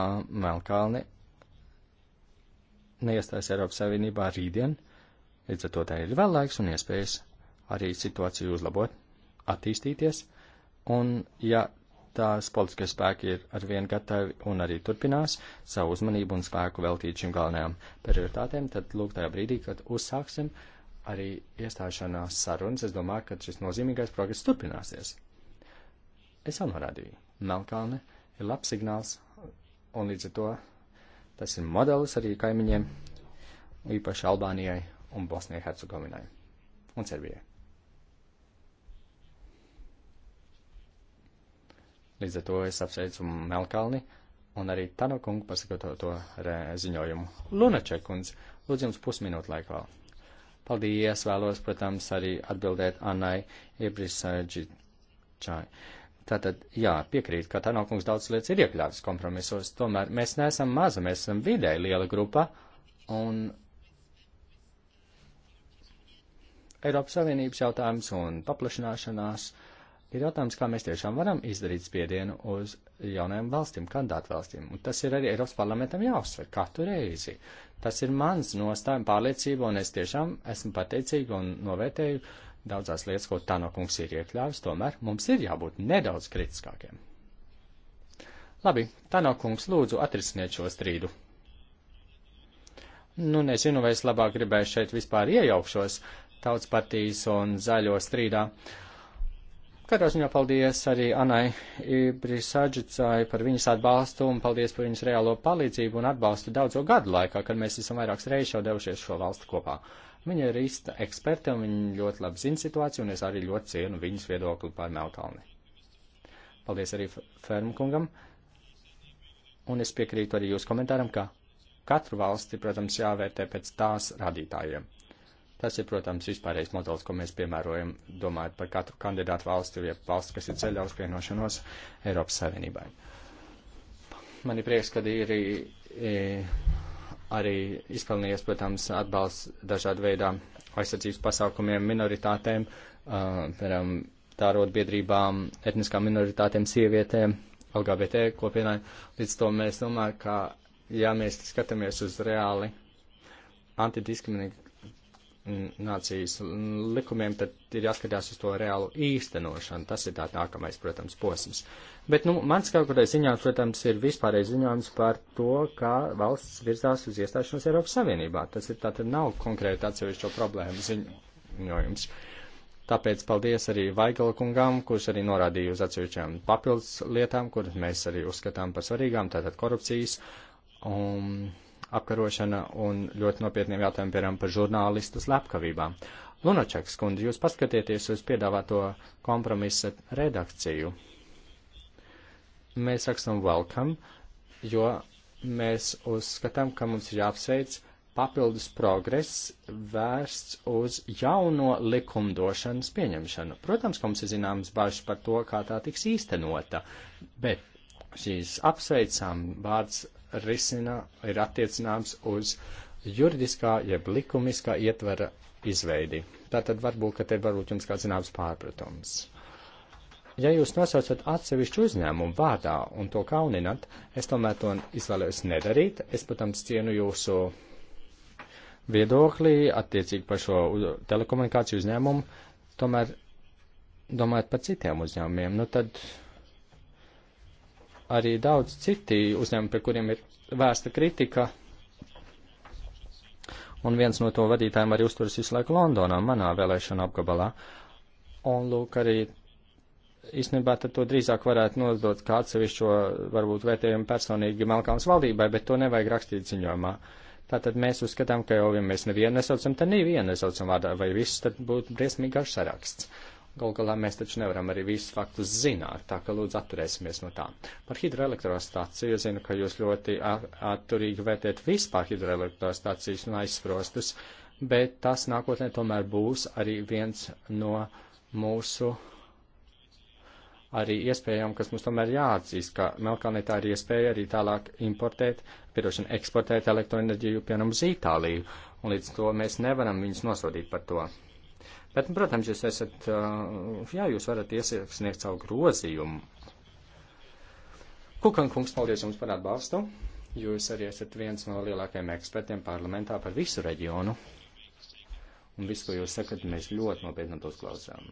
Melkalne neiestājas Eiropas Savienībā rītdien, līdz ar to tā ir vēl laiks un iespējas arī situāciju uzlabot attīstīties, un ja tās politiskie spēki ir arvien gatavi un arī turpinās savu uzmanību un spēku veltīt šīm galvenajām prioritātēm, tad lūk tajā brīdī, kad uzsāksim arī iestāšanās sarunas, es domāju, ka šis nozīmīgais progress turpināsies. Es jau norādīju, Melkalne ir labs signāls, un līdz ar to tas ir modelis arī kaimiņiem, īpaši Albānijai un Bosnijai Hercegovinai un Serbijai. Līdz ar to es apsveicu Melkalni un arī Tano kungu par sagatavoto ziņojumu. Lunačekundze, lūdzu jums pusminūtu laiku vēl. Paldies, vēlos, protams, arī atbildēt Annai Ibrisaģičai. Tātad, jā, piekrīt, ka Tano kungs daudz lietas ir iekļāvis kompromisos, tomēr mēs neesam maza, mēs esam vidēji liela grupa, un Eiropas Savienības jautājums un paplašināšanās. Uh, ir jautājums, kā mēs tiešām varam izdarīt spiedienu uz jaunajām valstīm, kandidātu valstīm. Un tas ir arī Eiropas parlamentam jāuzsver katru reizi. Tas ir mans nostājums, pārliecība, un es tiešām esmu pateicīga un novērtēju daudzās lietas, ko Tano kungs ir iekļāvis. Tomēr mums ir jābūt nedaudz kritiskākiem. Labi, Tano kungs, lūdzu atrisiniet šo strīdu. Nu, nezinu, vai es labāk gribēju šeit vispār iejaukšos tautas partijas un zaļo strīdā. Uh, Katrā ziņā paldies arī Anai Ibrisādžicai par viņas atbalstu un paldies par viņas reālo palīdzību un atbalstu daudzo gadu laikā, kad mēs esam vairākas reizes jau devušies šo valstu kopā. Viņa ir īsta eksperte un viņa ļoti labi zina situāciju un es arī ļoti cienu viņas viedokli par Melkalni. Paldies arī Fermkungam un es piekrītu arī jūsu komentāram, ka katru valsti, protams, jāvērtē pēc tās radītājiem. Tas ir, protams, vispārējais modelis, ko mēs piemērojam, domājot par katru kandidātu valsti, ja valsts, kas ir ceļā uz pienošanos Eiropas Savienībai. Man ir prieks, ka ir e, arī izpelnījies, protams, atbalsts dažādu veidā aizsardzības pasākumiem minoritātēm, piemēram, tārotbiedrībām, etniskām minoritātēm, sievietēm, LGBT kopienai. Līdz to mēs domājam, ka, ja mēs skatāmies uz reāli antidiskriminēju nācijas likumiem, tad ir jāskatās uz to reālu īstenošanu. Tas ir tā nākamais, protams, posms. Bet, nu, mans kaut kādais ziņojums, protams, ir vispārējais ziņojums par to, kā valsts virzās uz iestāšanos Eiropas Savienībā. Tas ir tātad nav konkrēti atsevišķo problēmu ziņojums. Tāpēc paldies arī Vaigala kungam, kurš arī norādīja uz atsevišķām papildus lietām, kuras mēs arī uzskatām par svarīgām, tātad korupcijas. Un, um, apkarošana un ļoti nopietniem jautājumiem, piemēram, par žurnālistu slepkavībām. Lunačaks kundze, jūs paskatieties uz piedāvāto kompromisa redakciju. Mēs rakstam welcome, jo mēs uzskatām, ka mums ir jāapsveic papildus progress vērsts uz jauno likumdošanas pieņemšanu. Protams, ka mums ir zināmas bažas par to, kā tā tiks īstenota, bet šīs apsveicām vārds risina, ir attiecināms uz juridiskā jeb likumiskā ietvara izveidi. Tātad varbūt, ka te varbūt jums kāds zināms pārpratums. Ja jūs nosaucat atsevišķu uzņēmumu vārdā un to kauninat, es tomēr to izvēlējos nedarīt. Es, protams, cienu jūsu viedoklī attiecīgi par šo telekomunikāciju uzņēmumu, tomēr domājot par citiem uzņēmumiem, nu tad arī daudz citi uzņēmumi, pie kuriem ir vērsta kritika. Un viens no to vadītājiem arī uzturas visu laiku Londonā, manā vēlēšana apgabalā. Un lūk, arī īstenībā tad to drīzāk varētu nodot kā atsevišķo, varbūt vērtējumu personīgi Melkāns valdībai, bet to nevajag rakstīt ziņojumā. Tātad mēs uzskatām, ka jau, ja mēs nevienu nesaucam, tad nevienu nesaucam vārdā vai visus, tad būtu briesmīgi garš saraksts. Uh, Gal galā mēs taču nevaram arī visus faktus zināt, tā ka lūdzu atturēsimies no tā. Par hidroelektrostāciju es zinu, ka jūs ļoti atturīgi vērtēt vispār hidroelektrostācijas un aizsprostus, bet tas nākotnē tomēr būs arī viens no mūsu arī iespējām, kas mums tomēr jāatzīst, ka Melkalnē tā ir iespēja arī tālāk importēt, pirošana eksportēt elektroenerģiju, piemēram, uz Itāliju, un līdz to mēs nevaram viņus nosodīt par to. Bet, nu, protams, jūs esat, uh, jā, jūs varat iesniegt savu grozījumu. Kukankungs, paldies jums par atbalstu. Jūs arī esat viens no lielākajiem ekspertiem parlamentā par visu reģionu. Un visu, ko jūs sakat, mēs ļoti nopietni to klausām.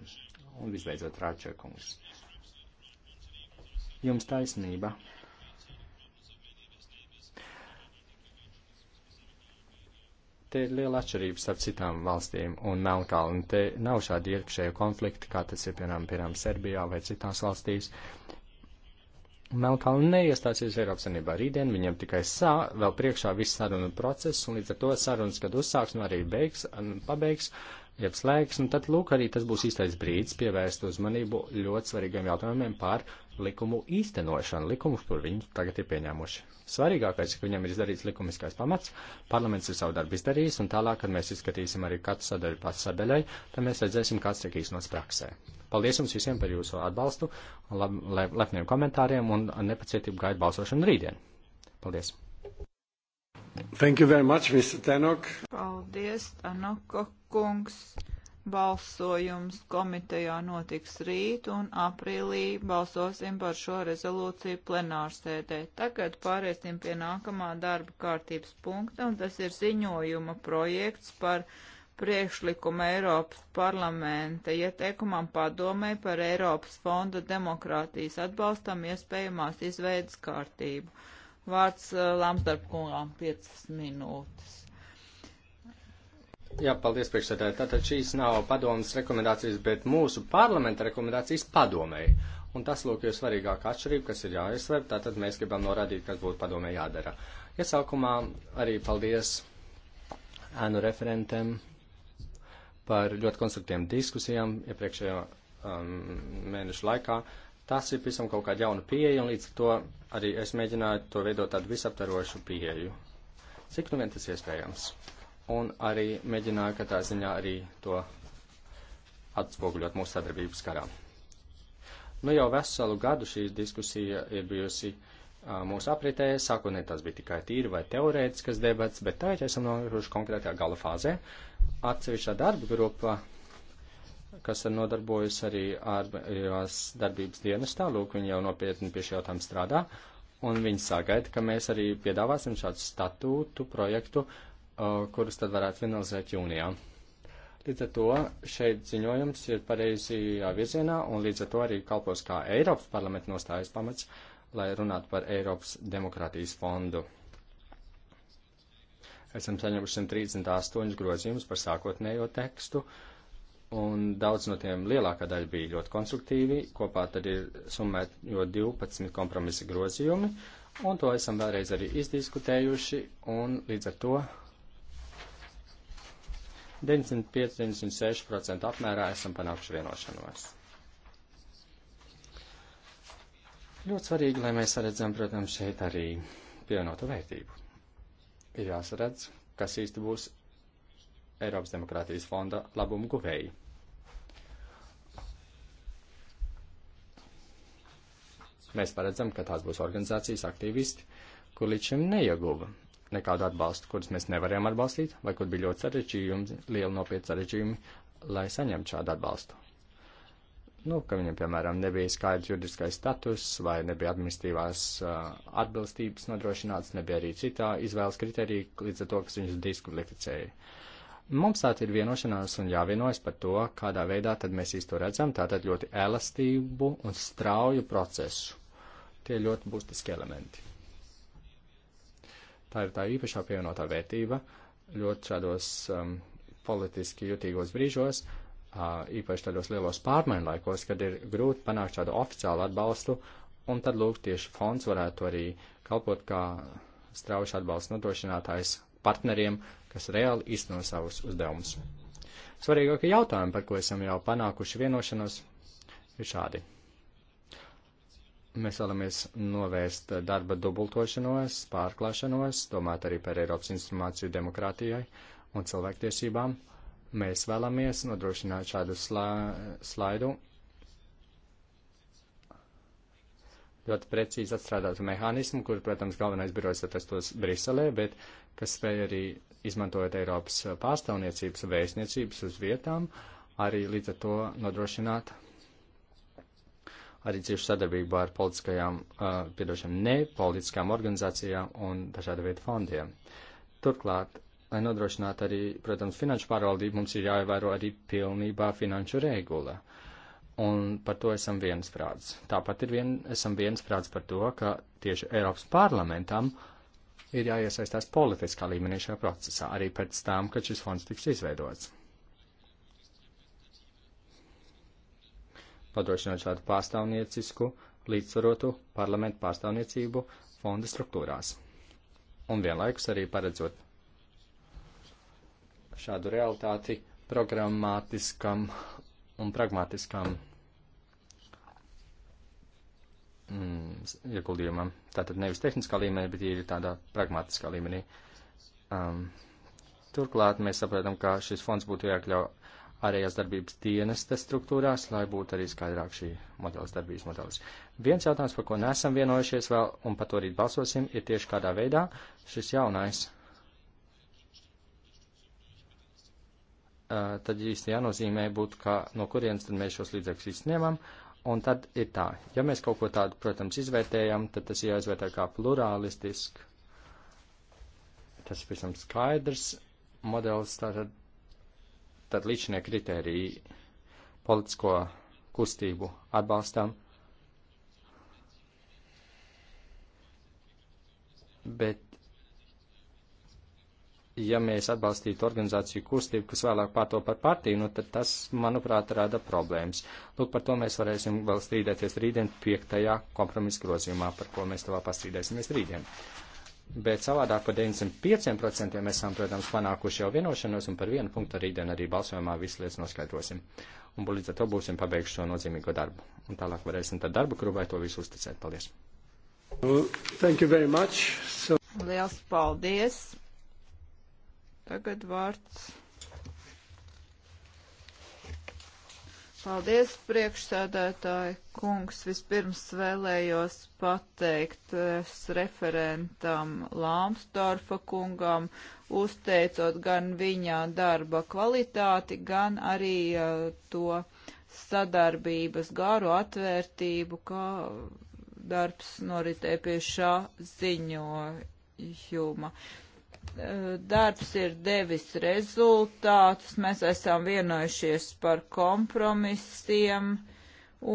Un visbeidzot, Rāčekungs. Jums taisnība. Te ir liela atšķirība starp citām valstīm un Melnkalnu. Te nav šādi iekšējo konflikti, kā tas ir, piemēram, piemēram Serbijā vai citās valstīs. Melnkalna neiestāsies Eiropas Savienībā rītdien, viņiem tikai sā, vēl priekšā viss sarunu process, un līdz ar to sarunas, kad uzsāks un nu arī beigs, un pabeigs, jeb slēgs, un tad lūk arī tas būs īstais brīdis pievērst uzmanību ļoti svarīgiem jautājumiem par likumu īstenošanu, likumus, kur viņi tagad ir pieņēmuši. Svarīgākais, ka viņam ir izdarīts likumiskais pamats, parlaments ir savu darbu izdarījis, un tālāk, kad mēs izskatīsim arī katru sadaļu pats sadaļai, tad mēs redzēsim, kāds tiek īstenots praksē. Paldies jums visiem par jūsu atbalstu, lab, lab, lepniem komentāriem un nepacietību gaidu balsošanu rītdien. Paldies! Thank you very much, Mr. Tenok. Paldies, Tanoka kungs. Balsojums komitejā notiks rīt un aprīlī balsosim par šo rezolūciju plenārsēdē. Tagad pāriesim pie nākamā darba kārtības punkta, un tas ir ziņojuma projekts par priekšlikumu Eiropas parlamenta ieteikumam padomē par Eiropas fonda demokrātijas atbalstam iespējamās izveidas kārtību. Vārds uh, Lamstarp kungām 5 minūtes. Jā, paldies priekšsēdētāji. Tātad šīs nav padomas rekomendācijas, bet mūsu parlamenta rekomendācijas padomēji. Un tas, lūk, ir svarīgākā atšķirība, kas ir jāiesver. Tātad mēs gribam norādīt, kas būtu padomē jādara. Iesākumā arī paldies ēnu referentiem par ļoti konstruktīvām diskusijām iepriekšējo um, mēnešu laikā. Uh, Tas ir pavisam kaut kāda jauna pieeja, un līdz ar to arī es mēģināju to veidot tādu visaptarošu pieeju, cik nu vien tas iespējams. Un arī mēģināju, ka tā ziņā arī to atspoguļot mūsu sadarbības karā. Nu jau veselu gadu šī diskusija ir bijusi mūsu apritē, sākotnēji tas bija tikai tīri vai teorētiskas debats, bet tagad esam nonākuši konkrētajā gala fāzē. Atsevišķā darba grupa kas ir nodarbojas arī ārējās ar darbības dienestā, lūk, viņi jau nopietni pie šī jautājuma strādā, un viņi sagaida, ka mēs arī piedāvāsim šādu statūtu projektu, uh, kurus tad varētu finalizēt jūnijā. Līdz ar to šeit ziņojums ir pareizajā virzienā, un līdz ar to arī kalpos kā Eiropas parlamenta nostājas pamats, lai runātu par Eiropas demokrātijas fondu. Esam saņēmuši 138 grozījumus par sākotnējo tekstu. Uh, Un daudz no tiem lielākā daļa bija ļoti konstruktīvi. Kopā tad ir summējot 12 kompromisa grozījumi, un to esam vēlreiz arī izdiskutējuši, un līdz ar to 95-96% apmērā esam panākuši vienošanos. Ļoti svarīgi, lai mēs redzam, protams, šeit arī pievienotu vērtību. Ir jāsaredz, kas īsti būs Eiropas demokrātijas fonda labumu guvēji. Mēs paredzam, ka tās būs organizācijas aktīvisti, kur līdz šim neieguva nekādu atbalstu, kurus mēs nevarējām atbalstīt, vai kur bija ļoti sarežģījumi, liela nopietna sarežģījumi, lai saņemtu šādu atbalstu. Nu, ka viņam, piemēram, nebija skaidrs juridiskais status, vai nebija administratīvās uh, atbilstības nodrošināts, nebija arī citā izvēles kriterija, līdz ar to, kas viņus diskvalificēja. Uh, Mums tā ir vienošanās un jāvienojas par to, kādā veidā tad mēs īsto redzam, tātad ļoti elastību un strauju procesu. Tie ļoti būtiski elementi. Tā ir tā īpašā pievienotā vērtība ļoti šādos um, politiski jutīgos brīžos, uh, īpaši tādos lielos pārmaiņu laikos, kad ir grūti panākt šādu oficiālu atbalstu, un tad lūk tieši fonds varētu arī kalpot kā strauši atbalsts nodrošinātājs partneriem, kas reāli izno savus uzdevumus. Svarīgākie jautājumi, par ko esam jau panākuši vienošanos, ir šādi. Mēs vēlamies novērst darba dubultošanos, pārklāšanos, domāt arī par Eiropas instrumāciju demokrātijai un cilvēktiesībām. Mēs vēlamies nodrošināt šādu slā, slaidu ļoti precīzi atstrādātu mehānismu, kur, protams, galvenais birojs atrastos Briselē, bet kas spēja arī izmantojot Eiropas pārstāvniecības vēstniecības uz vietām, arī līdz ar to nodrošināt arī ciešu sadarbību ar politiskajām, uh, piedošam, nepolitiskām organizācijām un dažāda veida fondiem. Turklāt, lai nodrošinātu arī, protams, finanšu pārvaldību, mums ir jāievēro arī pilnībā finanšu regula. Uh, un par to esam viensprāts. Tāpat ir vien, esam viensprāts par to, ka tieši Eiropas parlamentam ir jāiesaistās politiskā līmenī šajā procesā, arī pēc tam, kad šis fonds tiks izveidots. Padrošinot šādu pārstāvniecisku, līdzsvarotu parlamentu pārstāvniecību fonda struktūrās. Un vienlaikus arī paredzot šādu realitāti programmatiskam un pragmatiskam mm, ieguldījumam. Tātad nevis tehniskā līmenī, bet ir tādā pragmatiskā līmenī. Um, turklāt mēs saprotam, ka šis fonds būtu jākļau ārējās darbības dienesta struktūrās, lai būtu arī skaidrāk šī modelis, darbības modelis. Viens jautājums, par ko nesam vienojušies vēl un par to rīt balsosim, ir tieši kādā veidā šis jaunais. Uh, tad īsti jānozīmē būtu, ka no kurienes tad mēs šos līdzekļus izņemam Un tad ir tā, ja mēs kaut ko tādu, protams, izvērtējam, tad tas jāizvērtē kā plurālistiski. Tas ir visam skaidrs modelis, tātad, tad līdzinie kriteriji politisko kustību atbalstam. Bet ja mēs atbalstītu organizāciju kustību, kas vēlāk pārto par partiju, nu tad tas, manuprāt, rada problēmas. Lūk, par to mēs varēsim vēl strīdēties rītdien piektajā kompromisa grozījumā, par ko mēs tavā pastrīdēsimies rītdien. Bet savādāk par 95% mēs esam, protams, panākuši jau vienošanos un par vienu punktu rītdien arī balsojumā visu lietas noskaidrosim. Un līdz ar to būsim pabeiguši šo nozīmīgo darbu. Un tālāk varēsim tad darba krūvai to visu uzticēt. Paldies! Thank you very much. So... Liels paldies! Tagad vārds. Paldies, priekšsēdētāji kungs. Vispirms vēlējos pateikt referentam Lāmstorfa kungam, uzteicot gan viņa darba kvalitāti, gan arī uh, to sadarbības garu atvērtību, kā darbs noritē pie šā ziņojuma darbs ir devis rezultātus, mēs esam vienojušies par kompromisiem,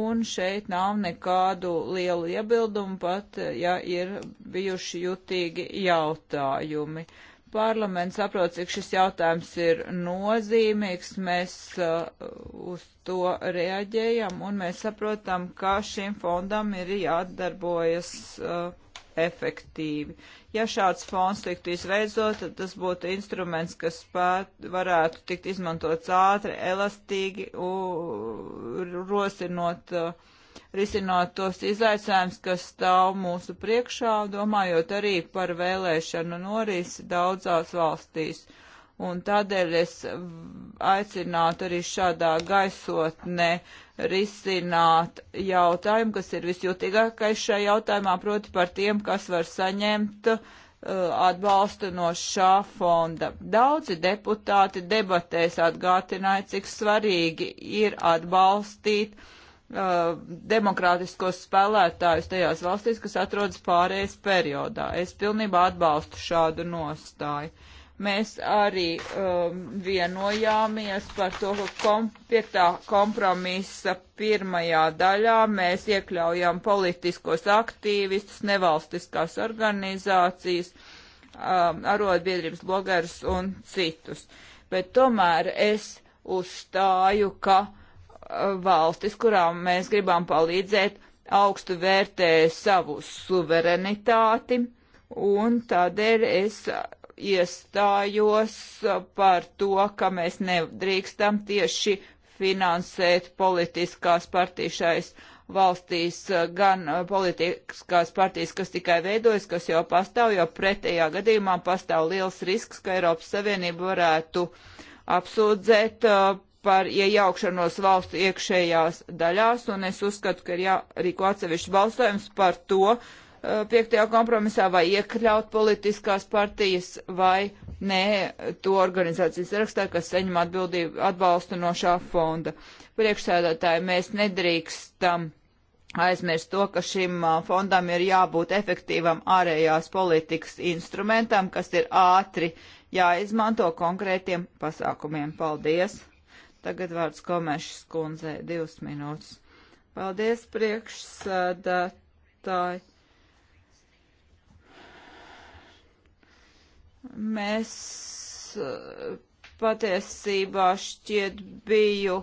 un šeit nav nekādu lielu iebildumu, pat ja ir bijuši jutīgi jautājumi. Parlaments saprot, cik šis jautājums ir nozīmīgs, mēs uh, uz to reaģējam un mēs saprotam, ka šim fondam ir jādarbojas uh, efektīvi. Ja šāds fonds tiktu izveidot, tad tas būtu instruments, kas pat varētu tikt izmantots ātri, elastīgi, rosinot, uh, risinot tos izaicinājumus, kas stāv mūsu priekšā, domājot arī par vēlēšanu norisi daudzās valstīs un tādēļ es aicinātu arī šādā gaisotnē risināt jautājumu, kas ir visjūtīgākais šajā jautājumā, proti par tiem, kas var saņemt uh, atbalstu no šā fonda. Daudzi deputāti debatēs atgātināja, cik svarīgi ir atbalstīt uh, demokrātiskos spēlētājus tajās valstīs, kas atrodas pārējais periodā. Es pilnībā atbalstu šādu nostāju. Uh, Mēs arī um, vienojāmies par to, ka kom, piektā kompromisa pirmajā daļā mēs iekļaujam politiskos aktīvistus, nevalstiskās organizācijas, um, arotbiedrības blogerus un citus. Bet tomēr es uzstāju, ka uh, valstis, kurām mēs gribam palīdzēt, augstu vērtē savu suverenitāti, un tādēļ es iestājos par to, ka mēs nedrīkstam tieši finansēt politiskās partijas valstīs, gan politiskās partijas, kas tikai veidojas, kas jau pastāv, jo pretējā gadījumā pastāv liels risks, ka Eiropas Savienība varētu apsūdzēt uh, par iejaukšanos valstu iekšējās daļās, un es uzskatu, ka ir jārīko atsevišķi balsojums par to, uh, Eh, piektajā kompromisā vai iekļaut politiskās partijas vai nē to organizācijas rakstā, kas saņem atbildību atbalstu no šā fonda. Priekšsēdētāji, mēs nedrīkstam aizmirst to, ka šim eh, fondam ir jābūt efektīvam ārējās politikas instrumentam, kas ir ātri jāizmanto konkrētiem pasākumiem. Paldies! Tagad vārds komešas kundzei divas minūtes. Paldies, priekšsēdētāji! Mēs eh, patiesībā šķiet biju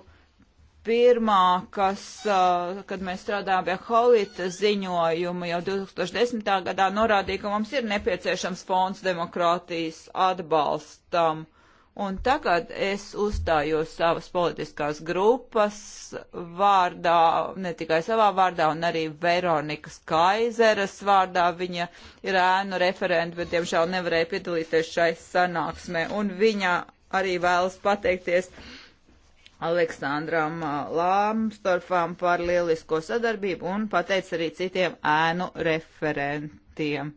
pirmā, kas, eh, kad mēs strādājām pie Holita ziņojuma jau 2010. gadā, norādīja, ka mums ir nepieciešams fonds demokrātijas atbalstam. Uh, Un tagad es uzstājos savas politiskās grupas vārdā, ne tikai savā vārdā, un arī Veronikas Kaizeras vārdā. Viņa ir ēnu referenta, bet diemžēl nevarēja piedalīties šai sanāksmē. Un viņa arī vēlas pateikties Aleksandram uh, Lāmstorfam par lielisko sadarbību un pateic arī citiem ēnu referentiem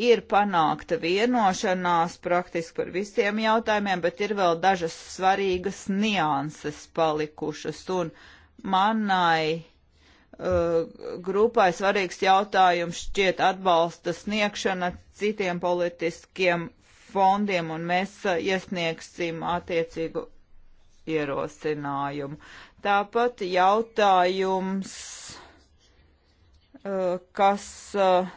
ir panākta vienošanās praktiski par visiem jautājumiem, bet ir vēl dažas svarīgas nianses palikušas. Un manai uh, grupai svarīgs jautājums šķiet atbalsta sniegšana citiem politiskiem fondiem, un mēs uh, iesniegsim attiecīgu ierosinājumu. Tāpat jautājums, uh, kas. Uh,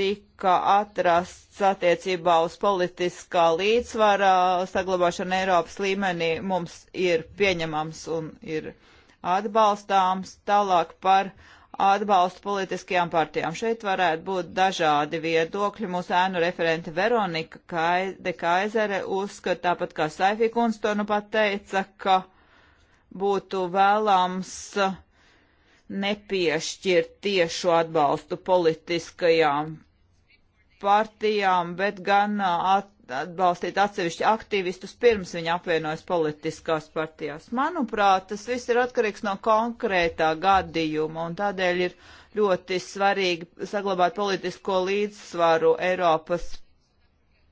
tika atrasts attiecībā uz politiskā līdzsvarā saglabāšanu Eiropas līmenī mums ir pieņemams un ir atbalstāms tālāk par atbalstu politiskajām partijām. Šeit varētu būt dažādi viedokļi. Mūsu ēnu referente Veronika Kai, de Kaizere uzskata, tāpat kā Saifī kungs to nu pat teica, ka būtu vēlams nepiešķirt tiešu atbalstu politiskajām partijām, bet gan atbalstīt atsevišķi aktīvistus pirms viņi apvienojas politiskās partijās. Manuprāt, tas viss ir atkarīgs no konkrētā gadījuma, un tādēļ ir ļoti svarīgi saglabāt politisko līdzsvaru Eiropas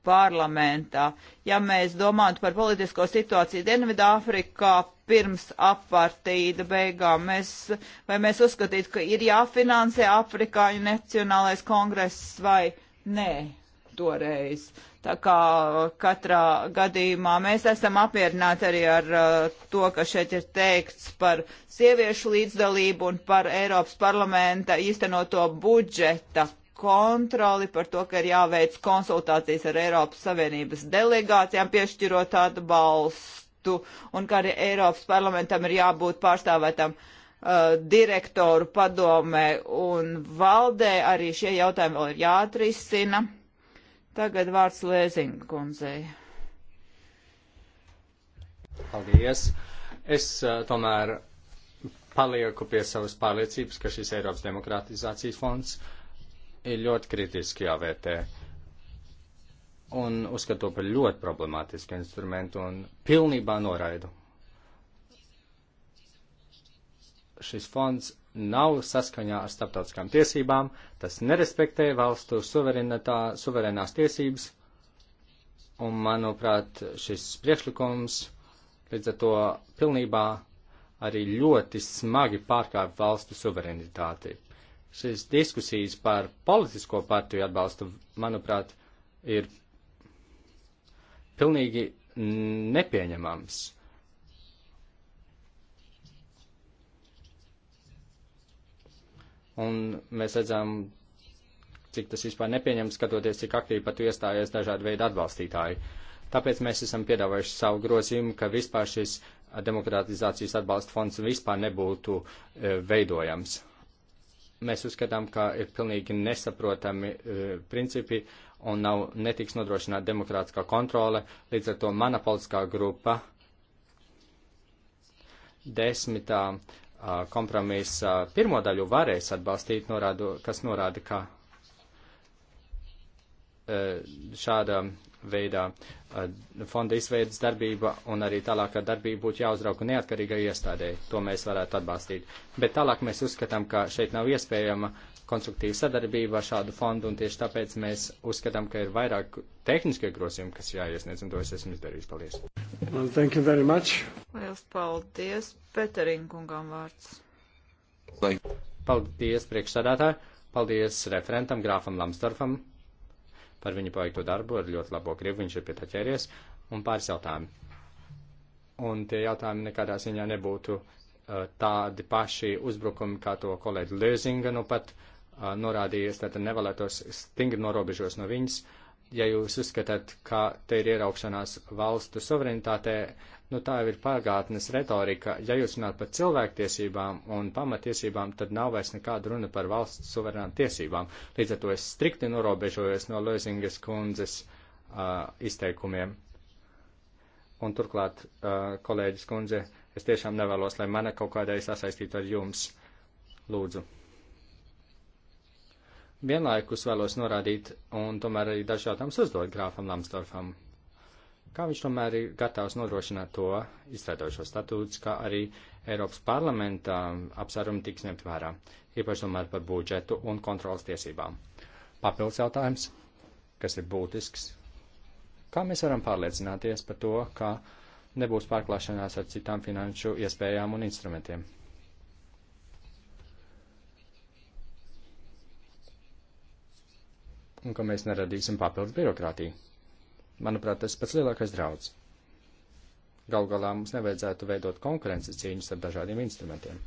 parlamentā. Ja mēs domātu par politisko situāciju Dienvidāfrikā pirms apartīda beigām, mēs, vai mēs uzskatītu, ka ir jāfinansē Afrikāņu Nacionālais kongress vai ne? nē toreiz. Tā kā katrā gadījumā mēs esam apmierināti arī ar uh, to, ka šeit ir teikts par sieviešu līdzdalību un par Eiropas parlamenta īstenoto budžeta kontroli par to, ka ir jāveic konsultācijas ar Eiropas Savienības delegācijām, piešķirot atbalstu, un ka arī Eiropas parlamentam ir jābūt pārstāvētam uh, Uh, direktoru padomē un valdē. Arī šie jautājumi vēl ir jāatrisina. Tagad vārds Lēzinga kundzei. Paldies. Es uh, tomēr palieku pie savas pārliecības, ka šis Eiropas demokratizācijas fonds ir ļoti kritiski jāvērtē. Un uzskatu to par ļoti problemātisku instrumentu un pilnībā noraidu šis fonds nav saskaņā ar starptautiskām tiesībām, tas nerespektē valstu suverēnās tiesības, un, manuprāt, šis priekšlikums līdz ar to pilnībā arī ļoti smagi pārkāpj valstu suverenitāti. Šīs diskusijas par politisko partiju atbalstu, manuprāt, ir pilnīgi nepieņemams. un mēs redzam, cik tas vispār nepieņems, skatoties, cik aktīvi pat iestājies dažādi veidi atbalstītāji. Tāpēc mēs esam piedāvājuši savu grozījumu, ka vispār šis demokratizācijas atbalsta fonds vispār nebūtu e, veidojams. Mēs uzskatām, ka ir pilnīgi nesaprotami e, principi un nav netiks nodrošināta demokrātiskā kontrole, līdz ar to mana politiskā grupa desmitā kompromisa pirmo daļu varēs atbalstīt, norādu, kas norāda, ka e, šāda veidā fonda izveidas darbība un arī tālākā darbība būtu jāuzrauka neatkarīgai iestādēji. To mēs varētu atbalstīt. Bet tālāk mēs uzskatām, ka šeit nav iespējama konstruktīva sadarbība ar šādu fondu, un tieši tāpēc mēs uzskatām, ka ir vairāk tehniskie grozījumi, kas jāiesniedz, un to es esmu izdarījis. Paldies! Well, thank you very much. Liels paldies. Peterinkunkam vārds. Lai. Paldies priekšsādātāji, paldies referentam Grāfam Lamstorfam par viņu paveikto darbu ar ļoti labo gribu, viņš ir pie tā ķēries, un pāris jautājumi. Un tie jautājumi nekādā ziņā nebūtu uh, tādi paši uzbrukumi, kā to kolēģi Lēzinga nu pat uh, norādījies, tātad nevēlētos stingri norobežos no viņas. Uh, ja jūs uzskatāt, ka te ir ieraukšanās valstu suverenitātē, nu tā jau ir pagātnes retorika. Ja jūs runājat par cilvēktiesībām un pamatiesībām, tad nav vairs nekāda runa par valsts suverēnām tiesībām. Līdz ar to es strikti norobežojos no Lozingas kundzes uh, izteikumiem. Un turklāt, uh, kolēģis kundze, es tiešām nevēlos, lai mana kaut kādai sasaistītu ar jums. Lūdzu. Vienlaikus vēlos norādīt un tomēr arī dažādām uzdot grāfam Lamstorfam, kā viņš tomēr ir gatavs nodrošināt to izstrādošo statūtus, kā arī Eiropas parlamenta apsvērumu tiks ņemt vērā, īpaši tomēr par budžetu un kontrolas tiesībām. Papildus jautājums, kas ir būtisks. Kā mēs varam pārliecināties par to, ka nebūs pārklāšanās ar citām finanšu iespējām un instrumentiem? un ka mēs neradīsim papildus birokrātiju. Manuprāt, tas pats lielākais draudz. Galu galā mums nevajadzētu veidot konkurences cīņas ar dažādiem instrumentiem.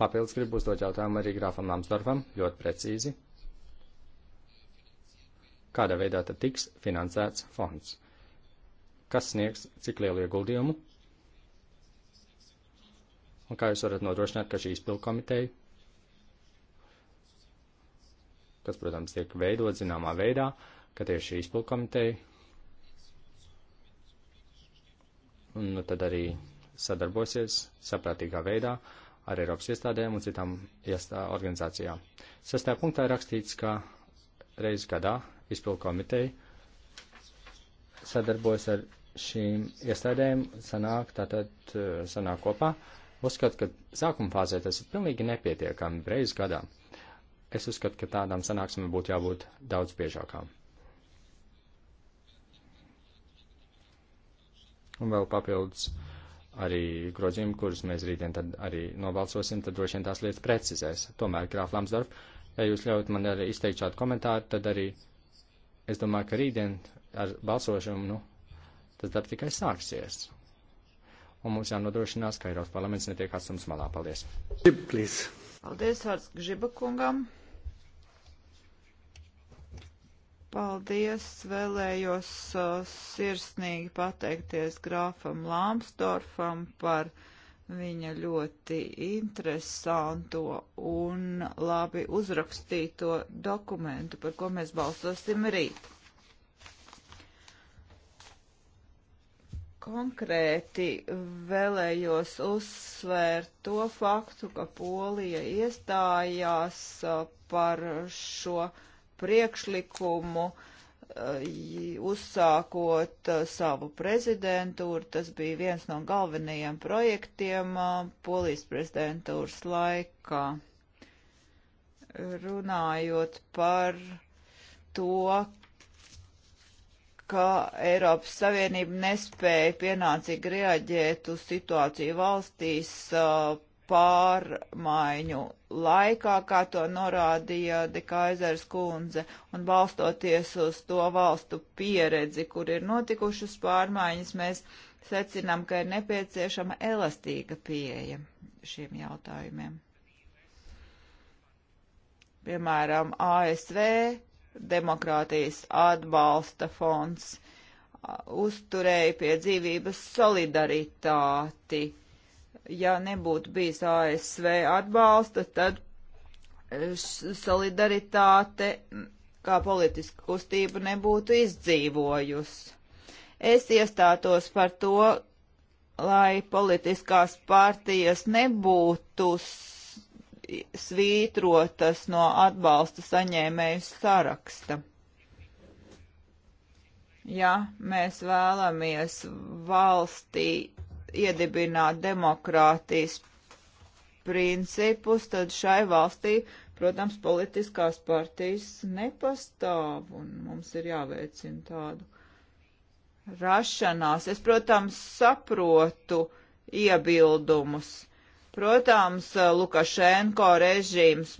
Papildus gribu uzdot jautājumu arī grāfam Lamsdorfam ļoti precīzi. Kādā veidā tad tiks finansēts fonds? Kas sniegs cik lielu ieguldījumu Un kā jūs varat nodrošināt, ka šī izpildu komiteja, kas, protams, tiek veidot zināmā veidā, ka tieši šī izpildu komiteja, un nu, tad arī sadarbosies saprātīgā veidā ar Eiropas iestādēm un citām iestā organizācijām. Sestajā punktā ir rakstīts, ka reizi gadā izpildu komiteja sadarbojas ar šīm iestādēm, sanāk tātad eh, sanāk kopā, uh, Uzskatu, ka sākuma fāzē tas ir pilnīgi nepietiekami reizes gadā. Es uzskatu, ka tādām sanāksmēm būtu jābūt daudz biežākām. Un vēl papildus arī grozījumi, kurus mēs rītdien tad arī nobalsosim, tad droši vien tās lietas precizēs. Tomēr, Grāf Lamsdorf, ja jūs ļaujat man arī izteikt šādu komentāru, tad arī es domāju, ka rītdien ar balsošanu, nu, tas darbs tikai sāksies un mums jānodrošinās, ka Eiropas parlaments netiek atstums malā. Paldies! Please. Paldies, Vārds Gžibakungam! Paldies! Vēlējos uh, sirsnīgi pateikties grāfam Lāmsdorfam par viņa ļoti interesanto un labi uzrakstīto dokumentu, par ko mēs balsosim rīt. Konkrēti vēlējos uzsvērt to faktu, ka Polija iestājās uh, par šo priekšlikumu, uh, uzsākot uh, savu prezidentūru. Tas bija viens no galvenajiem projektiem Polijas prezidentūras laikā. Runājot par to, ka Eiropas Savienība nespēja pienācīgi reaģēt uz situāciju valstīs uh, pārmaiņu laikā, kā to norādīja Dekaizers kundze, un balstoties uz to valstu pieredzi, kur ir notikušas pārmaiņas, mēs secinām, ka ir nepieciešama elastīga pieeja šiem jautājumiem. Piemēram, ASV demokrātijas atbalsta fonds uzturēja pie dzīvības solidaritāti. Ja nebūtu bijis ASV atbalsta, tad e, solidaritāte kā politiska kustība nebūtu izdzīvojusi. Es iestātos par to, lai politiskās partijas nebūtu svītrotas no atbalsta saņēmēju saraksta. Ja mēs vēlamies valstī iedibināt demokrātijas principus, tad šai valstī, protams, politiskās partijas nepastāv, un mums ir jāveicina tādu rašanās. Es, protams, saprotu iebildumus Protams, eh, Lukašenko režīms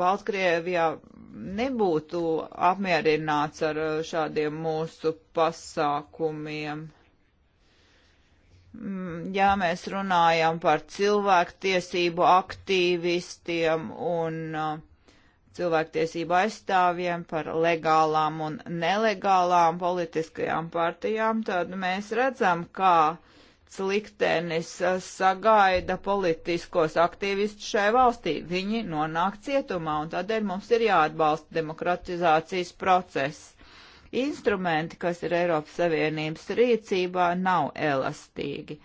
Baltkrievijā nebūtu apmierināts ar eh, šādiem mūsu pasākumiem. Mm, ja mēs runājam par cilvēktiesību aktīvistiem un uh, cilvēktiesību aizstāvjiem, par legālām un nelegālām politiskajām partijām, tad mēs redzam, kā uh, slikts liktenis eh, sagaida politiskos aktīvistus šai valstī. Viņi nonāk cietumā, un tādēļ mums ir jāatbalsta demokratizācijas process. Instrumenti, kas ir Eiropas Savienības rīcībā, nav elastīgi.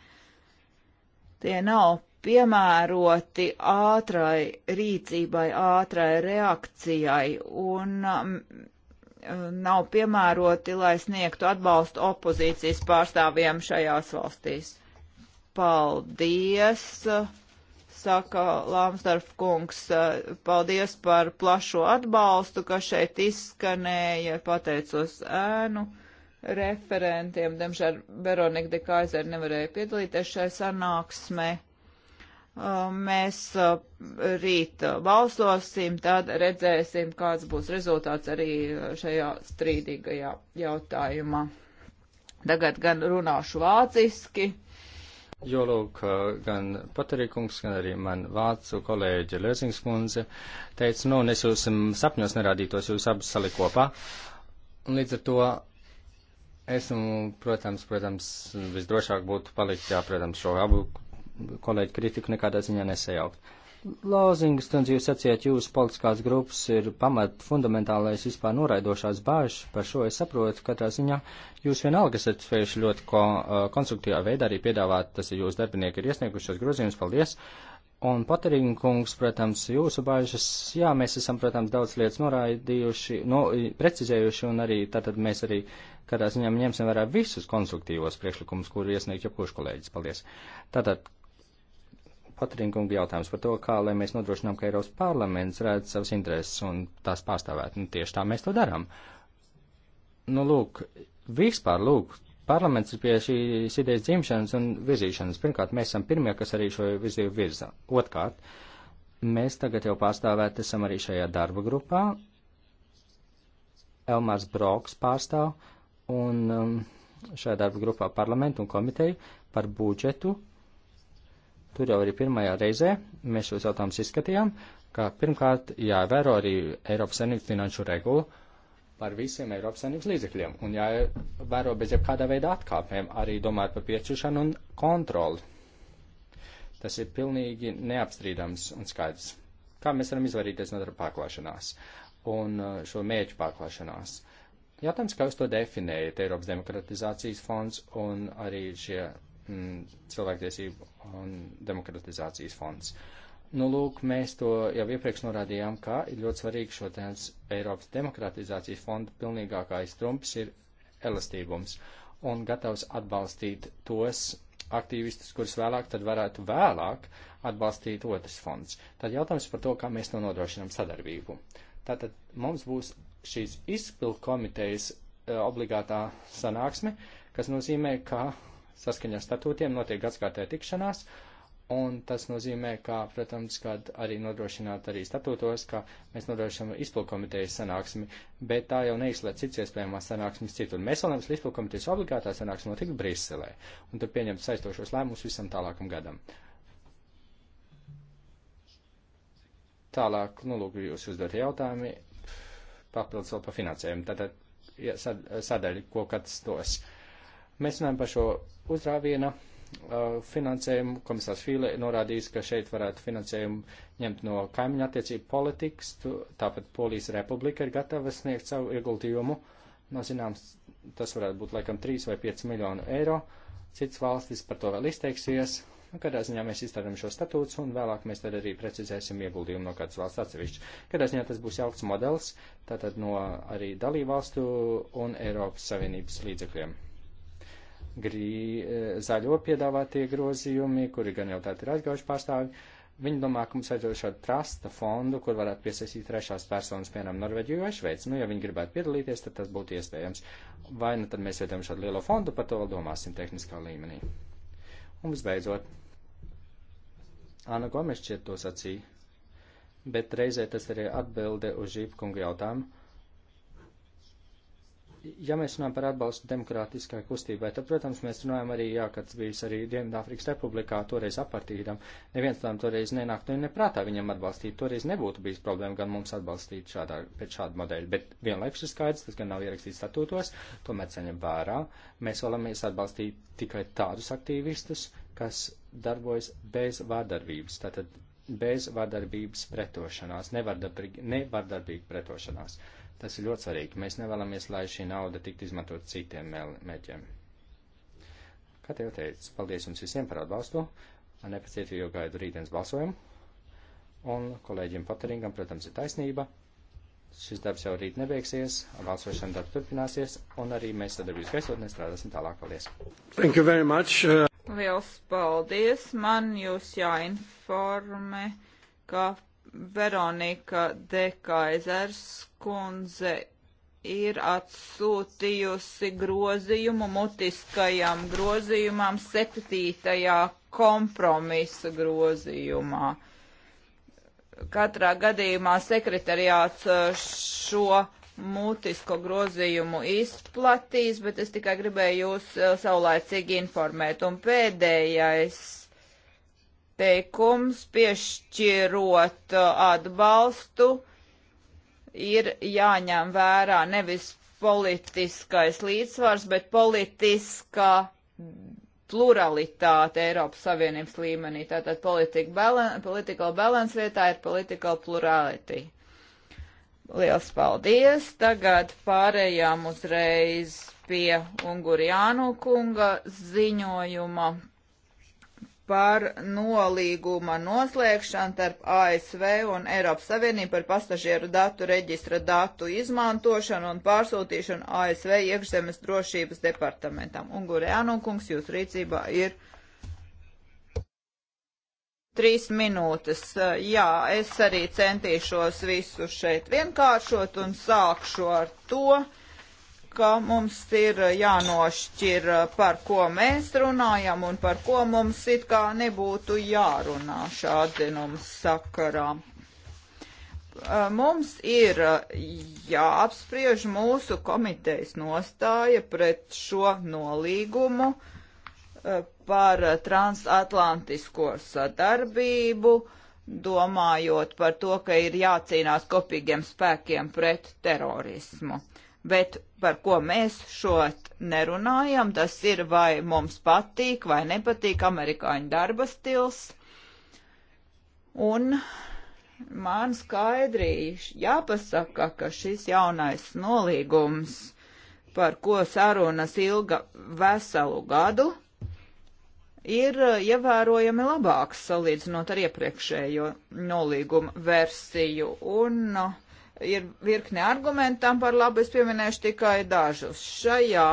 Tie nav piemēroti ātrai rīcībai, ātrai reakcijai, un mm, Uh, nav piemēroti, lai sniegtu atbalstu opozīcijas pārstāvjiem šajās valstīs. Paldies, uh, saka Lamstarf kungs, uh, paldies par plašo atbalstu, kas šeit izskanēja, pateicos ēnu referentiem, demžēr Veronika de Kaiser nevarēja piedalīties šai sanāksmē. Um, mēs uh, rīt uh, balsosim, tad redzēsim, kāds būs rezultāts arī uh, šajā strīdīgajā jautājumā. Tagad gan runāšu vāciski. Jo, lūk, gan Patarīkungs, gan arī man vācu kolēģi Lēsingskundze teica, nu, es jūs sapņos nerādītos, jūs abas saliku kopā. Un līdz ar to esmu, protams, protams, visdrošāk būtu palikt, jā, protams, šo abu kolēģi kritiku nekādā ziņā nesajaukt. Lāzingas, un jūs sacījāt, jūsu politiskās grupas ir pamat fundamentālais vispār noraidošās bāžas, par šo es saprotu, katrā ziņā jūs vienalga esat spējuši ļoti ko, konstruktīvā veidā arī piedāvāt, tas ir jūsu darbinieki ir iesnieguši šos grozījumus, paldies. Un patērīņa kungs, protams, jūsu bāžas, jā, mēs esam, protams, daudz lietas noraidījuši, no, precizējuši, un arī tātad mēs arī katrā ziņā ņemsim vērā visus konstruktīvos priekšlikumus, kur iesniegt jebkurš kolēģis. Paldies. Tātad, Patrinkunga jautājums par to, kā lai mēs nodrošinām, ka Eiropas parlaments redz savas intereses un tās pārstāvēt. Nu, tieši tā mēs to darām. Nu, lūk, vispār, lūk, parlaments ir pie šīs idejas dzimšanas un virzīšanas. Pirmkārt, mēs esam pirmie, kas arī šo viziju virza. Otkārt, mēs tagad jau pārstāvēt esam arī šajā darba grupā. Elmars Broks pārstāv un um, šajā darba grupā parlamentu un komiteju par budžetu Tur jau arī pirmajā reizē mēs šos jautājumus izskatījām, ka pirmkārt jāievēro arī Eiropas Savienības finanšu regulu par visiem Eiropas Savienības līdzekļiem un jāievēro bez jebkādā veida atkāpēm, arī domāt par piešķiršanu un kontroli. Tas ir pilnīgi neapstrīdams un skaidrs. Kā mēs varam izvairīties no darba pārklāšanās un uh, šo mēģu pārklāšanās? Jautājums, kā jūs to definējat, Eiropas demokratizācijas fonds un arī šie Mm, cilvēktiesību un demokratizācijas fonds. Nu, lūk, mēs to jau iepriekš norādījām, ka ir ļoti svarīgi šo tēns Eiropas demokratizācijas fonda pilnīgākais trumps ir elastībums un gatavs atbalstīt tos aktīvistus, kurus vēlāk tad varētu vēlāk atbalstīt otrs fonds. Tad jautājums par to, kā mēs to nodrošinām sadarbību. Tātad mums būs šīs izpildu komitejas eh, obligātā sanāksme, kas nozīmē, ka saskaņā ar statūtiem notiek gadskārtē tikšanās, un tas nozīmē, ka, protams, kad arī nodrošināt arī statūtos, ka mēs nodrošinām izpilkomitejas sanāksmi, bet tā jau neizslēdz cits iespējamās sanāksmes citur. Mēs vēlamies, lai izpilkomitejas obligātā sanāksme notiek Briselē, un tur pieņemt saistošos lēmumus visam tālākam gadam. Tālāk, nu, lūk, jūs uzdotie jautājumi, papildus vēl par finansējumu. Tātad sadaļa, ko katrs dos. Uh, Mēs runājam par šo uzrāviena uh, finansējumu. Komisārs Fīle norādījis, ka šeit varētu finansējumu ņemt no kaimiņa attiecību politikas. Tu, tāpat Polijas republika ir gatava sniegt savu ieguldījumu. No zināms, tas varētu būt laikam 3 vai 5 miljonu eiro. Cits valstis par to vēl izteiksies. Nu, kādā ziņā mēs izstrādājam šo statūtu un vēlāk mēs tad arī precizēsim ieguldījumu no kādas valsts atsevišķi. Kādā ziņā tas būs jauks modelis, tātad no arī dalībvalstu un Eiropas Savienības līdzekļiem grī, e, zaļo piedāvātie grozījumi, kuri gan jau tādi ir atgaujuši pārstāvi. Viņi domā, ka mums vajadzētu šādu trasta fondu, kur varētu piesaistīt trešās personas, piemēram, Norvēģiju vai Šveici. Nu, ja viņi gribētu piedalīties, tad tas būtu iespējams. Vai nu tad mēs veidojam šādu lielo fondu, par to vēl domāsim tehniskā līmenī. Un visbeidzot, Āna Gomes šķiet to sacīja, bet reizē tas arī atbilde uz Žībkunga jautājumu ja mēs runājam par atbalstu demokrātiskai kustībai, tad, protams, mēs runājam arī, jā, kad bijis arī Dienvidāfrikas republikā, toreiz apartīdam, neviens tam toreiz nenāktu neprātā viņam atbalstīt, toreiz nebūtu bijis problēma gan mums atbalstīt šādā, pēc šāda modeļa, bet vienlaikus ir skaidrs, tas gan nav ierakstīts statūtos, tomēr ceņam vērā, mēs vēlamies atbalstīt tikai tādus aktīvistus, kas darbojas bez vārdarbības, tātad bez vārdarbības pretošanās, nevardarbīgi, nevardarbīgi pretošanās. Uh, Tas ir ļoti svarīgi. Mēs nevēlamies, lai šī nauda tiktu izmantot citiem mēķiem. Kā te jau teicu, paldies jums visiem par atbalstu. Ar nepacietību gaidu rītdienas balsojumu. Un kolēģim Pateringam, protams, ir taisnība. Šis darbs jau rīt nebeigsies, balsošana darbs turpināsies, un arī mēs sadarbības gaisotnē strādāsim tālāk. Paldies! Thank you very much! Uh... Liels paldies! Man jūs jāinformē, ka Veronika Dekaizers kundze ir atsūtījusi grozījumu mutiskajam grozījumam septītajā kompromisa grozījumā. Katrā gadījumā sekretariāts uh, šo mutisko grozījumu izplatīs, bet es tikai gribēju jūs uh, saulēcīgi informēt. Un pēdējais teikums piešķirot uh, atbalstu ir jāņem vērā nevis politiskais līdzsvars, bet politiskā pluralitāte Eiropas Savienības līmenī. Tātad balan political balance vietā ir political plurality. Liels paldies! Tagad pārējām uzreiz pie Ungurjānu kunga ziņojuma par nolīguma noslēgšanu starp ASV un Eiropas Savienību par pasažieru datu reģistra datu izmantošanu un pārsūtīšanu ASV iekšzemes drošības departamentam. Ungurēnu kungs, jūs rīcībā ir trīs minūtes. Jā, es arī centīšos visu šeit vienkāršot un sākšu ar to ka mums ir jānošķir, eh, par ko mēs runājam un par ko mums it kā nebūtu jārunā šā atzinuma sakarā. Eh, mums ir eh, jāapspriež mūsu komitejas nostāja pret šo nolīgumu par transatlantisko sadarbību, domājot par to, ka ir jācīnās kopīgiem spēkiem pret terorismu. Uh, bet par ko mēs šot nerunājam, tas ir vai mums patīk vai nepatīk amerikāņu darba stils. Un man skaidri jāpasaka, ka šis jaunais nolīgums, par ko sarunas ilga veselu gadu, ir ievērojami labāks salīdzinot ar iepriekšējo nolīguma versiju. Un uh, ir virkne argumentam par labu, es pieminēšu tikai dažus. Šajā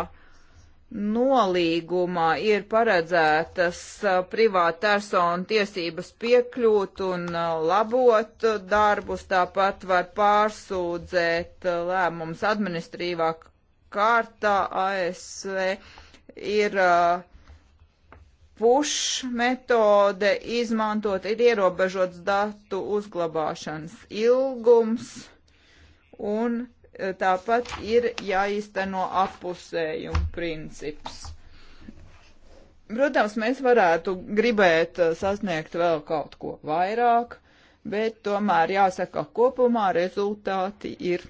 nolīgumā ir paredzētas uh, privāta persona tiesības piekļūt un uh, labot darbus, tāpat var pārsūdzēt uh, lēmums administrīvā kārtā ASV ir push metode izmantot, ir ierobežots datu uzglabāšanas ilgums un e, tāpat ir jāīsteno apusējuma princips. Protams, mēs varētu gribēt e, sasniegt vēl kaut ko vairāk, bet tomēr jāsaka, kopumā rezultāti ir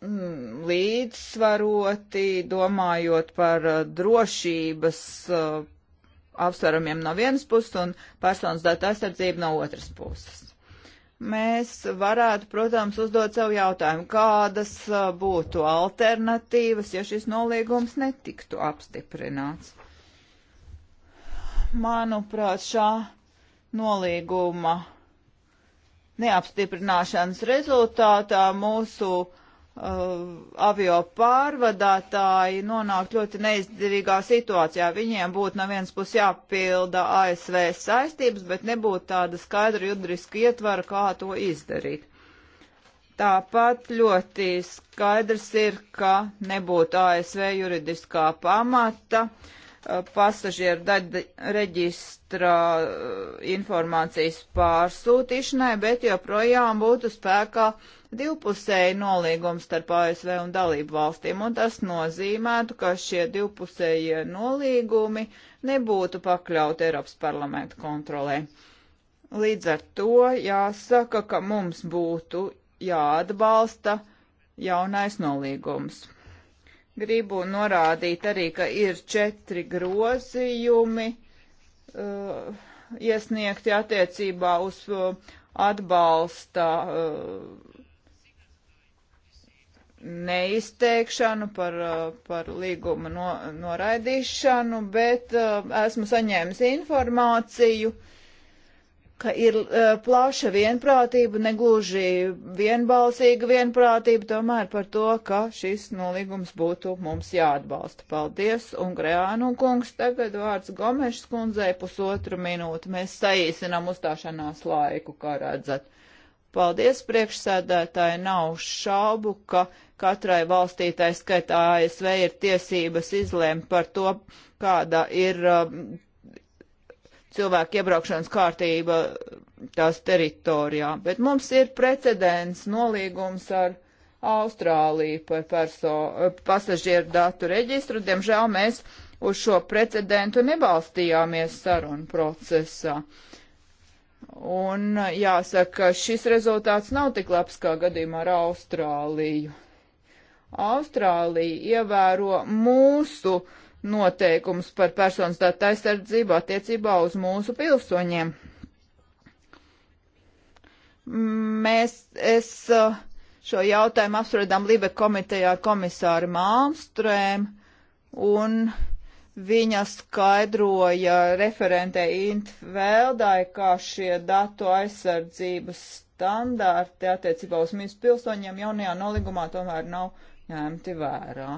mm, līdzsvaroti, domājot par e, drošības apsvarumiem no vienas puses un personas datu aizsardzību no otras puses mēs varētu, protams, uzdot sev jautājumu, kādas būtu alternatīvas, ja šis nolīgums netiktu apstiprināts. Manuprāt, šā nolīguma neapstiprināšanas rezultātā mūsu uh, Uh, avio pārvadātāji nonāk ļoti neizdevīgā situācijā. Viņiem būtu no vienas puses jāpilda ASV saistības, bet nebūtu tāda skaidra judriska ietvara, kā to izdarīt. Tāpat ļoti skaidrs ir, ka nebūtu ASV juridiskā pamata uh, pasažieru daļa reģistra uh, informācijas pārsūtīšanai, bet joprojām būtu spēkā divpusēji nolīgums starp ASV un dalību valstīm, un tas nozīmētu, ka šie divpusējie nolīgumi nebūtu pakļauti Eiropas parlamenta kontrolē. Līdz ar to jāsaka, ka mums būtu jāatbalsta jaunais nolīgums. Gribu norādīt arī, ka ir četri grozījumi uh, iesniegti attiecībā uz uh, atbalsta uh, neizteikšanu, par, uh, par līguma no, noraidīšanu, bet uh, esmu saņēmis informāciju, ka ir uh, plaša vienprātība, negluži vienbalsīga vienprātība, tomēr par to, ka šis nolīgums būtu mums jāatbalsta. Paldies, un Greānu kungs, tagad vārds Gomešs kundzei pusotru minūti. Mēs saīsinām uzstāšanās laiku, kā redzat. Paldies, priekšsēdētāji, nav šaubu, ka katrai valstī, tā skaitā ASV, ir tiesības izlēmt par to, kāda ir um, cilvēku iebraukšanas kārtība tās teritorijā. Bet mums ir precedents nolīgums ar Austrāliju par perso, pasažieru datu reģistru. Diemžēl mēs uz šo precedentu nebalstījāmies sarunu procesā. Uh, Un uh, jāsaka, šis rezultāts nav tik labs kā gadījumā ar Austrāliju. Austrālija ievēro mūsu noteikumus par personas datu aizsardzību attiecībā uz mūsu pilsoņiem. Mēs, es uh, šo jautājumu apspriedām Libe komitejā ar komisāru Malmstrēm un Viņa skaidroja referentē Intvēldai, kā šie datu aizsardzības standārti attiecībā uz mīs pilsoņiem jaunajā nolīgumā tomēr nav ņemti vērā.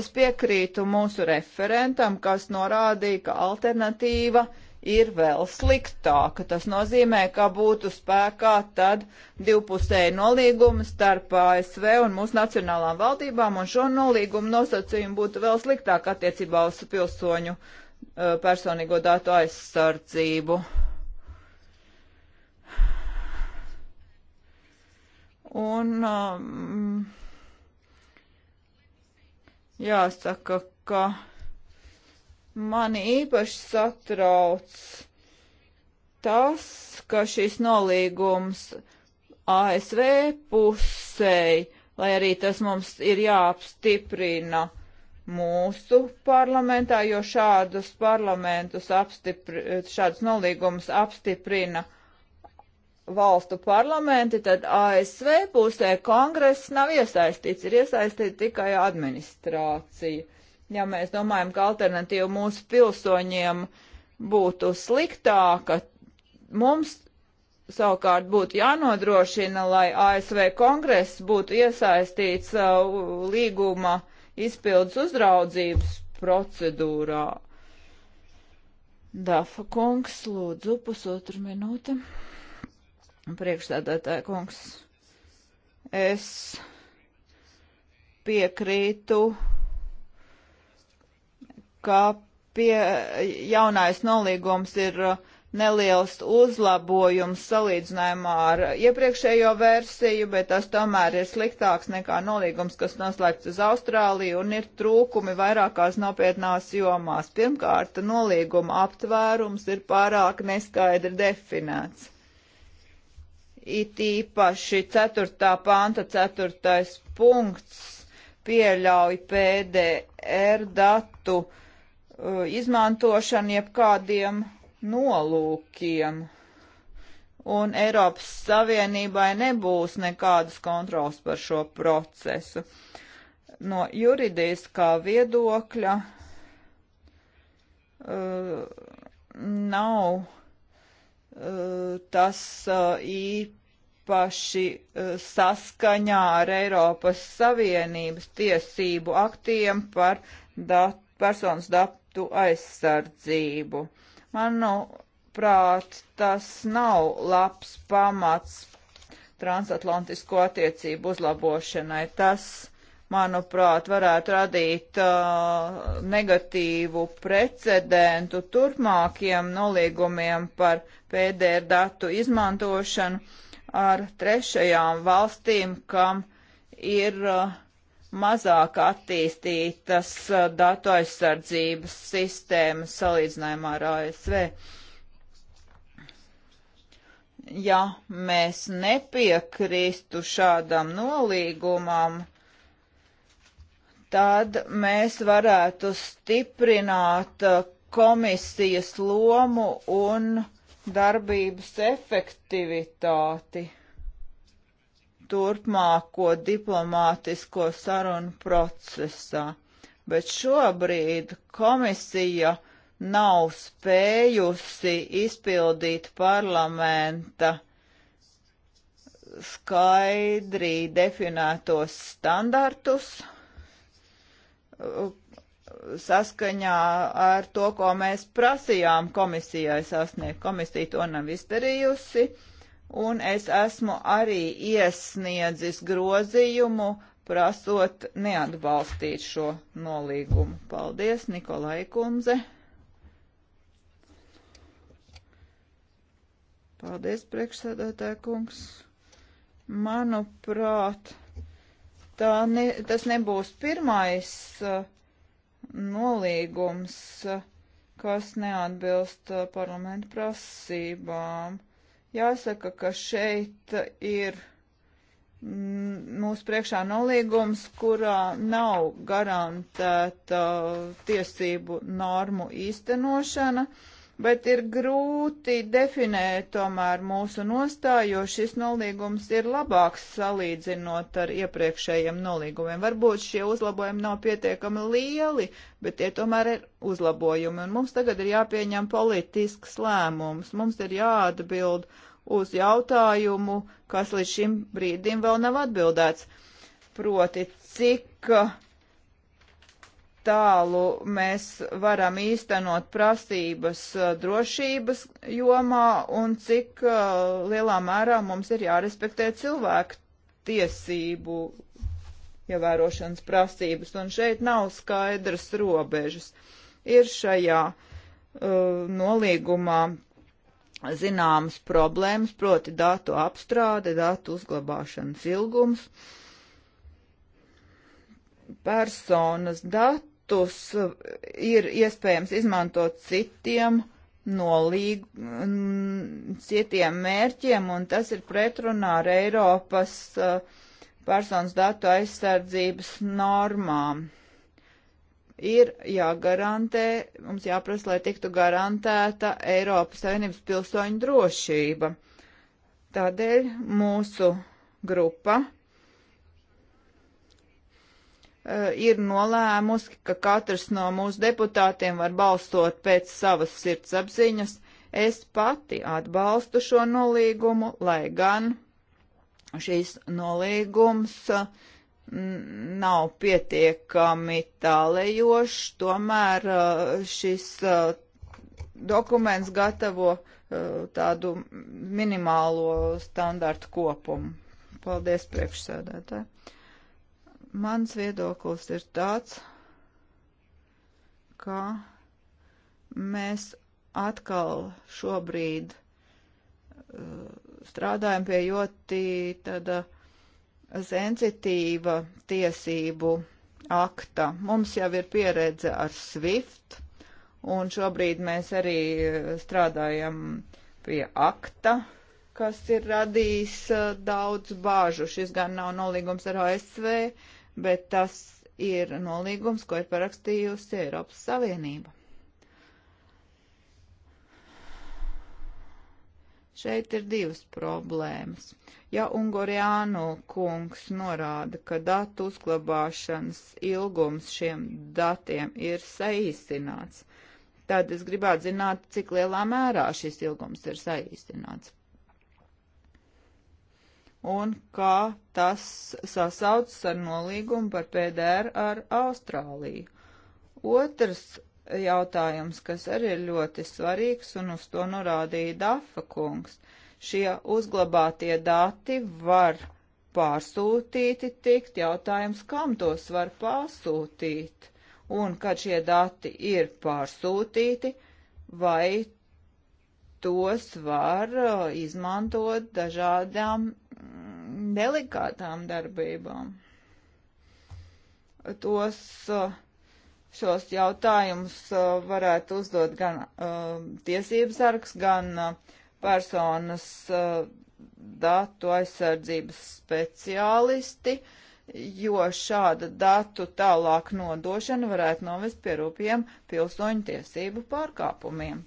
Es piekrītu mūsu referentam, kas norādīja, ka alternatīva uh, ir vēl sliktāka. Tas nozīmē, ka būtu spēkā tad divpusēji nolīgumi starp ASV un mūsu nacionālām valdībām, un šo nolīgumu nosacījumu būtu vēl sliktāk attiecībā uz pilsoņu uh, personīgo datu aizsardzību. Un um, jāsaka, ka Mani īpaši satrauc tas, ka šis nolīgums ASV pusēji, lai arī tas mums ir jāapstiprina mūsu parlamentā, jo šādus parlamentus apstipri, šādus nolīgumus apstiprina valstu parlamenti, tad ASV pusē kongress nav iesaistīts, ir iesaistīta tikai administrācija ja mēs domājam, ka alternatīva mūsu pilsoņiem būtu sliktāka, mums savukārt būtu jānodrošina, lai ASV kongress būtu iesaistīts uh, līguma izpildus uzraudzības procedūrā. Dafa kungs, lūdzu, pusotru minūti. Priekšstādātāja kungs, es piekrītu ka pie jaunais nolīgums ir uh, neliels uzlabojums salīdzinājumā ar iepriekšējo versiju, bet tas tomēr ir sliktāks nekā nolīgums, kas noslēgts uz Austrāliju un ir trūkumi vairākās nopietnās jomās. Pirmkārt, nolīguma aptvērums ir pārāk neskaidri definēts. It īpaši 4. panta 4. punkts pieļauj PDR datu uh, Uh, izmantošanu jebkādiem nolūkiem. Un Eiropas Savienībai nebūs nekādas kontrols par šo procesu. No juridiskā viedokļa uh, nav uh, tas uh, īpaši uh, saskaņā ar Eiropas Savienības tiesību aktiem par dat personas datu datu aizsardzību. Manuprāt, tas nav labs pamats transatlantisko attiecību uzlabošanai. Tas, manuprāt, varētu radīt uh, negatīvu precedentu turpmākiem nolīgumiem par PDR datu izmantošanu ar trešajām valstīm, kam ir uh, mazāk attīstītas uh, datu aizsardzības sistēmas salīdzinājumā ar ASV. Ja mēs nepiekristu šādam nolīgumam, tad mēs varētu stiprināt uh, komisijas lomu un darbības efektivitāti turpmāko diplomātisko sarunu procesā. Bet šobrīd komisija nav spējusi izpildīt parlamenta skaidri definētos standartus saskaņā ar to, ko mēs prasījām komisijai sasniegt. Komisija to nav izdarījusi. Uh, un es esmu arī iesniedzis grozījumu, prasot neatbalstīt šo nolīgumu. Paldies, Nikolai Kunze. Paldies, priekšsēdētāja kungs. Manuprāt, tā ne, tas nebūs pirmais uh, nolīgums, uh, kas neatbilst uh, parlamentu prasībām. Uh, Jāsaka, ka šeit ir mūsu priekšā nolīgums, kurā nav garantēta tiesību normu īstenošana. Uh, bet ir grūti definēt tomēr mūsu nostāju, jo šis nolīgums ir labāks salīdzinot ar iepriekšējiem nolīgumiem. Varbūt šie uzlabojumi nav pietiekami lieli, bet tie tomēr ir uzlabojumi, un mums tagad ir jāpieņem politisks lēmums, mums ir jāatbild uz jautājumu, kas līdz šim brīdim vēl nav atbildēts. Proti, cik tālu mēs varam īstenot prasības eh, drošības jomā un cik eh, lielā mērā mums ir jārespektē cilvēku tiesību ievērošanas prasības. Un šeit nav skaidras robežas. Ir šajā uh, nolīgumā zināmas problēmas, proti datu apstrāde, datu uzglabāšanas ilgums, personas dati datus ir iespējams izmantot citiem nolīg, citiem mērķiem, un tas ir pretrunā ar Eiropas personas datu aizsardzības normām. Ir jāgarantē, mums jāprasa, lai tiktu garantēta Eiropas Savienības pilsoņu drošība. Tādēļ mūsu grupa Eh, ir nolēmusi, ka katrs no mūsu deputātiem var balstot pēc savas sirdsapziņas. Es pati atbalstu šo nolīgumu, lai gan šīs nolīgums mm, nav pietiekami tālējošs, tomēr eh, šis eh, dokuments gatavo tādu minimālo standartu kopumu. Paldies priekšsēdētāji. Mans viedoklis ir tāds, ka mēs atkal šobrīd uh, strādājam pie ļoti tāda sensitīva tiesību akta. Mums jau ir pieredze ar SWIFT, un šobrīd mēs arī uh, strādājam pie akta, kas ir radījis uh, daudz bāžu. Šis gan nav nolīgums ar ASV, uh, bet tas ir nolīgums, ko ir parakstījusi Eiropas Savienība. Šeit ir divas problēmas. Ja Unguriānu kungs norāda, ka datu uzglabāšanas ilgums šiem datiem ir saīsināts, tad es gribētu zināt, cik lielā mērā šis ilgums ir saīsināts un kā tas sasaucas ar nolīgumu par PDR ar Austrāliju. Otrs jautājums, kas arī ir ļoti svarīgs, un uz to norādīja Dafa kungs. Šie uzglabātie dati var pārsūtīti tikt, jautājums, kam tos var pārsūtīt, un kad šie dati ir pārsūtīti, vai tos var uh, izmantot dažādām delikātām darbībām. Tos uh, šos jautājumus uh, varētu uzdot gan uh, tiesības sargs, gan personas datu aizsardzības speciālisti, jo šāda datu tālāk nodošana varētu novest pie rūpiem pilsoņu tiesību pārkāpumiem.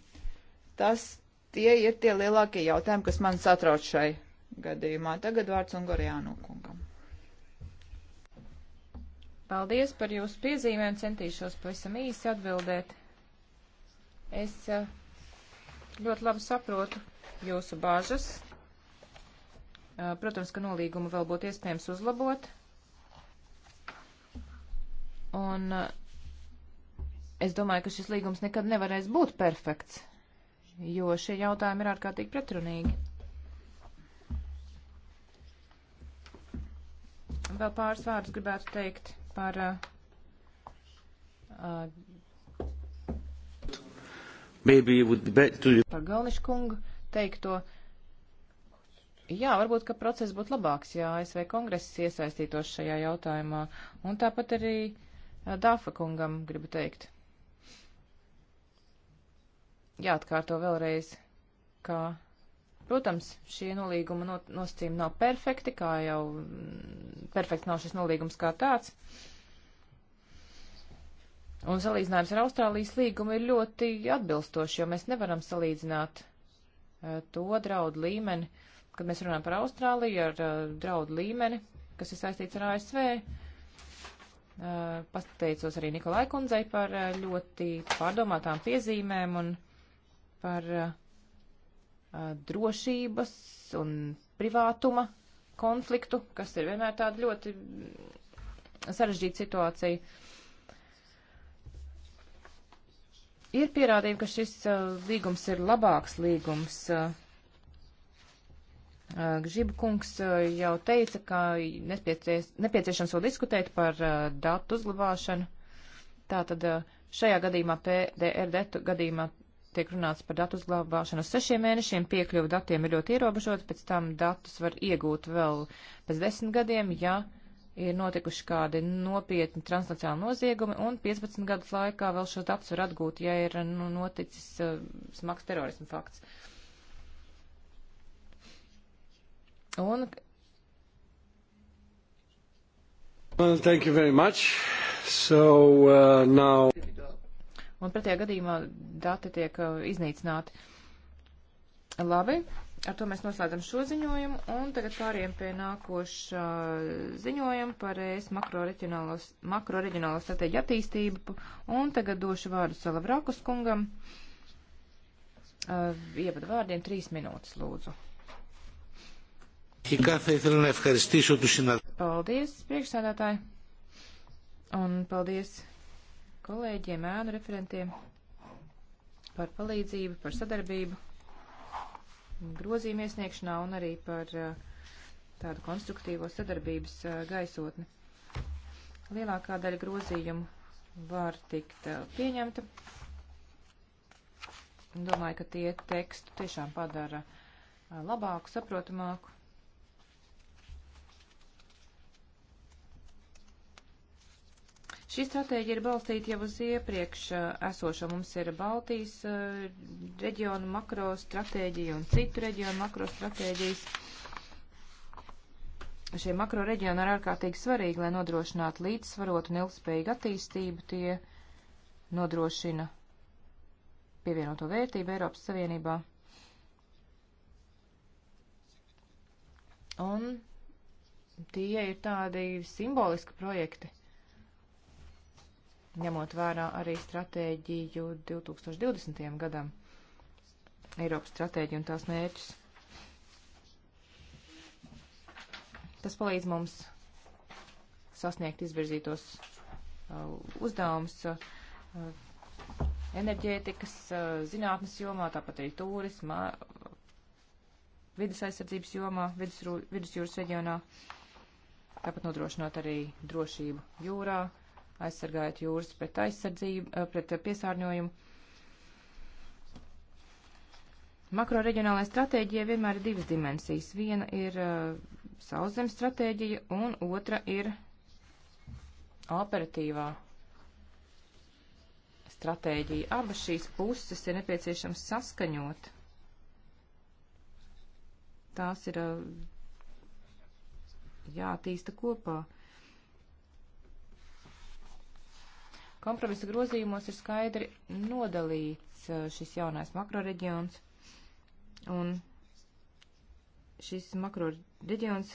Tas tie ir tie lielākie jautājumi, kas man satrauc šai gadījumā. Tagad vārds Ungarijānu kungam. Paldies par jūsu piezīmēm, centīšos pavisam īsi atbildēt. Es eh, ļoti labi saprotu jūsu bāžas. Eh, protams, ka nolīgumu vēl būtu iespējams uzlabot. Un eh, es domāju, ka šis līgums nekad nevarēs būt perfekts, jo šie jautājumi ir ārkārtīgi pretrunīgi. Vēl pāris vārdus gribētu teikt par. Uh, uh to... Par Galnišu kungu teikto. Jā, varbūt, ka process būtu labāks, ja ASV kongress iesaistītos šajā jautājumā. Un tāpat arī uh, Dāfa kungam gribu teikt. Jāatkārto vēlreiz, kā Protams, šie nolīguma nosacījumi nav perfekti, kā jau mm, perfekts nav šis nolīgums kā tāds. Un salīdzinājums ar Austrālijas līgumu ir ļoti atbilstošs, jo mēs nevaram salīdzināt e, to draudu līmeni, kad mēs runājam par Austrāliju, ar e, draudu līmeni, kas ir saistīts ar ASV. E, pateicos arī Nikolai Kundzei par ļoti pārdomātām piezīmēm un par uh, drošības un privātuma konfliktu, kas ir vienmēr tāda ļoti sarežģīta situācija. Ir pierādījumi, ka šis līgums ir labāks līgums. Gžiba kungs jau teica, ka nepieciešams vēl diskutēt par datu uzglabāšanu. Tātad šajā gadījumā, PDR gadījumā, tiek runāts par datu uzglabāšanu uz sešiem mēnešiem, piekļuvu datiem ir ļoti ierobežots, pēc tam datus var iegūt vēl pēc desmit gadiem, ja ir notikuši kādi nopietni transnacionāli noziegumi, un 15 gadus laikā vēl šos datus var atgūt, ja ir nu, noticis uh, smags terorismu fakts. Un... Well, thank you very much. So uh, now un pretējā gadījumā dati tiek uh, iznīcināti. Labi, ar to mēs noslēdzam šo ziņojumu, un tagad pāriem pie nākošā ziņojuma par ES makroreģionālo stratēģiju attīstību, un tagad došu vārdu Salavrakus kungam. Uh, Ievadu vārdiem trīs minūtes, lūdzu. Paldies, priekšsēdētāji, un paldies kolēģiem, ēnu referentiem par palīdzību, par sadarbību, grozījumu iesniegšanā un arī par uh, tādu konstruktīvo sadarbības uh, gaisotni. Lielākā daļa grozījumu var tikt uh, pieņemta. Domāju, ka tie tekstu tiešām padara labāku, saprotamāku. Šī stratēģija ir balstīta jau uz iepriekš uh, esošo. Mums ir Baltijas uh, reģiona makro stratēģija un citu reģionu makro stratēģijas. Šie makro reģioni ir ārkārtīgi svarīgi, lai nodrošinātu līdzsvarotu un ilgspējīgu attīstību. Tie nodrošina pievienoto vērtību Eiropas Savienībā. Un tie ir tādi simboliski projekti ņemot vērā arī stratēģiju 2020. gadam, Eiropas stratēģiju un tās mērķus. Tas palīdz mums sasniegt izvirzītos uh, uzdevumus uh, enerģētikas, uh, zinātnes jomā, tāpat arī turisma, vidas aizsardzības jomā, vidus, vidus jūras reģionā, tāpat nodrošinot arī drošību jūrā, aizsargājot jūras pret aizsardzību, eh, pret piesārņojumu. Makroreģionālajai stratēģijai vienmēr ir divas dimensijas. Viena ir uh, sauszemes stratēģija un otra ir operatīvā stratēģija. Abas šīs puses ir nepieciešams saskaņot. Tās ir uh, jātīsta kopā. Kompromisa grozījumos ir skaidri nodalīts šis jaunais makroreģions, un šis makroreģions,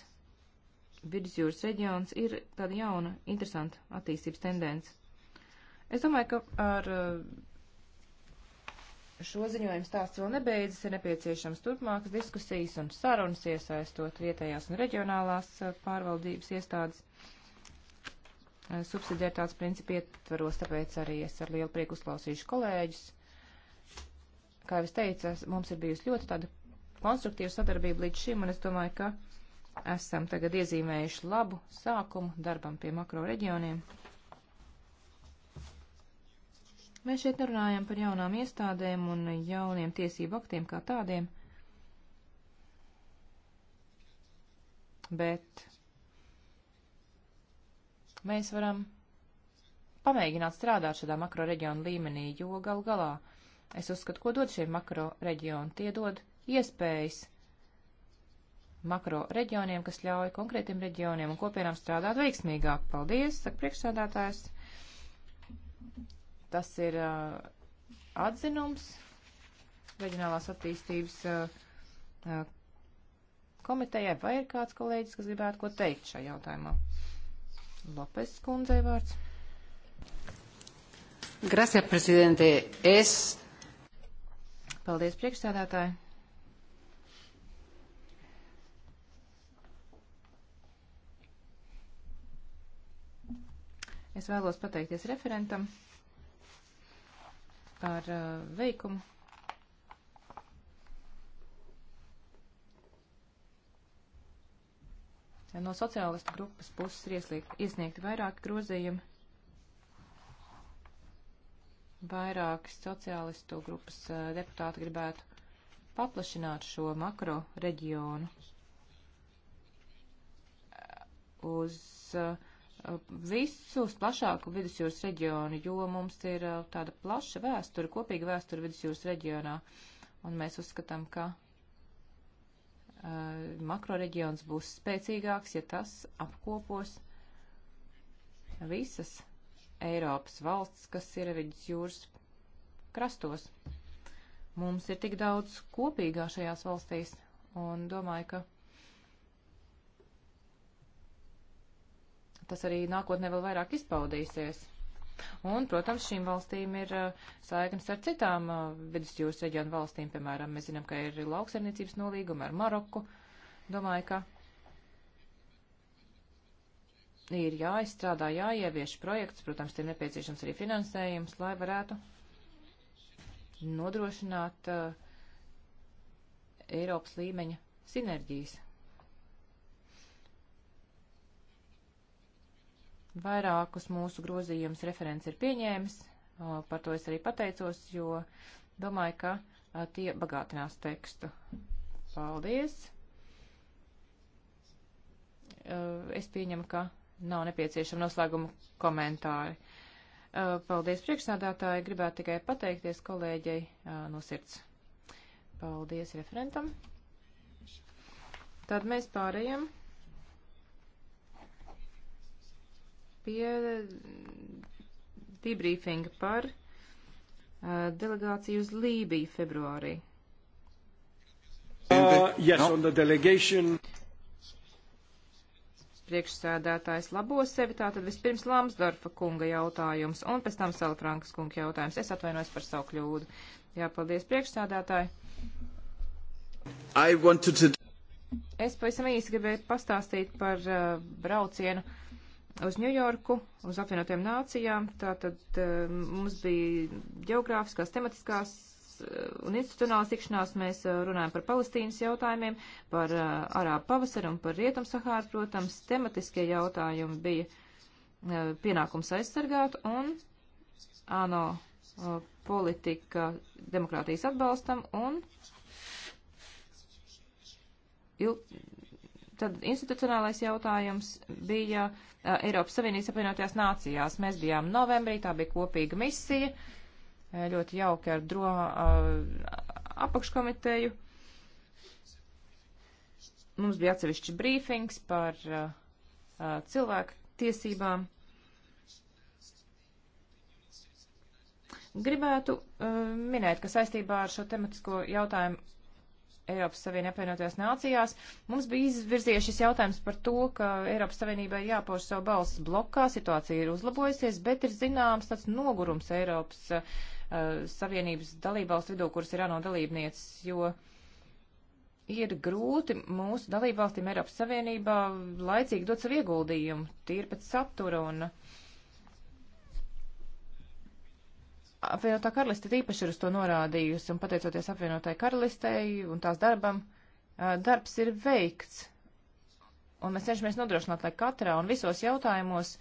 vidusjūras reģions, ir tāda jauna, interesanta attīstības tendence. Es domāju, ka ar šo ziņojumu stāsts vēl nebeidzas, ir nepieciešams turpmākas diskusijas un sarunas iesaistot vietējās un reģionālās pārvaldības iestādes. Eh, subsidiaritātes principu ietvaros, tāpēc arī es ar lielu prieku uzklausīšu kolēģus. Kā jau es teicu, mums ir bijusi ļoti tāda konstruktīva sadarbība līdz šim, un es domāju, ka esam tagad iezīmējuši labu sākumu darbam pie makro reģioniem. Mēs šeit nerunājam par jaunām iestādēm un jauniem tiesību aktiem kā tādiem, bet mēs varam pamēģināt strādāt šādā makro reģionu līmenī, jo gal galā es uzskatu, ko dod šie makro reģioni. Tie dod iespējas makro reģioniem, kas ļauj konkrētiem reģioniem un kopienām strādāt veiksmīgāk. Paldies, saka priekšsādātājs. Tas ir uh, atzinums reģionālās attīstības uh, uh, komitejai. Vai ir kāds kolēģis, kas gribētu ko teikt šajā jautājumā? Lopes kundzei vārds. Gracias, prezidente. Es. Paldies, priekšsēdētāji. Es vēlos pateikties referentam par uh, veikumu, No sociālistu grupas puses ir ieslīgt, iesniegti vairāki grozījumi. Vairāki sociālistu grupas eh, deputāti gribētu paplašināt šo makro reģionu eh, uz eh, visu uz plašāku vidusjūras reģionu, jo mums ir tāda plaša vēsture, kopīga vēsture vidusjūras reģionā, un mēs uzskatām, ka Uh, makroreģions būs spēcīgāks, ja tas apkopos visas Eiropas valsts, kas ir vidus jūras krastos. Mums ir tik daudz kopīgā šajās valstīs, un domāju, ka tas arī nākotnē vēl vairāk izpaudīsies. Un, protams, šīm valstīm ir eh, saiknes ar citām eh, vidusjūras reģionu valstīm. Piemēram, mēs zinām, ka ir lauksaimniecības nolīguma ar Maroku. Domāju, ka ir jāizstrādā, jāievieš projekts. Protams, ir nepieciešams arī finansējums, lai varētu nodrošināt uh, Eiropas līmeņa sinerģijas Vairākus mūsu grozījumus referents ir pieņēmis, par to es arī pateicos, jo domāju, ka tie bagātinās tekstu. Paldies! E, es pieņemu, ka nav nepieciešama noslēguma komentāri. E, paldies priekšsādātāji, gribētu tikai pateikties kolēģei no sirds. Paldies referentam. Tad mēs pārējām pie eh, debriefinga par uh, delegāciju uz Lībiju februārī. Uh, uh yes, no. Priekšsēdētājs labo sevi, tātad vispirms Lamsdorfa kunga jautājums un pēc tam Salafrankas kunga jautājums. Es atvainojos par savu kļūdu. Jā, paldies priekšsēdētāji. To... Es pavisam īsi gribēju pastāstīt par uh, braucienu uh, uz Ņujorku, uz apvienotiem nācijām. Tātad eh, mums bija geogrāfiskās, tematiskās eh, un institucionālas tikšanās. Mēs eh, runājam par Palestīnas jautājumiem, par Arābu pavasaru un par Rietumsahāru, protams. Tematiskie jautājumi bija pienākums aizsargāt un ANO politika demokrātijas atbalstam un il, tad institucionālais jautājums bija uh, Eh, Eiropas Savienības apvienotajās nācijās. Mēs bijām novembrī, tā bija kopīga misija, eh, ļoti jauki ar dro eh, apakškomiteju. Mums bija atsevišķi brīfings par cilvēku tiesībām. Gribētu uh, minēt, ka saistībā ar šo tematisko jautājumu Eiropas Savienība apvienotajās nācijās, mums bija izvirzies šis jautājums par to, ka Eiropas Savienībai jāpauž savu balsu blokā, situācija ir uzlabojusies, bet ir zināms tāds nogurums Eiropas uh, Savienības dalībvalstu vidū, kuras ir ANO dalībnieces, jo ir grūti mūsu dalībvalstīm Eiropas Savienībā laicīgi dot savu ieguldījumu, tīri pēc satura un. Uh, Apvienotā karaliste īpaši ir uz to norādījusi, un pateicoties apvienotai karalistei un tās darbam, darbs ir veikts. Un mēs cenšamies nodrošināt, lai katrā un visos jautājumos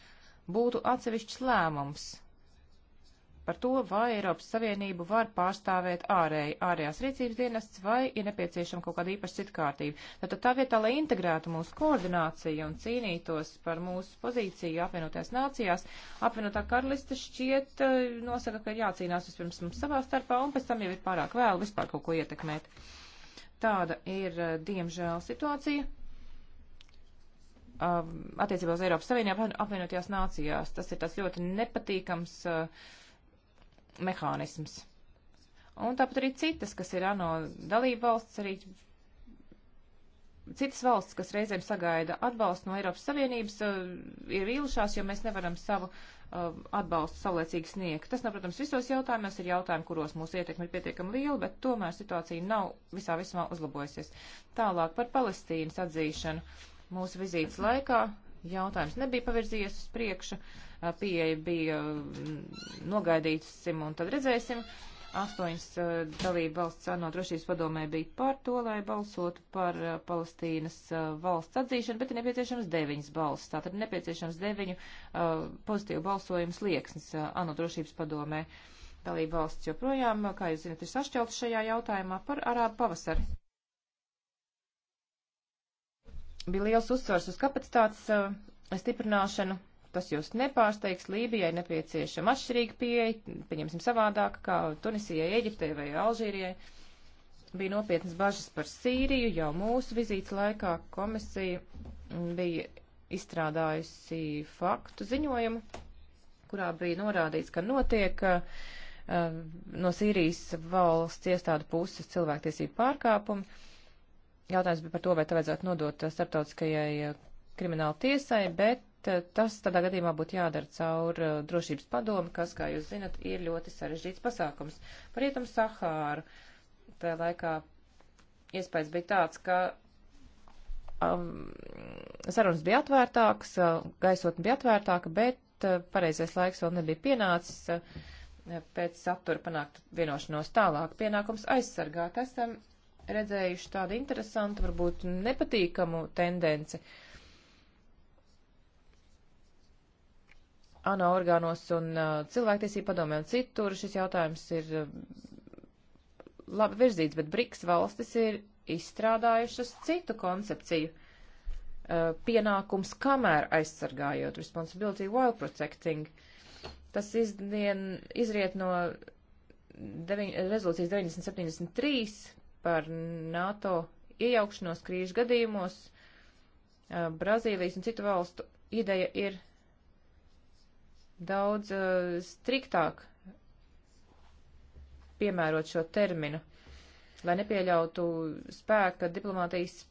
būtu atsevišķs lēmums par to, vai Eiropas Savienību var pārstāvēt ārēji, ārējās rīcības dienests, vai ir nepieciešama kaut kāda īpaša citkārtība. Tātad tā vietā, lai integrētu mūsu koordināciju un cīnītos par mūsu pozīciju apvienotās nācijās, apvienotā karaliste šķiet eh, nosaka, ka jācīnās vispirms mums savā starpā, un pēc tam jau ir pārāk vēlu vispār kaut ko ietekmēt. Tāda ir, eh, diemžēl, situācija um, attiecībā uz Eiropas Savienību apvienotajās nācijās. Tas ir tas ļoti nepatīkams uh, mehānisms. Un tāpat arī citas, kas ir ANO dalība valsts, arī citas valsts, kas reizēm sagaida atbalstu no Eiropas Savienības, eh, ir vīlušās, jo mēs nevaram savu eh, atbalstu saulēcīgi sniegt. Tas, nav, nu, protams, visos jautājumos ir jautājumi, kuros mūsu ietekme ir pietiekami liela, bet tomēr situācija nav visā vismā uzlabojusies. Tālāk par Palestīnas atzīšanu. Mūsu vizītes laikā jautājums nebija pavirzījies uz priekšu, pieeja bija mm, nogaidīsim un tad redzēsim. Astoņas dalība valsts ANO drošības padomē bija par to, lai balsotu par Palestīnas valsts atzīšanu, bet ir nepieciešams deviņas balsts. Tātad nepieciešams deviņu pozitīvu balsojumu slieksnis ANO drošības padomē. Dalība valsts joprojām, kā jūs zinat, ir sašķelts šajā jautājumā par arābu pavasari bija liels uzsvars uz kapacitātes uh, stiprināšanu. Tas jūs nepārsteigs, Lībijai nepieciešama atšķirīga pieeja, pieņemsim savādāk, kā Tunisijai, Eģiptei vai Alžīrijai. Bija nopietnas bažas par Sīriju, jau mūsu vizītes laikā komisija mm, bija izstrādājusi faktu ziņojumu, kurā bija norādīts, ka notiek uh, no Sīrijas valsts iestādu puses cilvēktiesību pārkāpumi jautājums bija par to, vai tā vajadzētu nodot eh, starptautiskajai eh, krimināla tiesai, bet eh, tas tādā gadījumā būtu jādara caur drošības padomu, kas, kā jūs zinat, ir ļoti sarežģīts pasākums. Par rietumu Sahāru. Tā laikā iespējas bija tāds, ka um, sarunas bija atvērtākas, gaisotne bija atvērtāka, bet uh, pareizais laiks vēl nebija pienācis. Uh, pēc satura panākt vienošanos tālāk pienākums aizsargāt. Esam redzējuši tādu interesantu, varbūt nepatīkamu tendenci. ANO orgānos un uh, cilvēktiesību padomē un citur šis jautājums ir uh, labi virzīts, bet BRICS valstis ir izstrādājušas citu koncepciju uh, pienākums kamēr aizsargājot responsibility while protecting. Tas izdien, izriet no deviņ, rezolūcijas 973, par NATO iejaukšanos krīžu gadījumos. Eh, Brazīlijas un citu valstu ideja ir daudz eh, striktāk piemērot šo terminu, lai nepieļautu spēka diplomātijas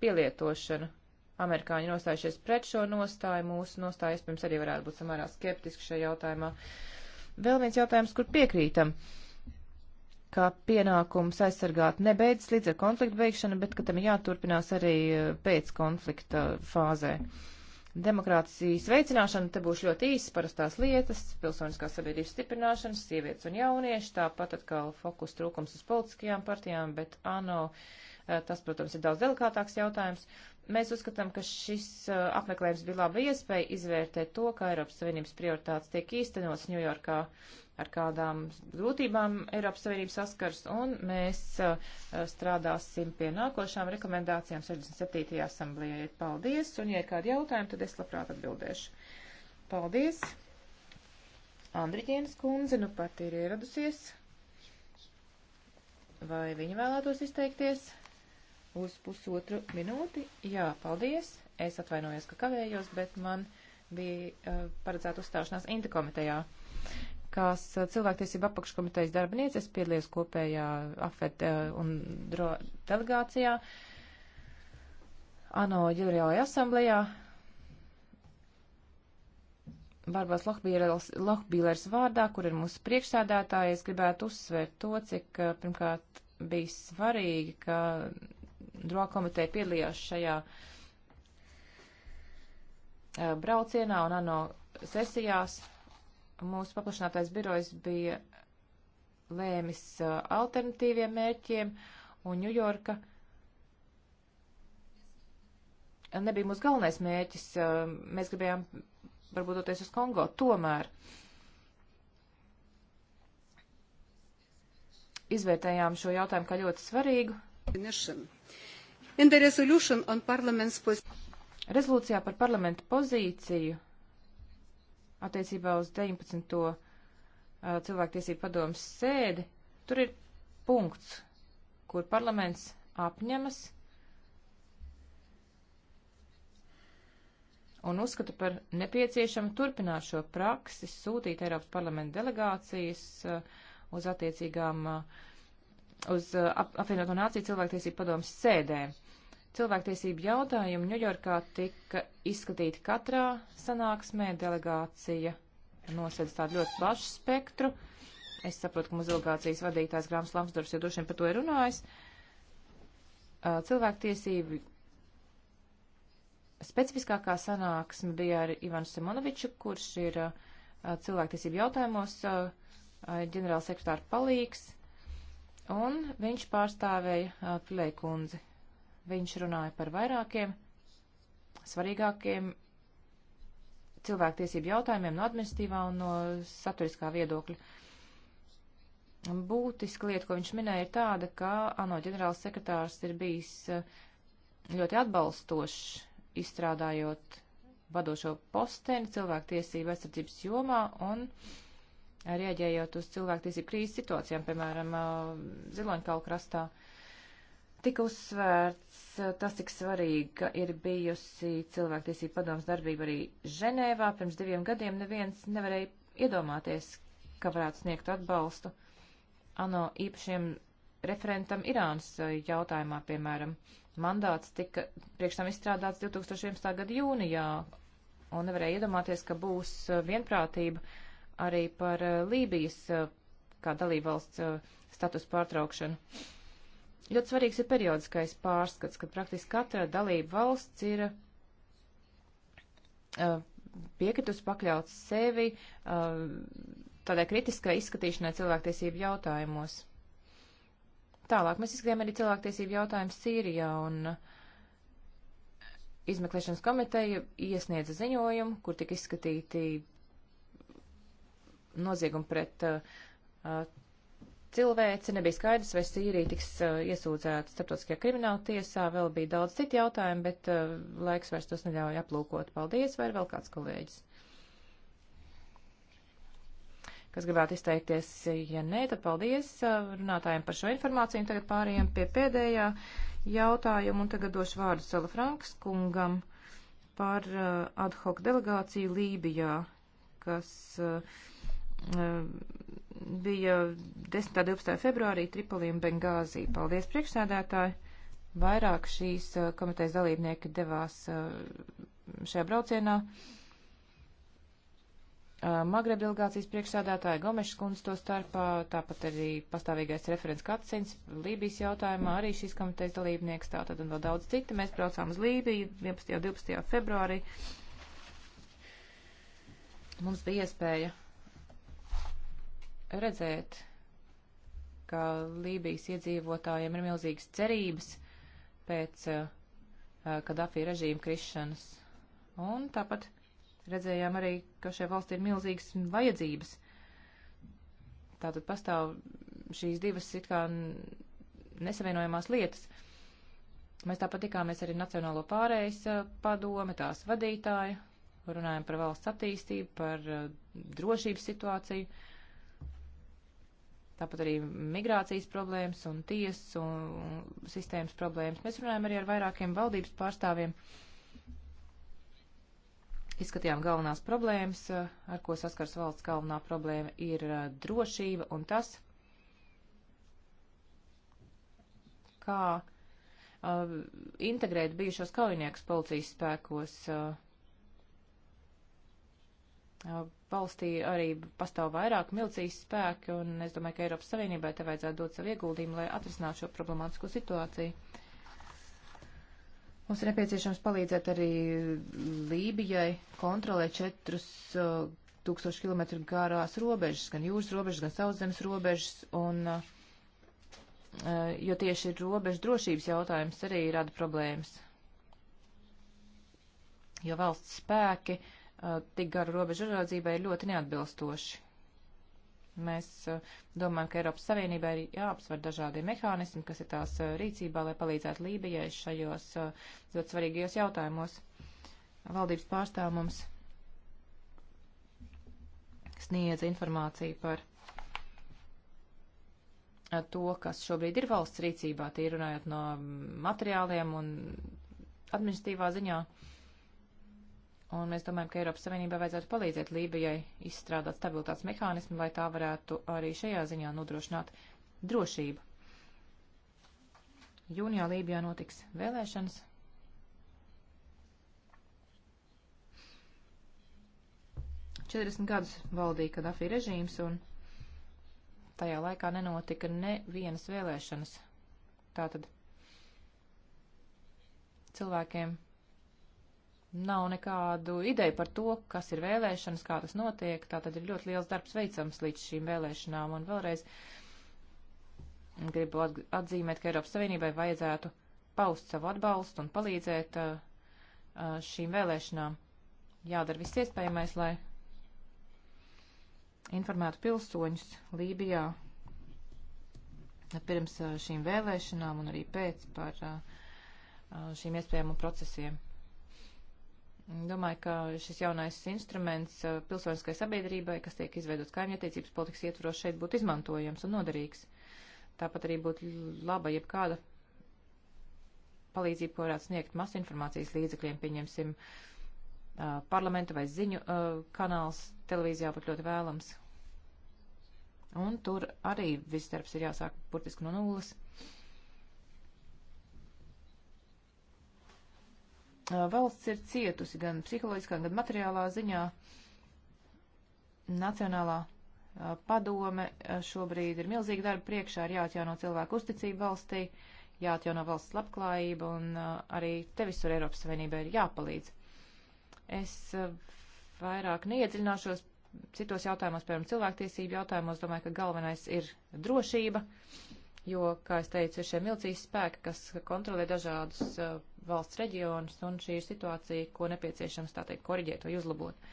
pielietošanu. Amerikāņi nostājušies pret šo nostāju, mūsu nostājas pirms arī varētu būt samērā skeptiski šajā jautājumā. Vēl viens jautājums, kur piekrītam. Uh, ka pienākums aizsargāt nebeidzas līdz ar konfliktu beigšanu, bet ka tam jāturpinās arī eh, pēc konflikta fāzē. Demokrātijas veicināšana te būs ļoti īsas parastās lietas, pilsoniskās sabiedrības stiprināšanas, sievietes un jaunieši, tāpat atkal fokus trūkums uz politiskajām partijām, bet ANO, eh, tas, protams, ir daudz delikātāks jautājums. Mēs uzskatām, ka šis eh, apmeklējums bija laba iespēja izvērtēt to, kā Eiropas Savienības prioritātes tiek īstenots Ņujorkā ar kādām grūtībām Eiropas Savienība saskars, un mēs uh, strādāsim pie nākošām rekomendācijām 67. asamblējai. Paldies, un ja ir kādi jautājumi, tad es labprāt atbildēšu. Paldies. Andriģienas kundze nu pat ir ieradusies. Vai viņa vēlētos izteikties? Uz pusotru minūti. Jā, paldies. Es atvainojos, ka kavējos, bet man bija uh, paredzēta uzstāšanās Inta komitejā ārkārtas eh, cilvēktiesība apakškomitejas darbiniece. Es piedalījos kopējā AFET eh, un DRO delegācijā ANO ģenerālajā asamblējā. Barbās Lohbīlers vārdā, kur ir mūsu priekšsēdētāja, es gribētu uzsvērt to, cik eh, pirmkārt bija svarīgi, ka DRO komiteja piedalījās šajā braucienā un ANO sesijās mūsu paplašinātais birojs bija lēmis uh, alternatīviem mērķiem, un Ņujorka nebija mūsu galvenais mērķis. Uh, mēs gribējām varbūt doties uz Kongo. Tomēr izvērtējām šo jautājumu kā ļoti svarīgu. Rezolūcijā par parlamentu pozīciju attiecībā uz 19. Uh, cilvēktiesību padomas sēdi, tur ir punkts, kur parlaments apņemas un uzskata par nepieciešamu turpināt šo praksi, sūtīt Eiropas parlamenta delegācijas uh, uz attiecīgām, uh, uz apvienoto nāciju cilvēktiesību padomas sēdēm. Cilvēktiesību jautājumi Ņujorkā tika izskatīti katrā sanāksmē. Delegācija nosēdz tādu ļoti plašu spektru. Es saprotu, ka mūsu delegācijas vadītājs Grāms Lamsdors jau droši vien par to ir runājis. Cilvēktiesību specifiskākā sanāksme bija ar Ivanu Simonoviču, kurš ir cilvēktiesību jautājumos ģenerālsekretāra palīgs, un viņš pārstāvēja Pilei kundzi Viņš runāja par vairākiem svarīgākiem cilvēktiesību jautājumiem no administratīvā un no saturiskā viedokļa. Būtiska lieta, ko viņš minēja, ir tāda, ka ANO ģenerāls sekretārs ir bijis eh, ļoti atbalstošs izstrādājot vadošo posteni cilvēktiesību aizsardzības jomā un rieģējot uz cilvēktiesību krīzes situācijām, piemēram, eh, Ziloņkalkrastā. krastā Tika uzsvērts eh, tas, cik svarīga ir bijusi cilvēktiesība padomas darbība arī Ženēvā. Pirms diviem gadiem neviens nevarēja iedomāties, ka varētu sniegt atbalstu ANO īpašiem referentam Irānas eh, jautājumā, piemēram. Mandāts tika priekš tam izstrādāts 2011. gada jūnijā, un nevarēja iedomāties, ka būs eh, vienprātība arī par Lībijas kā dalībvalsts status pārtraukšanu. Ļoti svarīgs ir periodiskais pārskats, kad praktiski katra dalība valsts ir uh, piekritus pakļaut sevi uh, tādai kritiskai izskatīšanai cilvēktiesību jautājumos. Tālāk mēs izskatījām arī cilvēktiesību jautājumu Sīrijā un uh, izmeklēšanas komiteja iesniedza ziņojumu, kur tika izskatīti noziegumi pret uh, uh cilvēci, nebija skaidrs, vai Sīrija tiks uh, iesūdzēta starptautiskajā krimināla tiesā, vēl bija daudz citu jautājumu, bet uh, laiks vairs tos neļauj aplūkot. Paldies, vai ir vēl kāds kolēģis? Kas gribētu izteikties, ja nē, tad paldies uh, runātājiem par šo informāciju. Tagad pārējiem pie pēdējā jautājuma un tagad došu vārdu Sala Franks kungam par uh, ad hoc delegāciju Lībijā, kas. Uh, uh, bija 10. un 12. februārī Tripolī un Bengāzī. Paldies priekšsēdētāji! Vairāk šīs uh, komitejas dalībnieki devās uh, šajā braucienā. Uh, Magreb delegācijas priekšsādātāja Gomeša kundze to starpā, tāpat arī pastāvīgais referents Kacins Lībijas jautājumā, arī šīs komitejas dalībnieks, tātad un vēl daudz citi. Mēs braucām uz Lībiju 11. un 12. februārī. Mums bija iespēja redzēt, ka Lībijas iedzīvotājiem ir milzīgas cerības pēc uh, uh Kadafī režīma krišanas. Un tāpat redzējām arī, ka šajā valstī ir milzīgas vajadzības. Tātad pastāv šīs divas it kā nesavienojamās lietas. Mēs tāpat tikāmies arī Nacionālo pārējais uh, padome, tās vadītāju, runājam par valsts attīstību, par uh, drošības situāciju tāpat arī migrācijas problēmas un tiesas un sistēmas problēmas. Mēs runājam arī ar vairākiem valdības pārstāvjiem. Izskatījām galvenās problēmas, eh, ar ko saskars valsts galvenā problēma ir eh, drošība un tas, kā uh, integrēt bijušos kaujiniekus policijas spēkos. Uh, Uh, valstī arī pastāv vairāk milicijas spēki, un es domāju, ka Eiropas Savienībai te vajadzētu dot savu ieguldījumu, lai atrisinātu šo problemātisko situāciju. Mums ir nepieciešams palīdzēt arī Lībijai kontrolēt četrus uh, tūkstošu kilometru garās robežas, gan jūras robežas, gan sauszemes robežas, un, uh, uh jo tieši robežu drošības jautājums arī rada problēmas. Jo valsts spēki uh, tik garu robežu uzraudzībai ir ļoti neatbilstoši. Mēs domājam, ka Eiropas Savienībai ir jāapsver dažādie mehānismi, kas ir tās rīcībā, lai palīdzētu Lībijai šajos ļoti svarīgajos jautājumos. Valdības pārstāv mums sniedz informāciju par to, kas šobrīd ir valsts rīcībā, tie runājot no materiāliem un administratīvā ziņā. Uh, Un mēs domājam, ka Eiropas Savienībā vajadzētu palīdzēt Lībijai izstrādāt stabilitātes mehānismu, lai tā varētu arī šajā ziņā nodrošināt drošību. Jūnijā Lībijā notiks vēlēšanas. Četrdesmit gadus valdīja Kadafī režīms, un tajā laikā nenotika nevienas vēlēšanas. Tātad cilvēkiem nav nekādu ideju par to, kas ir vēlēšanas, kā tas notiek. Tā tad ir ļoti liels darbs veicams līdz šīm vēlēšanām. Un vēlreiz gribu atzīmēt, ka Eiropas Savienībai vajadzētu paust savu atbalstu un palīdzēt uh, uh, šīm vēlēšanām. Jādara viss iespējamais, lai informētu pilsoņus Lībijā pirms uh, šīm vēlēšanām un arī pēc par šīm iespējām un procesiem. Domāju, ka šis jaunais instruments uh, pilsoniskai sabiedrībai, kas tiek izveidots kaimiņattiecības politikas ietvaros, šeit būtu izmantojams un noderīgs. Tāpat arī būtu laba jebkāda palīdzība, ko varētu sniegt masinformācijas līdzekļiem, pieņemsim, uh, parlamenta vai ziņu uh, kanāls televīzijā pat ļoti vēlams. Un tur arī viss darbs ir jāsāk burtiski no nulles. Uh, valsts ir cietusi gan psiholoģiskā, gan materiālā ziņā. Nacionālā padome šobrīd ir milzīgi darba priekšā, ir jāatjauno cilvēku uzticība valstī, jāatjauno valsts labklājība un arī te visur Eiropas Savienībai ir jāpalīdz. Es vairāk neiedziļināšos citos jautājumos, piemēram, cilvēktiesību jautājumos, domāju, ka galvenais ir drošība, jo, kā es teicu, ir šie milzīgi spēki, kas kontrolē dažādus valsts reģionus, un šī ir situācija, ko nepieciešams, tā teikt, koriģēt vai uzlabot.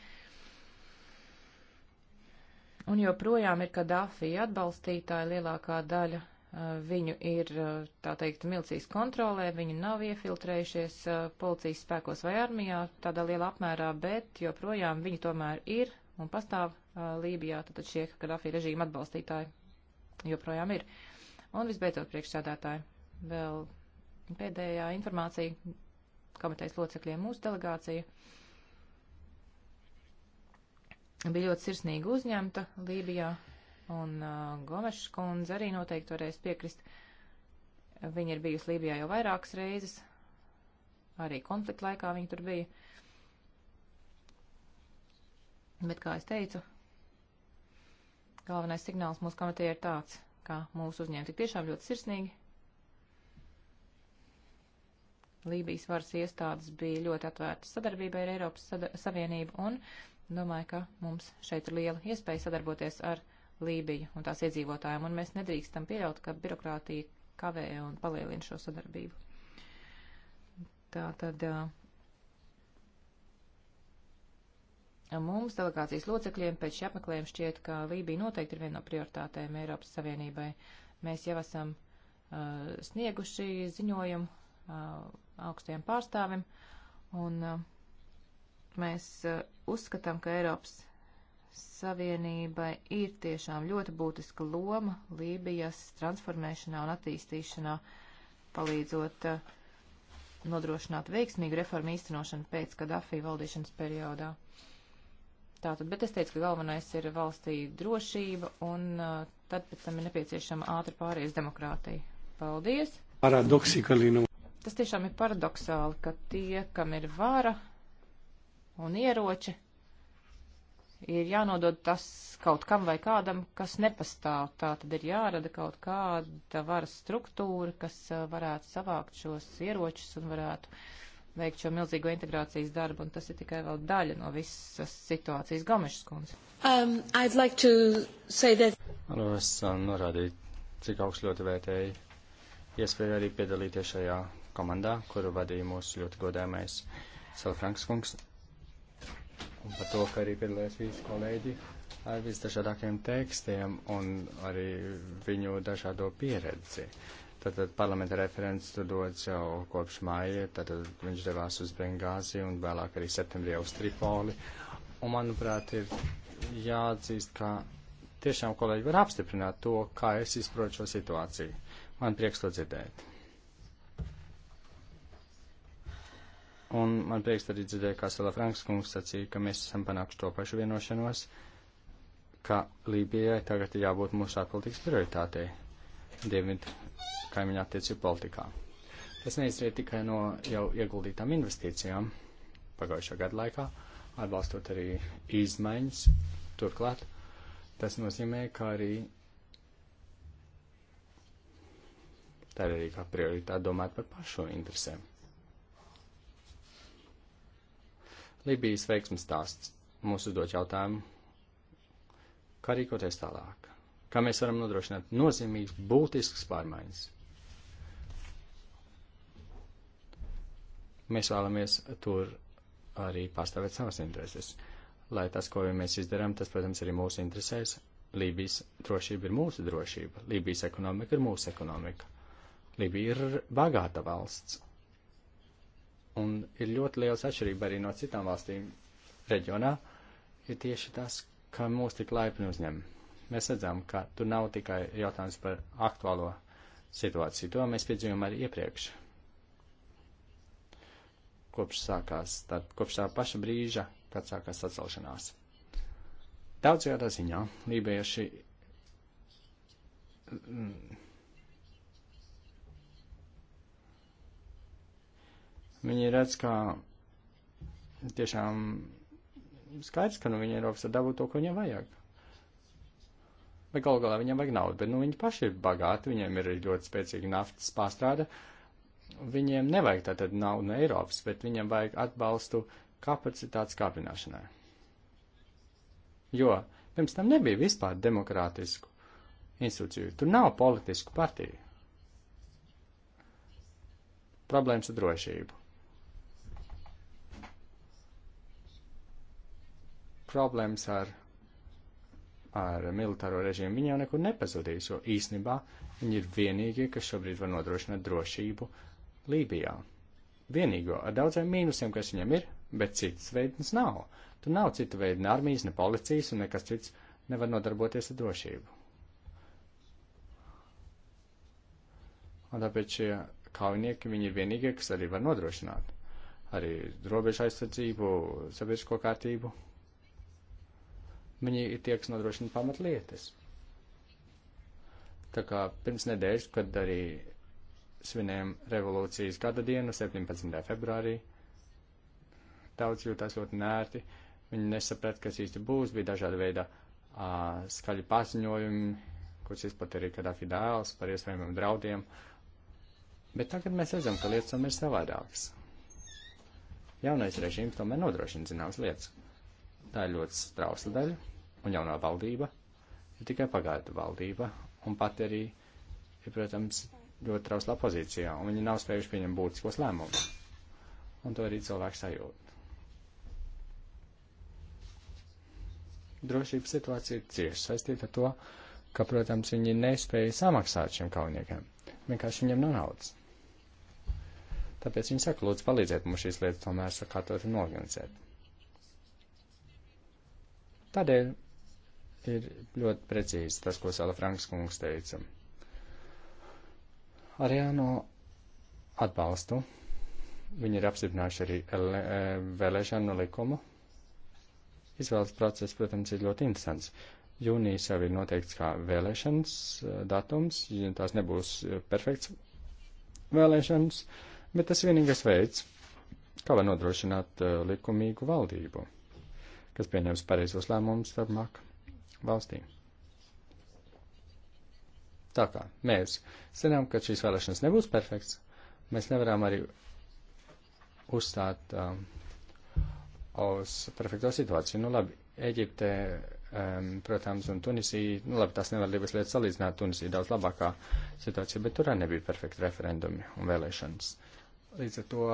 Un joprojām ir Kadāfī atbalstītāji lielākā daļa uh, viņu ir, uh, tā teikt, milicijas kontrolē, viņi nav iefiltrējušies uh, policijas spēkos vai armijā tādā lielā apmērā, bet joprojām viņi tomēr ir un pastāv Lībijā, tad šie Kadafī režīma atbalstītāji joprojām ir. Un visbeidzot, priekšsēdētāji, vēl pēdējā informācija komitejas locekļiem mūsu delegācija bija ļoti sirsnīgi uzņemta Lībijā, un uh, Gomešs kundze arī noteikti varēs piekrist. Viņa ir bijusi Lībijā jau vairākas reizes, arī konflikta laikā viņa tur bija. Bet, kā es teicu, galvenais signāls mūsu komitē ir tāds, ka mūsu uzņēmumi tik tiešām ļoti sirsnīgi Lībijas varas iestādes bija ļoti atvērtas sadarbībai ar Eiropas sada Savienību un domāju, ka mums šeit ir liela iespēja sadarboties ar Lībiju un tās iedzīvotājiem, un mēs nedrīkstam pieļaut, ka birokrātija kavē un palielina šo sadarbību. Tā tad mums delegācijas locekļiem pēc šī apmeklējuma šķiet, ka Lībija noteikti ir viena no prioritātēm Eiropas Savienībai. Mēs jau esam uh, snieguši ziņojumu uh, augstajam pārstāvim, un uh, mēs uh, uzskatām, ka Eiropas Savienībai ir tiešām ļoti būtiska loma Lībijas transformēšanā un attīstīšanā, palīdzot uh, nodrošināt veiksmīgu reformu īstenošanu pēc Kadafī valdīšanas periodā. Tātad, bet es teicu, ka galvenais ir valstī drošība un tad pēc tam ir nepieciešama ātra pārējais demokrātija. Paldies! Paradoksikalīnu. Tas tiešām ir paradoxāli, ka tie, kam ir vara un ieroči, ir jānodod tas kaut kam vai kādam, kas nepastāv. Tā tad ir jārada kaut kāda varas struktūra, kas varētu savākt šos ieročus un varētu veikt šo milzīgo integrācijas darbu, un tas ir tikai vēl daļa no visas situācijas Gomešas kundze. Um, I'd like to say that. Nu, es norādīju, cik augstu ļoti vērtēju iespēju arī piedalīties šajā komandā, kuru vadīja mūsu ļoti godāmais Salafranks kungs. Un par to, ka arī piedalījās visi kolēģi ar visdažādākiem tekstiem un arī viņu dažādo pieredzi. Tātad parlamenta referents tur dodas jau kopš māja, tātad viņš devās uz Bengāzi un vēlāk arī septembrī uz Tripoli. Un, manuprāt, ir jāatzīst, ka tiešām kolēģi var apstiprināt to, kā es izprotu šo situāciju. Man prieks to dzirdēt. Un man prieks arī dzirdēt, kā Sala Franks kungs sacīja, ka mēs esam panākuši to pašu vienošanos, ka Lībijai tagad ir jābūt mūsu ārpolitikas prioritātei Dienvidu kaimiņu attiecību politikā. Tas neizriet tikai no jau ieguldītām investīcijām pagājušā gada laikā, atbalstot arī izmaiņas turklāt. Tas nozīmē, ka arī tā ir arī kā prioritāte domāt par pašu interesēm. Libijas veiksmes stāsts mūs uzdot jautājumu, kā rīkoties tālāk, kā mēs varam nodrošināt nozīmīgas, būtiskas pārmaiņas. Mēs vēlamies tur arī pārstāvēt savas intereses, lai tas, ko mēs izdarām, tas, protams, arī mūsu interesēs. Lībijas drošība ir mūsu drošība, Lībijas ekonomika ir mūsu ekonomika. Lībija ir bagāta valsts, un ir ļoti liels atšķirība arī no citām valstīm reģionā, ir tieši tas, ka mūs tik laipni uzņem. Mēs redzam, ka tur nav tikai jautājums par aktuālo situāciju. To mēs piedzīvojam arī iepriekš. Kopš sākās, tad, kopš tā paša brīža, kad sākās sacelšanās. Daudzajā ziņā lībieši mm, Viņi redz, ka tiešām skaidrs, ka nu, viņi Eiropas ir dabū to, ko viņiem vajag. Bet gal galā viņiem vajag naudu, bet nu, viņi paši ir bagāti, viņiem ir ļoti spēcīga naftas pārstrāde. Viņiem nevajag tātad naudu no Eiropas, bet viņiem vajag atbalstu kapacitātes kāpināšanai. Jo pirms tam nebija vispār demokrātisku institūciju, tur nav politisku partiju. Problēmas ar drošību. problēmas ar, ar militāro režīmu, viņi jau nekur nepazudīs, jo īsnībā viņi ir vienīgie, kas šobrīd var nodrošināt drošību Lībijā. Vienīgo ar daudziem mīnusiem, kas viņam ir, bet citas veidnes nav. Tur nav cita veida ne armijas, ne policijas un nekas cits nevar nodarboties ar drošību. Un tāpēc šie kaujinieki, viņi ir vienīgie, kas arī var nodrošināt arī robežu aizsardzību, sabiedrisko kārtību. Viņi ir tie, kas nodrošina pamatlietas. Tā kā pirms nedēļas, kad arī svinējam revolūcijas gada dienu, 17. februārī, daudz jūtās ļoti nērti. Viņi nesaprata, kas īsti būs, bija dažāda veida uh, skaļi paziņojumi, kurus izplatīja arī Kadafi dēls par iespējamiem draudiem. Bet tagad mēs redzam, ka lietas tomēr ir savādākas. Jaunais režīms tomēr nodrošina zināmas lietas. Tā ir ļoti strausla daļa un jaunā valdība ir tikai pagaidu valdība, un pat arī ir, protams, ļoti trauslā pozīcijā, un viņi nav spējuši pieņemt būtiskos lēmumus. Un to arī cilvēks sajūt. Drošības situācija ir cieši saistīta ar to, ka, protams, viņi nespēja samaksāt šiem kaujiniekiem. Vienkārši viņiem nav naudas. Tāpēc viņi saka, lūdzu, palīdziet mums šīs lietas tomēr sakārtot un organizēt. Tādēļ ir ļoti precīzi tas, ko Sala Franks kungs teica. Arī no atbalstu viņi ir apstiprinājuši arī e, vēlēšanu likumu. Izvēles process, protams, ir ļoti interesants. Jūnijas jau ir noteikts kā vēlēšanas e, datums, tās nebūs perfekts vēlēšanas, bet tas vienīgais veids, kā var nodrošināt e, likumīgu valdību, kas pieņems pareizos lēmumus turpmāk valstī. Tā kā mēs zinām, ka šīs vēlēšanas nebūs perfekts, mēs nevaram arī uzstāt um, uz perfekto situāciju. Nu labi, Eģipte, um, protams, un Tunisija, nu labi, tās nevar divas lietas salīdzināt, Tunisija daudz labākā situācija, bet tur arī nebija perfekti referendumi un vēlēšanas. Līdz ar to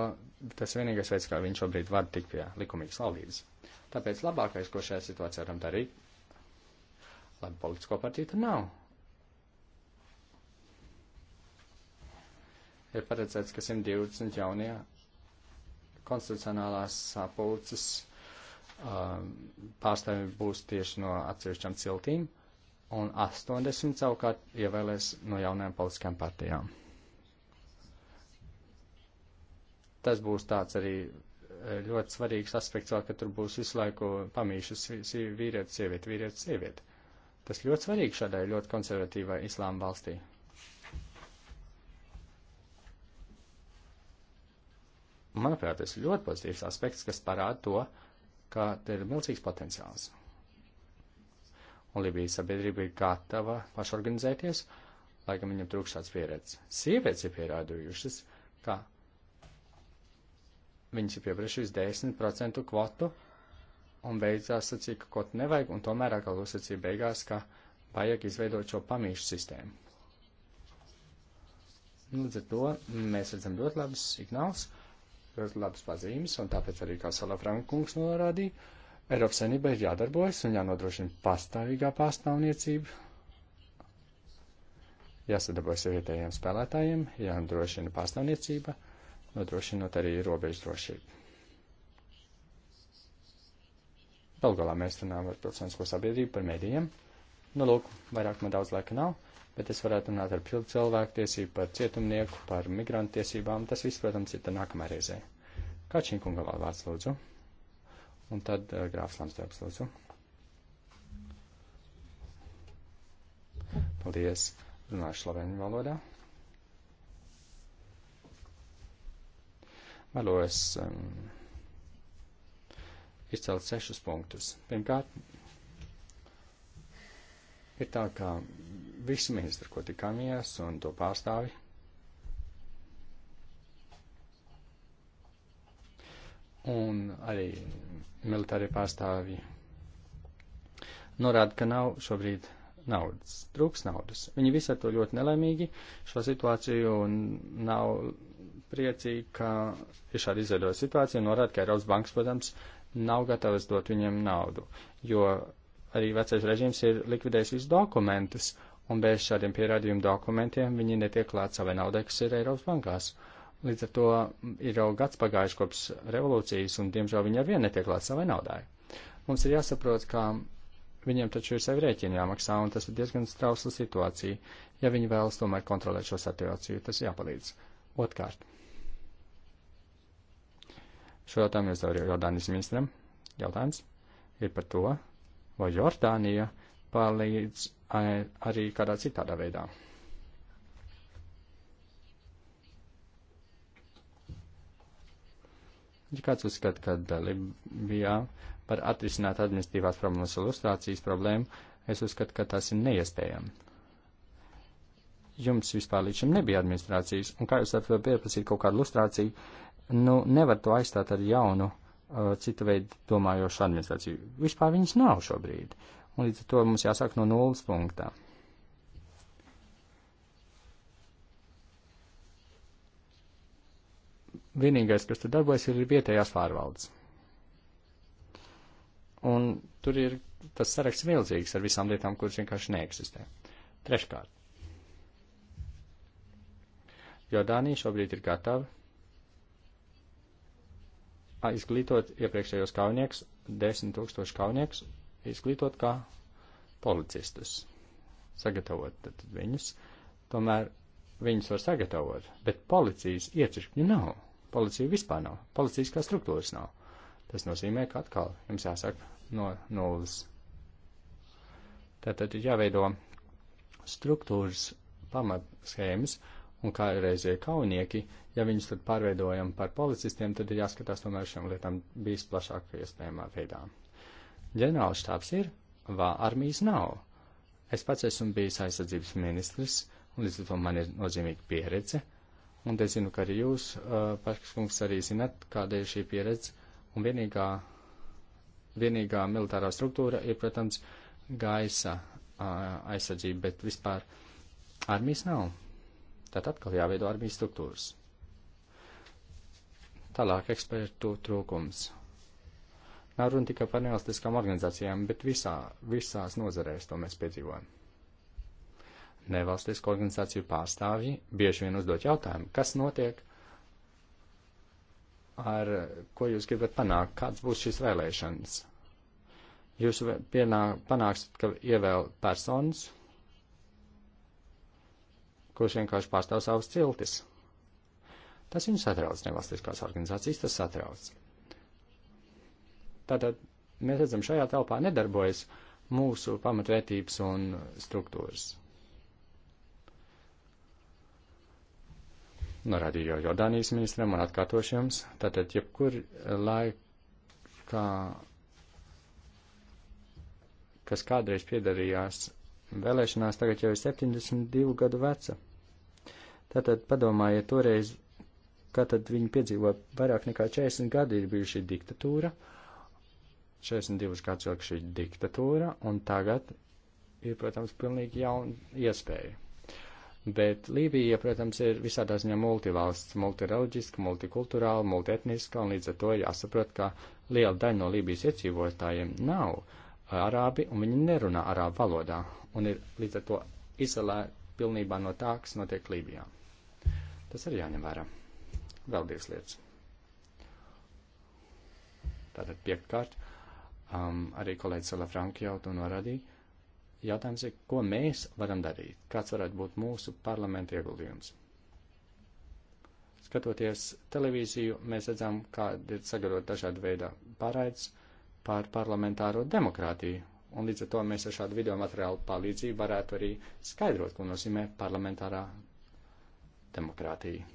tas vienīgais veids, kā viņš šobrīd var tikt pie likumīgas valdības. Tāpēc labākais, ko šajā situācijā varam darīt, Labi, politisko partiju tur nav. Ir paredzēts, ka 120 jaunie konstitucionālās sapulces um, pārstāvji būs tieši no atsevišķām ciltīm, un 80 savukārt ievēlēs no jaunajām politiskajām partijām. Tas būs tāds arī eh, ļoti svarīgs aspekts, vēl, ka tur būs visu laiku pamīšas vīrietis, sieviete, vīrietis, sieviete. Tas ļoti svarīgi šādai ļoti konservatīvai islāma valstī. Manuprāt, tas ir ļoti pozitīvs aspekts, kas parāda to, ka te ir milzīgs potenciāls. Un Libijas sabiedrība ir gatava pašorganizēties, lai gan viņam trūkst šāds pieredzes. Sievietes ir pierādījušas, ka viņas ir pieprasījušas 10% kvotu un beidzās sacīja, ka kaut nevajag, un tomēr atkal uzsacīja beigās, ka vajag izveidot šo pamīšu sistēmu. Nu, līdz ar to mēs redzam ļoti labus signālus, ļoti labas pazīmes, un tāpēc arī, kā Salafrankungs norādīja, Eiropas Savienībai ir jādarbojas un jānodrošina pastāvīgā pārstāvniecība. Jāsadarbojas ar vietējiem spēlētājiem, jānodrošina pārstāvniecība, nodrošinot arī robežu drošību. Galu galā mēs runājam par pilsonisko sabiedrību, par medijiem. Nu, lūk, vairāk man daudz laika nav, bet es varētu runāt ar cilvēku tiesību, par cietumnieku, par migrantu tiesībām. Tas viss, protams, ir tā nākamā reizē. Kā Činkungam vēl vārds lūdzu? Un tad uh, grāfs Lamsdēbs lūdzu. Paldies. Runāšu sloveņu valodā. Vēlos um, izcelt sešus punktus. Pirmkārt, ir tā, ka visi ministri, ko tikāmies un to pārstāvi, un arī militārie pārstāvi norāda, ka nav šobrīd naudas, trūks naudas. Viņi visi ar to ļoti nelaimīgi šo situāciju un nav priecīgi, ka ir šāda izveidota situācija un norāda, ka Eiropas banks, protams, nav gatavas dot viņiem naudu, jo arī vecais režīms ir likvidējis visus dokumentus, un bez šādiem pierādījumu dokumentiem viņi netiek klāt savai naudai, kas ir Eiropas bankās. Līdz ar to ir jau gads pagājuši kopš revolūcijas, un diemžēl viņi arvien netiek klāt savai naudai. Mums ir jāsaprot, ka viņiem taču ir sevi rēķini jāmaksā, un tas ir diezgan strausla situācija, ja viņi vēlas tomēr kontrolēt šo situāciju, tas jāpalīdz. Otkārt. Šo jautājumu uzdev Jordānijas ministram. Jautājums ir par to, vai Jordānija palīdz eh, arī kādā citādā veidā. Ja kāds uzskata, ka Libijā par atrisināt administratīvās problēmas ilustrācijas problēmu, es uzskatu, ka tas ir neiespējami. Jums vispār līdz šim nebija administrācijas, un kā jūs varat pieprasīt kaut kādu ilustrāciju, nu, nevar to aizstāt ar jaunu, uh, citu veidu domājošu administrāciju. Vispār viņas nav šobrīd, un līdz ar to mums jāsāk no nulles punktā. Vienīgais, kas tur darbojas, ir vietējās pārvaldes. Un tur ir tas saraksts milzīgs ar visām lietām, kuras vienkārši neeksistē. Treškārt. Jordānija šobrīd ir gatava izglītot iepriekšējos kaujniekus, 10 tūkstoši kaujniekus, izglītot kā policistus, sagatavot tad viņus, tomēr viņus var sagatavot, bet policijas iecirkņu nav, policija vispār nav, policijas kā struktūras nav. Tas nozīmē, ka atkal jums jāsāk no nulles. Tātad ir jāveido struktūras pamatschēmas, un kā reizie kaunieki, ja viņus tad pārveidojam par policistiem, tad ir jāskatās tomēr šiem lietām bijis plašāk iespējamā veidā. Ģenerālštābs ir, vā armijas nav. Es pats esmu bijis aizsardzības ministrs, un līdz ar to man ir nozīmīga pieredze, un es zinu, ka arī jūs, uh, paškungs, arī zinat, kāda ir šī pieredze, un vienīgā, vienīgā militārā struktūra ir, protams, gaisa uh, aizsardzība, bet vispār armijas nav. Tad atkal jāveido armijas struktūras. Tālāk ekspertu trūkums. Nav runa tikai par nevalstiskām organizācijām, bet visā, visās nozarēs to mēs piedzīvojam. Nevalstisko organizāciju pārstāvji bieži vien uzdot jautājumu, kas notiek, ar ko jūs gribat panākt, kāds būs šis vēlēšanas. Jūs pienāk, panāksiet, ka ievēl personas, kurš vienkārši pārstāv savus ciltis. Tas viņu satrauc, nevalstiskās organizācijas tas satrauc. Tātad mēs redzam, šajā telpā nedarbojas mūsu pamatvērtības un struktūras. Norādīju nu, jau Jordānijas ministram un atkārtošu jums, tātad jebkur laikā, kas kādreiz piedarījās vēlēšanās, tagad jau ir 72 gadu veca. Tātad padomājiet toreiz, kā tad viņi piedzīvoja vairāk nekā 40 gadi ir bijuši diktatūra, 42 gadus ilga šī diktatūra, un tagad ir, protams, pilnīgi jauna iespēja. Bet Lībija, protams, ir visādā ziņā multivalsts, multireliģiska, multikulturāla, multietniska, un līdz ar to jāsaprot, ka liela daļa no Lībijas iedzīvotājiem nav uh, arābi, un viņi nerunā arābu valodā, un ir līdz ar to izolēti pilnībā no tā, kas notiek Lībijā. Tas arī jāņem vērā. Vēl divas lietas. Tātad piekārt, um, arī kolēģis Sala Franki jau to norādīja. Jautājums ir, ko mēs varam darīt? Kāds varētu būt mūsu parlamenta ieguldījums? Skatoties televīziju, mēs redzam, kāda ir sagatavota dažāda veida pārraids par parlamentāro demokrātiju. Un līdz ar to mēs ar šādu video materiālu palīdzību varētu arī skaidrot, ko nozīmē parlamentārā demokrātiju.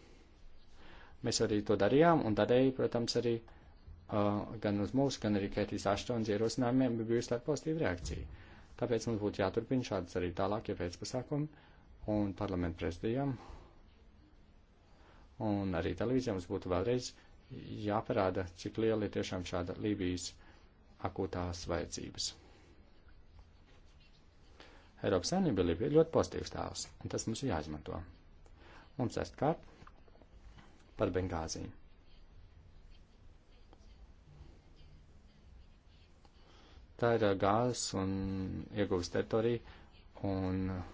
Mēs arī to darījām, un tādēļ, protams, arī uh, gan uz mūsu, gan arī Kētīs Aštonas ierosinājumiem bija bijusi tāda pozitīva reakcija. Tāpēc mums būtu jāturpina šādas arī tālākie ja pēcpasākumi un parlamentu prezidijām. Un arī televīzijām mums būtu vēlreiz jāparāda, cik liela ir tiešām šāda Lībijas akūtās vajadzības. Eiropas saimnība ir ļoti pozitīvs tēls, un tas mums ir jāizmanto. Un sestkārt par Bengāziju. Tā ir uh, gāzes un ieguves teritorija, un uh,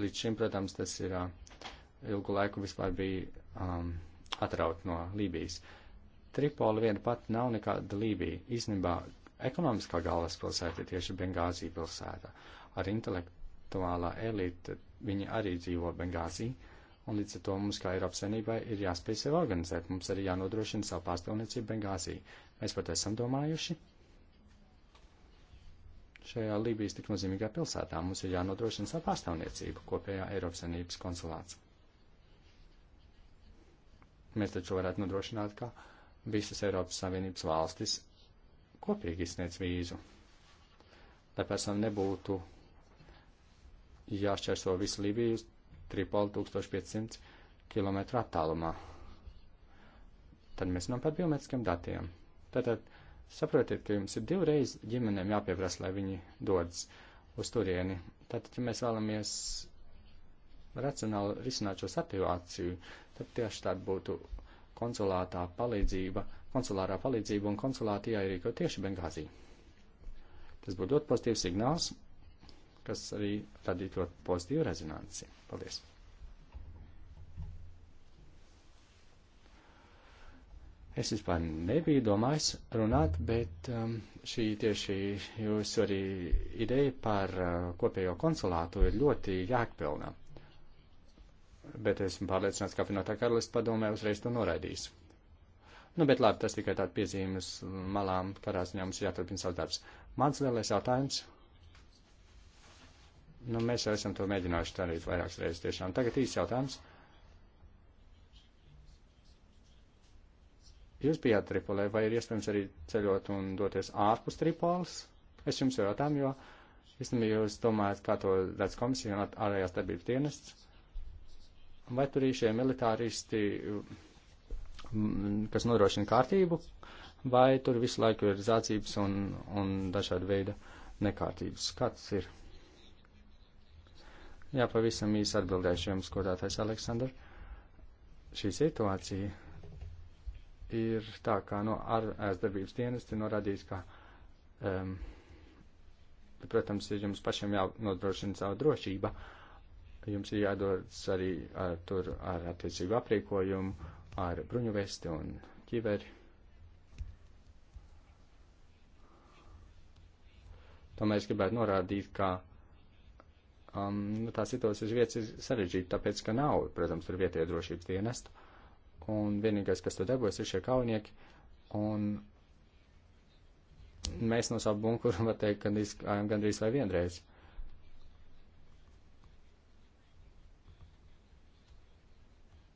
līdz šim, protams, tas ir uh, ilgu laiku vispār bija um, atraut no Lībijas. Tripola viena pat nav nekāda Lībija. Īstenībā ekonomiskā galvaspilsēta ir tieši Bengāzija pilsēta. Ar intelektuālā elite viņi arī dzīvo Bengāzija un līdz ar to mums kā Eiropas Savienībai ir jāspēj sevi organizēt. Mums arī jānodrošina savu pārstāvniecību Bengāzī. Mēs par to esam domājuši. Šajā Lībijas tik nozīmīgā pilsētā mums ir jānodrošina savu pārstāvniecību kopējā Eiropas Savienības konsulāts. Mēs taču varētu nodrošināt, ka visas Eiropas Savienības valstis kopīgi izsniedz vīzu, lai persona nebūtu jāšķērso visu Lībiju uz Tripoli 1500 km attālumā. Tad mēs runājam par biometriskiem datiem. Tātad saprotiet, ka jums ir divreiz ģimenēm jāpieprasa, lai viņi dodas uz turieni. Tātad, ja mēs vēlamies racionāli risināt šo situāciju, tad tieši tāda būtu konsulātā palīdzība, konsulārā palīdzība un konsulāti jāierīko tieši Bengāzī. Tas būtu ļoti pozitīvs signāls, kas arī radītu ļoti pozitīvu rezonanci. Paldies! Es vispār nebiju domājis runāt, bet um, šī tieši jūsu arī ideja par uh, kopējo konsulātu ir ļoti jākpilnā. Bet esmu pārliecināts, ka apvienotā karalista padomē uzreiz to noraidīs. Nu, bet labi, tas tikai tāda piezīmes malām, kādā ziņā mums jāturpina savs darbs. Mans lielais jautājums Nu, mēs jau esam to mēģinājuši darīt vairākas reizes tiešām. Tagad īsts jautājums. Jūs bijāt Tripolē, vai ir iespējams arī ceļot un doties ārpus Tripols? Es jums jau jautāju, jo, īstenībā, jūs domājat, kā to redz komisija un ārējās darbības dienests? Vai tur ir šie militāristi, mm, kas nodrošina kārtību, vai tur visu laiku ir zācības un, un dažāda veida nekārtības? Kāds ir? Jā, pavisam īsi atbildēšu jums, godātais Aleksandr. Šī situācija ir tā, kā no ārēsdarbības dienesti norādījis, ka, um, protams, ir jums pašiem jānodrošina savu drošību. Jums ir jādodas arī ar, tur ar attiecīgu aprīkojumu, ar bruņuvesti un ķiveri. Tomēr es gribētu norādīt, ka um, nu, tā situācija uz vietas ir sarežģīta, tāpēc, ka nav, protams, tur vietējā drošības dienesta, un vienīgais, kas tur darbojas, ir šie kaujinieki, un mēs no savu bunkuru, var teikt, gandrīz, gandrīz vai vienreiz. Uh,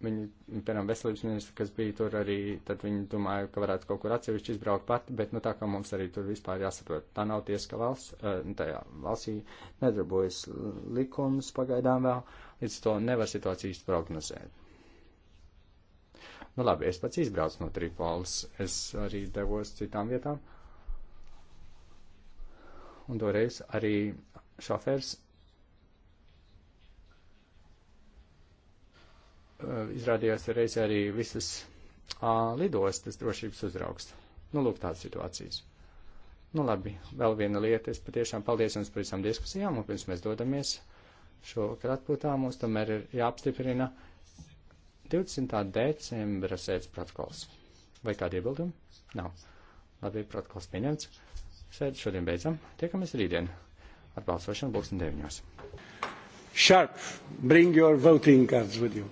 Viņi, piemēram, veselības ministri, kas bija tur arī, tad viņi domāja, ka varētu kaut kur atsevišķi izbraukt pati, bet, nu, tā kā mums arī tur vispār jāsaprot, tā nav tiesa, ka valsts, eh, nu, tajā valstī nedarbojas likums pagaidām vēl, līdz to nevar situācijas prognozēt. Nu, labi, es pats izbraucu no Tripolis, es arī devos citām vietām. Un toreiz arī šofērs Eh, izrādījās reizē arī visas uh, lidostas drošības uzraugs. Nu, lūk, tādas situācijas. Nu, labi, vēl viena lieta. Es patiešām paldies jums par visām diskusijām, un pirms mēs dodamies šovakar atpūtā, mums tomēr ir jāapstiprina 20. decembra sēdes protokols. Vai kādi iebildumi? Nav. Labi, protokols pieņemts. Sēdi šodien beidzam. Tiekamies rītdien. Ar balsošanu būsim 9. Sharp, bring your voting cards with you.